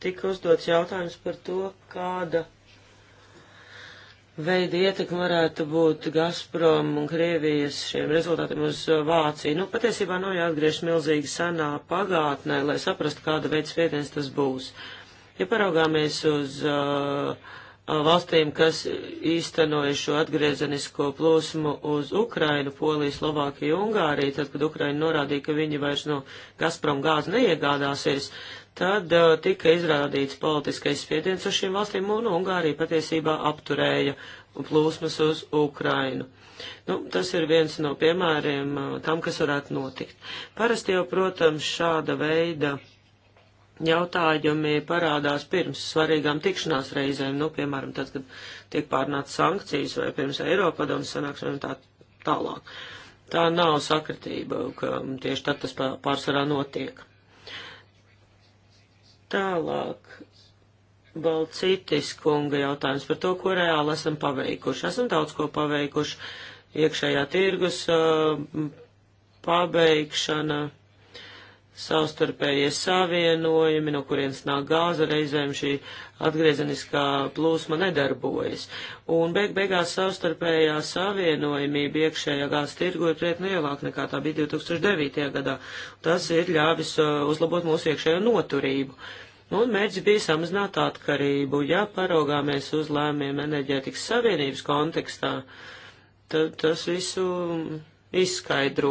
tika uzdots jautājums par to, kāda veida ietekme varētu būt Gazprom un Krievijas šiem rezultātiem uz uh, Vāciju. Nu, patiesībā nav jāatgriež milzīgi sanā pagātnē, lai saprastu, kāda veida spiediens tas būs. Ja paraugāmies uz uh, valstīm, kas īstenoja šo atgriezenisko plūsmu uz Ukrainu, Poliju, Slovākiju, Ungāriju, tad, kad Ukraina norādīja, ka viņi vairs no Gazprom gāzi neiegādāsies, tad uh, tika izrādīts politiskais spiediens uz šīm valstīm, un Ungārija patiesībā apturēja plūsmas uz Ukrainu. Nu, tas ir viens no piemēriem uh, tam, kas varētu notikt. Parasti jau, protams, šāda veida jautājumi parādās pirms svarīgām tikšanās reizēm, nu, piemēram, tad, kad tiek pārnāts sankcijas vai pirms Eiropadomas sanāksmēm tā tālāk. Tā nav sakritība, ka tieši tad tas pārsvarā notiek. Tālāk, Balcītis kunga jautājums par to, ko reāli esam paveikuši. Esam daudz ko paveikuši. Iekšējā tirgus uh, pabeigšana, savstarpējie savienojumi, no kurienes nāk gāza reizēm šī atgriezeniskā plūsma nedarbojas. Un beig beigās savstarpējā savienojumība iekšējā gāzes tirgu ir krietni lielāka nekā tā bija 2009. gadā. Tas ir ļāvis uh, uzlabot mūsu iekšējo noturību. Uh, Un mērķis bija samazināt atkarību. Ja paraugāmies uz lēmiem enerģētikas savienības kontekstā, tad tas visu izskaidro.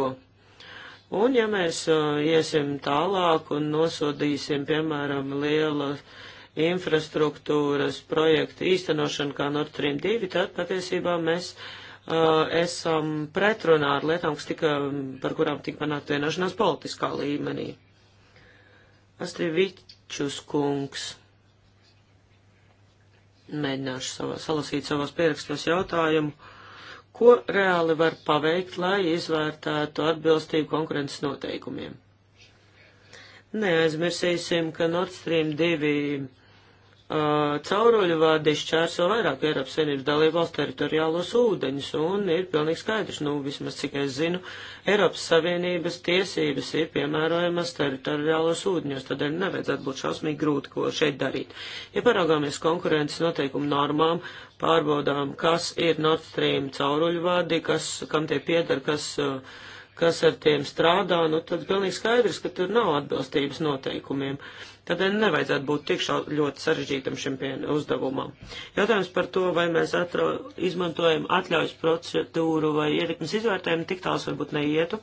Un ja mēs uh, iesim tālāk un nosodīsim, piemēram, liela infrastruktūras projekta īstenošanu kā Nord Stream 2, tad patiesībā mēs uh, esam pretrunā ar lietām, kas tika, par kurām tika panākt vienošanās politiskā līmenī. Astrid Čus kungs. Mēģināšu savā, salasīt savos pierakstos jautājumu, ko reāli var paveikt, lai izvērtētu atbilstību konkurences noteikumiem. Neaizmirsīsim, ka Nord Stream 2 Uh, cauruļvādi šķērso vairāk Eiropas Savienības dalībvalstu teritoriālos ūdeņus, un ir pilnīgi skaidrs, nu, vismaz cik es zinu, Eiropas Savienības tiesības ir piemērojamas teritoriālos ūdeņos, tādēļ nevajadzētu būt šausmīgi grūti, ko šeit darīt. Ja paraugāmies konkurences noteikumu normām, pārbaudām, kas ir Nord Stream cauruļvādi, kas, kam tie piedara, kas, kas ar tiem strādā, nu, tad pilnīgi skaidrs, ka tur nav atbilstības noteikumiem. Uh, Tādēļ nevajadzētu būt tik ļoti sarežģītam šim uzdevumam. Jautājums par to, vai mēs atro, izmantojam atļaujas procedūru vai ietekmes izvērtējumu, tik tāls varbūt neietu.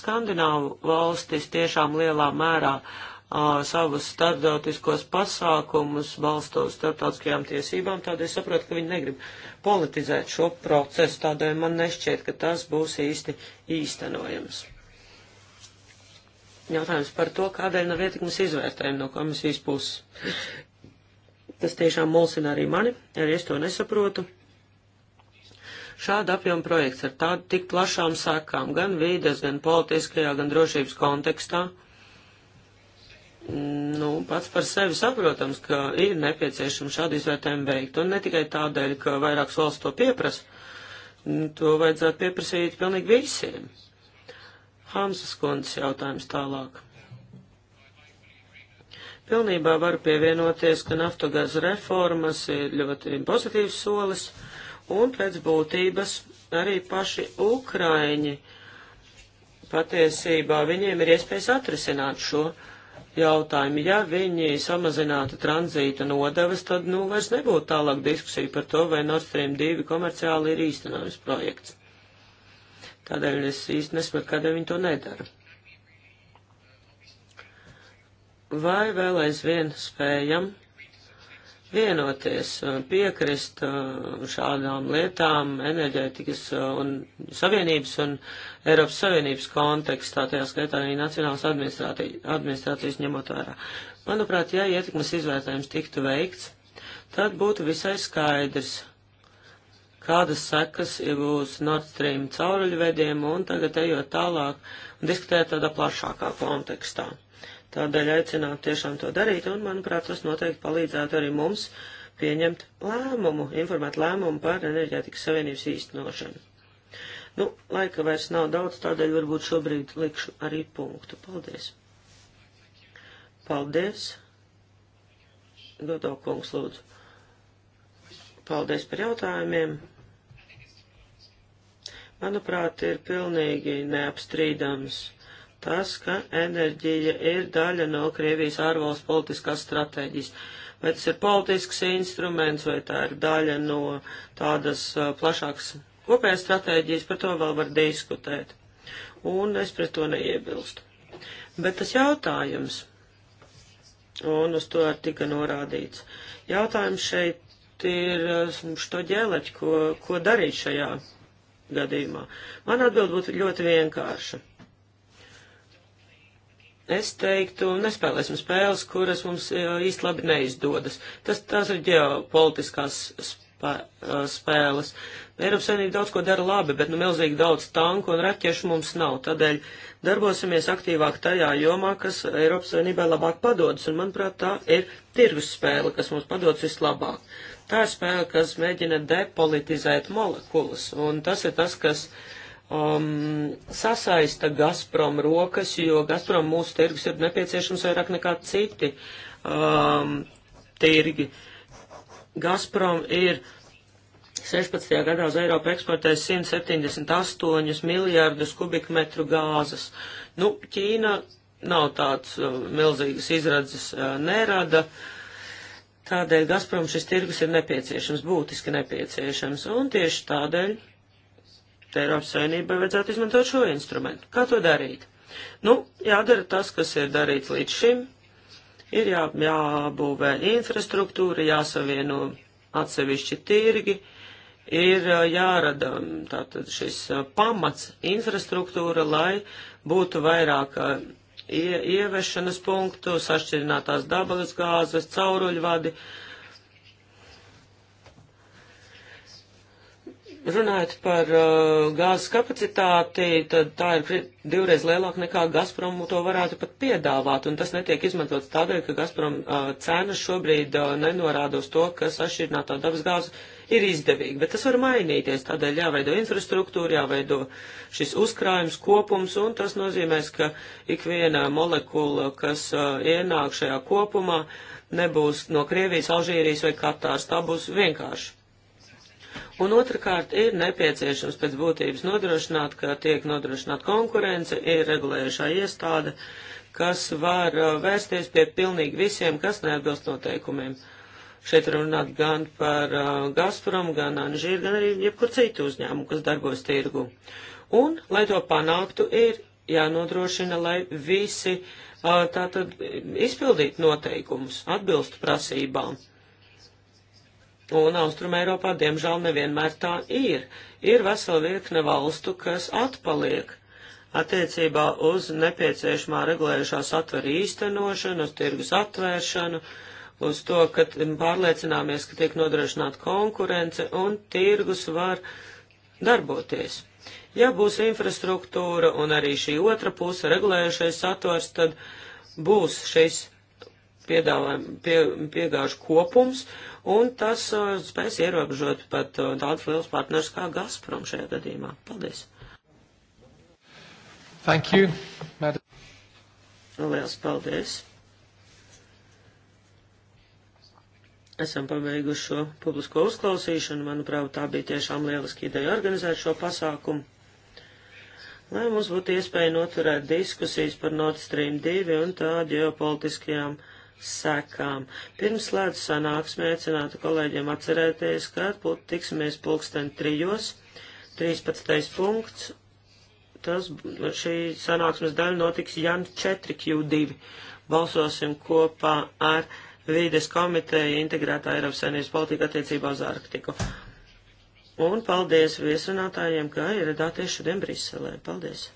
Skandināvu valstis tiešām lielā mērā a, savus starptautiskos pasākumus balsta uz starptautiskajām tiesībām, tādēļ saprotu, ka viņi negrib politizēt šo procesu, tādēļ man nešķiet, ka tas būs īsti īstenojams jautājums par to, kādēļ nav ietekmes izvērtējumi no komisijas puses. Tas tiešām mulsina arī mani, arī es to nesaprotu. Šāda apjoma projekts ar tādu tik plašām sākām gan vīdes, gan politiskajā, gan drošības kontekstā. Nu, pats par sevi saprotams, ka ir nepieciešams šādu izvērtējumu veikt, un ne tikai tādēļ, ka vairākas valsts to pieprasa, to vajadzētu pieprasīt pilnīgi visiem. Hamsas kundzes jautājums tālāk. Pilnībā varu pievienoties, ka naftogāz reformas ir ļoti pozitīvs solis, un pēc būtības arī paši ukraiņi patiesībā viņiem ir iespējas atrisināt šo jautājumu. Ja viņi samazinātu tranzīta nodevas, tad, nu, vairs nebūtu tālāk diskusija par to, vai Nord Stream 2 komerciāli ir īstenojums projekts. Tādēļ es īsti nesaprotu, kādēļ viņi to nedara. Vai vēl aizvien spējam vienoties, piekrist uh, šādām lietām enerģētikas uh, un savienības un Eiropas Savienības kontekstā, tajā skaitā arī Nacionālas administrācijas ņemot vērā. Manuprāt, ja ietekmes izvērtējums tiktu veikts, tad būtu visai skaidrs, kādas sekas iegūs Nord Stream cauruļvediem un tagad ejot tālāk un diskutēt tādā plašākā kontekstā. Tādēļ aicinām tiešām to darīt un, manuprāt, tas noteikti palīdzētu arī mums pieņemt lēmumu, informēt lēmumu par enerģētikas savienības īstenošanu. Nu, laika vairs nav daudz, tādēļ varbūt šobrīd likšu arī punktu. Paldies! Paldies! Godo kungs, lūdzu! Paldies par jautājumiem! Manuprāt, ir pilnīgi neapstrīdams tas, ka enerģija ir daļa no Krievijas ārvalsts politiskās stratēģijas. Vai tas ir politisks instruments, vai tā ir daļa no tādas plašākas kopējās stratēģijas, par to vēl var diskutēt. Un es pret to neiebilstu. Bet tas jautājums, un uz to tika norādīts, jautājums šeit ir štoģēleķi, ko, ko darīt šajā gadījumā? Man atbild būtu ļoti vienkārša. Es teiktu, nespēlēsim spēles, kuras mums īsti labi neizdodas. Tas, tās ir ģeopolitiskās spēles Uh, spēles. Eiropas Savienība daudz ko dara labi, bet nu milzīgi daudz tanku un raķešu mums nav. Tādēļ darbosimies aktīvāk tajā jomā, kas Eiropas Savienībai labāk padodas. Un, manuprāt, tā ir tirgus spēle, kas mums padodas vislabāk. Tā ir spēle, kas mēģina depolitizēt molekulas. Un tas ir tas, kas um, sasaista Gazprom rokas, jo Gazprom mūsu tirgus ir nepieciešams vairāk nekā citi um, tirgi. Uh, Gazprom ir 16. gadā uz Eiropu eksportēs 178 miljārdus kubikmetru gāzes. Nu, Ķīna nav tāds uh, milzīgas izredzes uh, nerada. Tādēļ Gazprom šis tirgus ir nepieciešams, būtiski nepieciešams. Un tieši tādēļ Eiropas Savienībai vajadzētu izmantot šo instrumentu. Kā to darīt? Nu, jādara tas, kas ir darīts līdz šim, Ir jā, jābūvē infrastruktūra, jāsavieno atsevišķi tirgi, ir jārada tātad šis pamats infrastruktūra, lai būtu vairāk ie, ievešanas punktu, sašķirinātās dabalas gāzes, cauruļvadi. vadi Runājot par uh, gāzes kapacitāti, tad tā ir divreiz lielāka nekā Gazprom to varētu pat piedāvāt, un tas netiek izmantots tādēļ, ka Gazprom uh, cenas šobrīd uh, nenorāda uz to, ka sašķirinātā dabas gāze ir izdevīga, bet tas var mainīties, tādēļ jāveido infrastruktūra, jāveido šis uzkrājums kopums, un tas nozīmēs, ka ikviena molekula, kas uh, ienāk šajā kopumā, nebūs no Krievijas, Alžīrijas vai Katārs, tā būs vienkārši Un otrkārt ir nepieciešams pēc būtības nodrošināt, ka tiek nodrošināta konkurence, ir regulējušā iestāde, kas var uh, vērsties pie pilnīgi visiem, kas neatbilst noteikumiem. Šeit runāt gan par uh, Gazprom, gan Anžīru, gan arī jebkur citu uzņēmumu, kas darbojas tirgu. Un, lai to panāktu, ir jānodrošina, lai visi uh, tātad izpildītu noteikumus, atbilstu prasībām. Un Austrum Eiropā, diemžēl, nevienmēr tā ir. Ir vesela virkne valstu, kas atpaliek attiecībā uz nepieciešamā regulējušā satvera īstenošanu, uz tirgus atvēršanu, uz to, ka pārliecināmies, ka tiek nodrošināta konkurence un tirgus var darboties. Ja būs infrastruktūra un arī šī otra puse regulējušais satvers, tad būs šis pie, piegāžu kopums, un tas uh, spēs ierobežot pat uh, daudz liels partners kā Gazprom šajā gadījumā. Paldies! Thank you, madam. Liels paldies! Esam pabeiguši šo publisko uzklausīšanu. Manuprāt, tā bija tiešām lieliski ideja organizēt šo pasākumu. Lai mums būtu iespēja noturēt diskusijas par Nord Stream 2 un tā ģeopolitiskajām. Uh, sekām. Pirms slēdz sanāksmē aicinātu kolēģiem atcerēties, ka būtu tiksimies pulksten trijos, 13. punkts. Tas, šī sanāksmes daļa notiks Jan 4Q2. Balsosim kopā ar Vīdes komiteju integrētā Eiropas saimnības politika attiecībā uz Arktiku. Un paldies viesrunātājiem, ka ieradāties šodien Briselē. Paldies!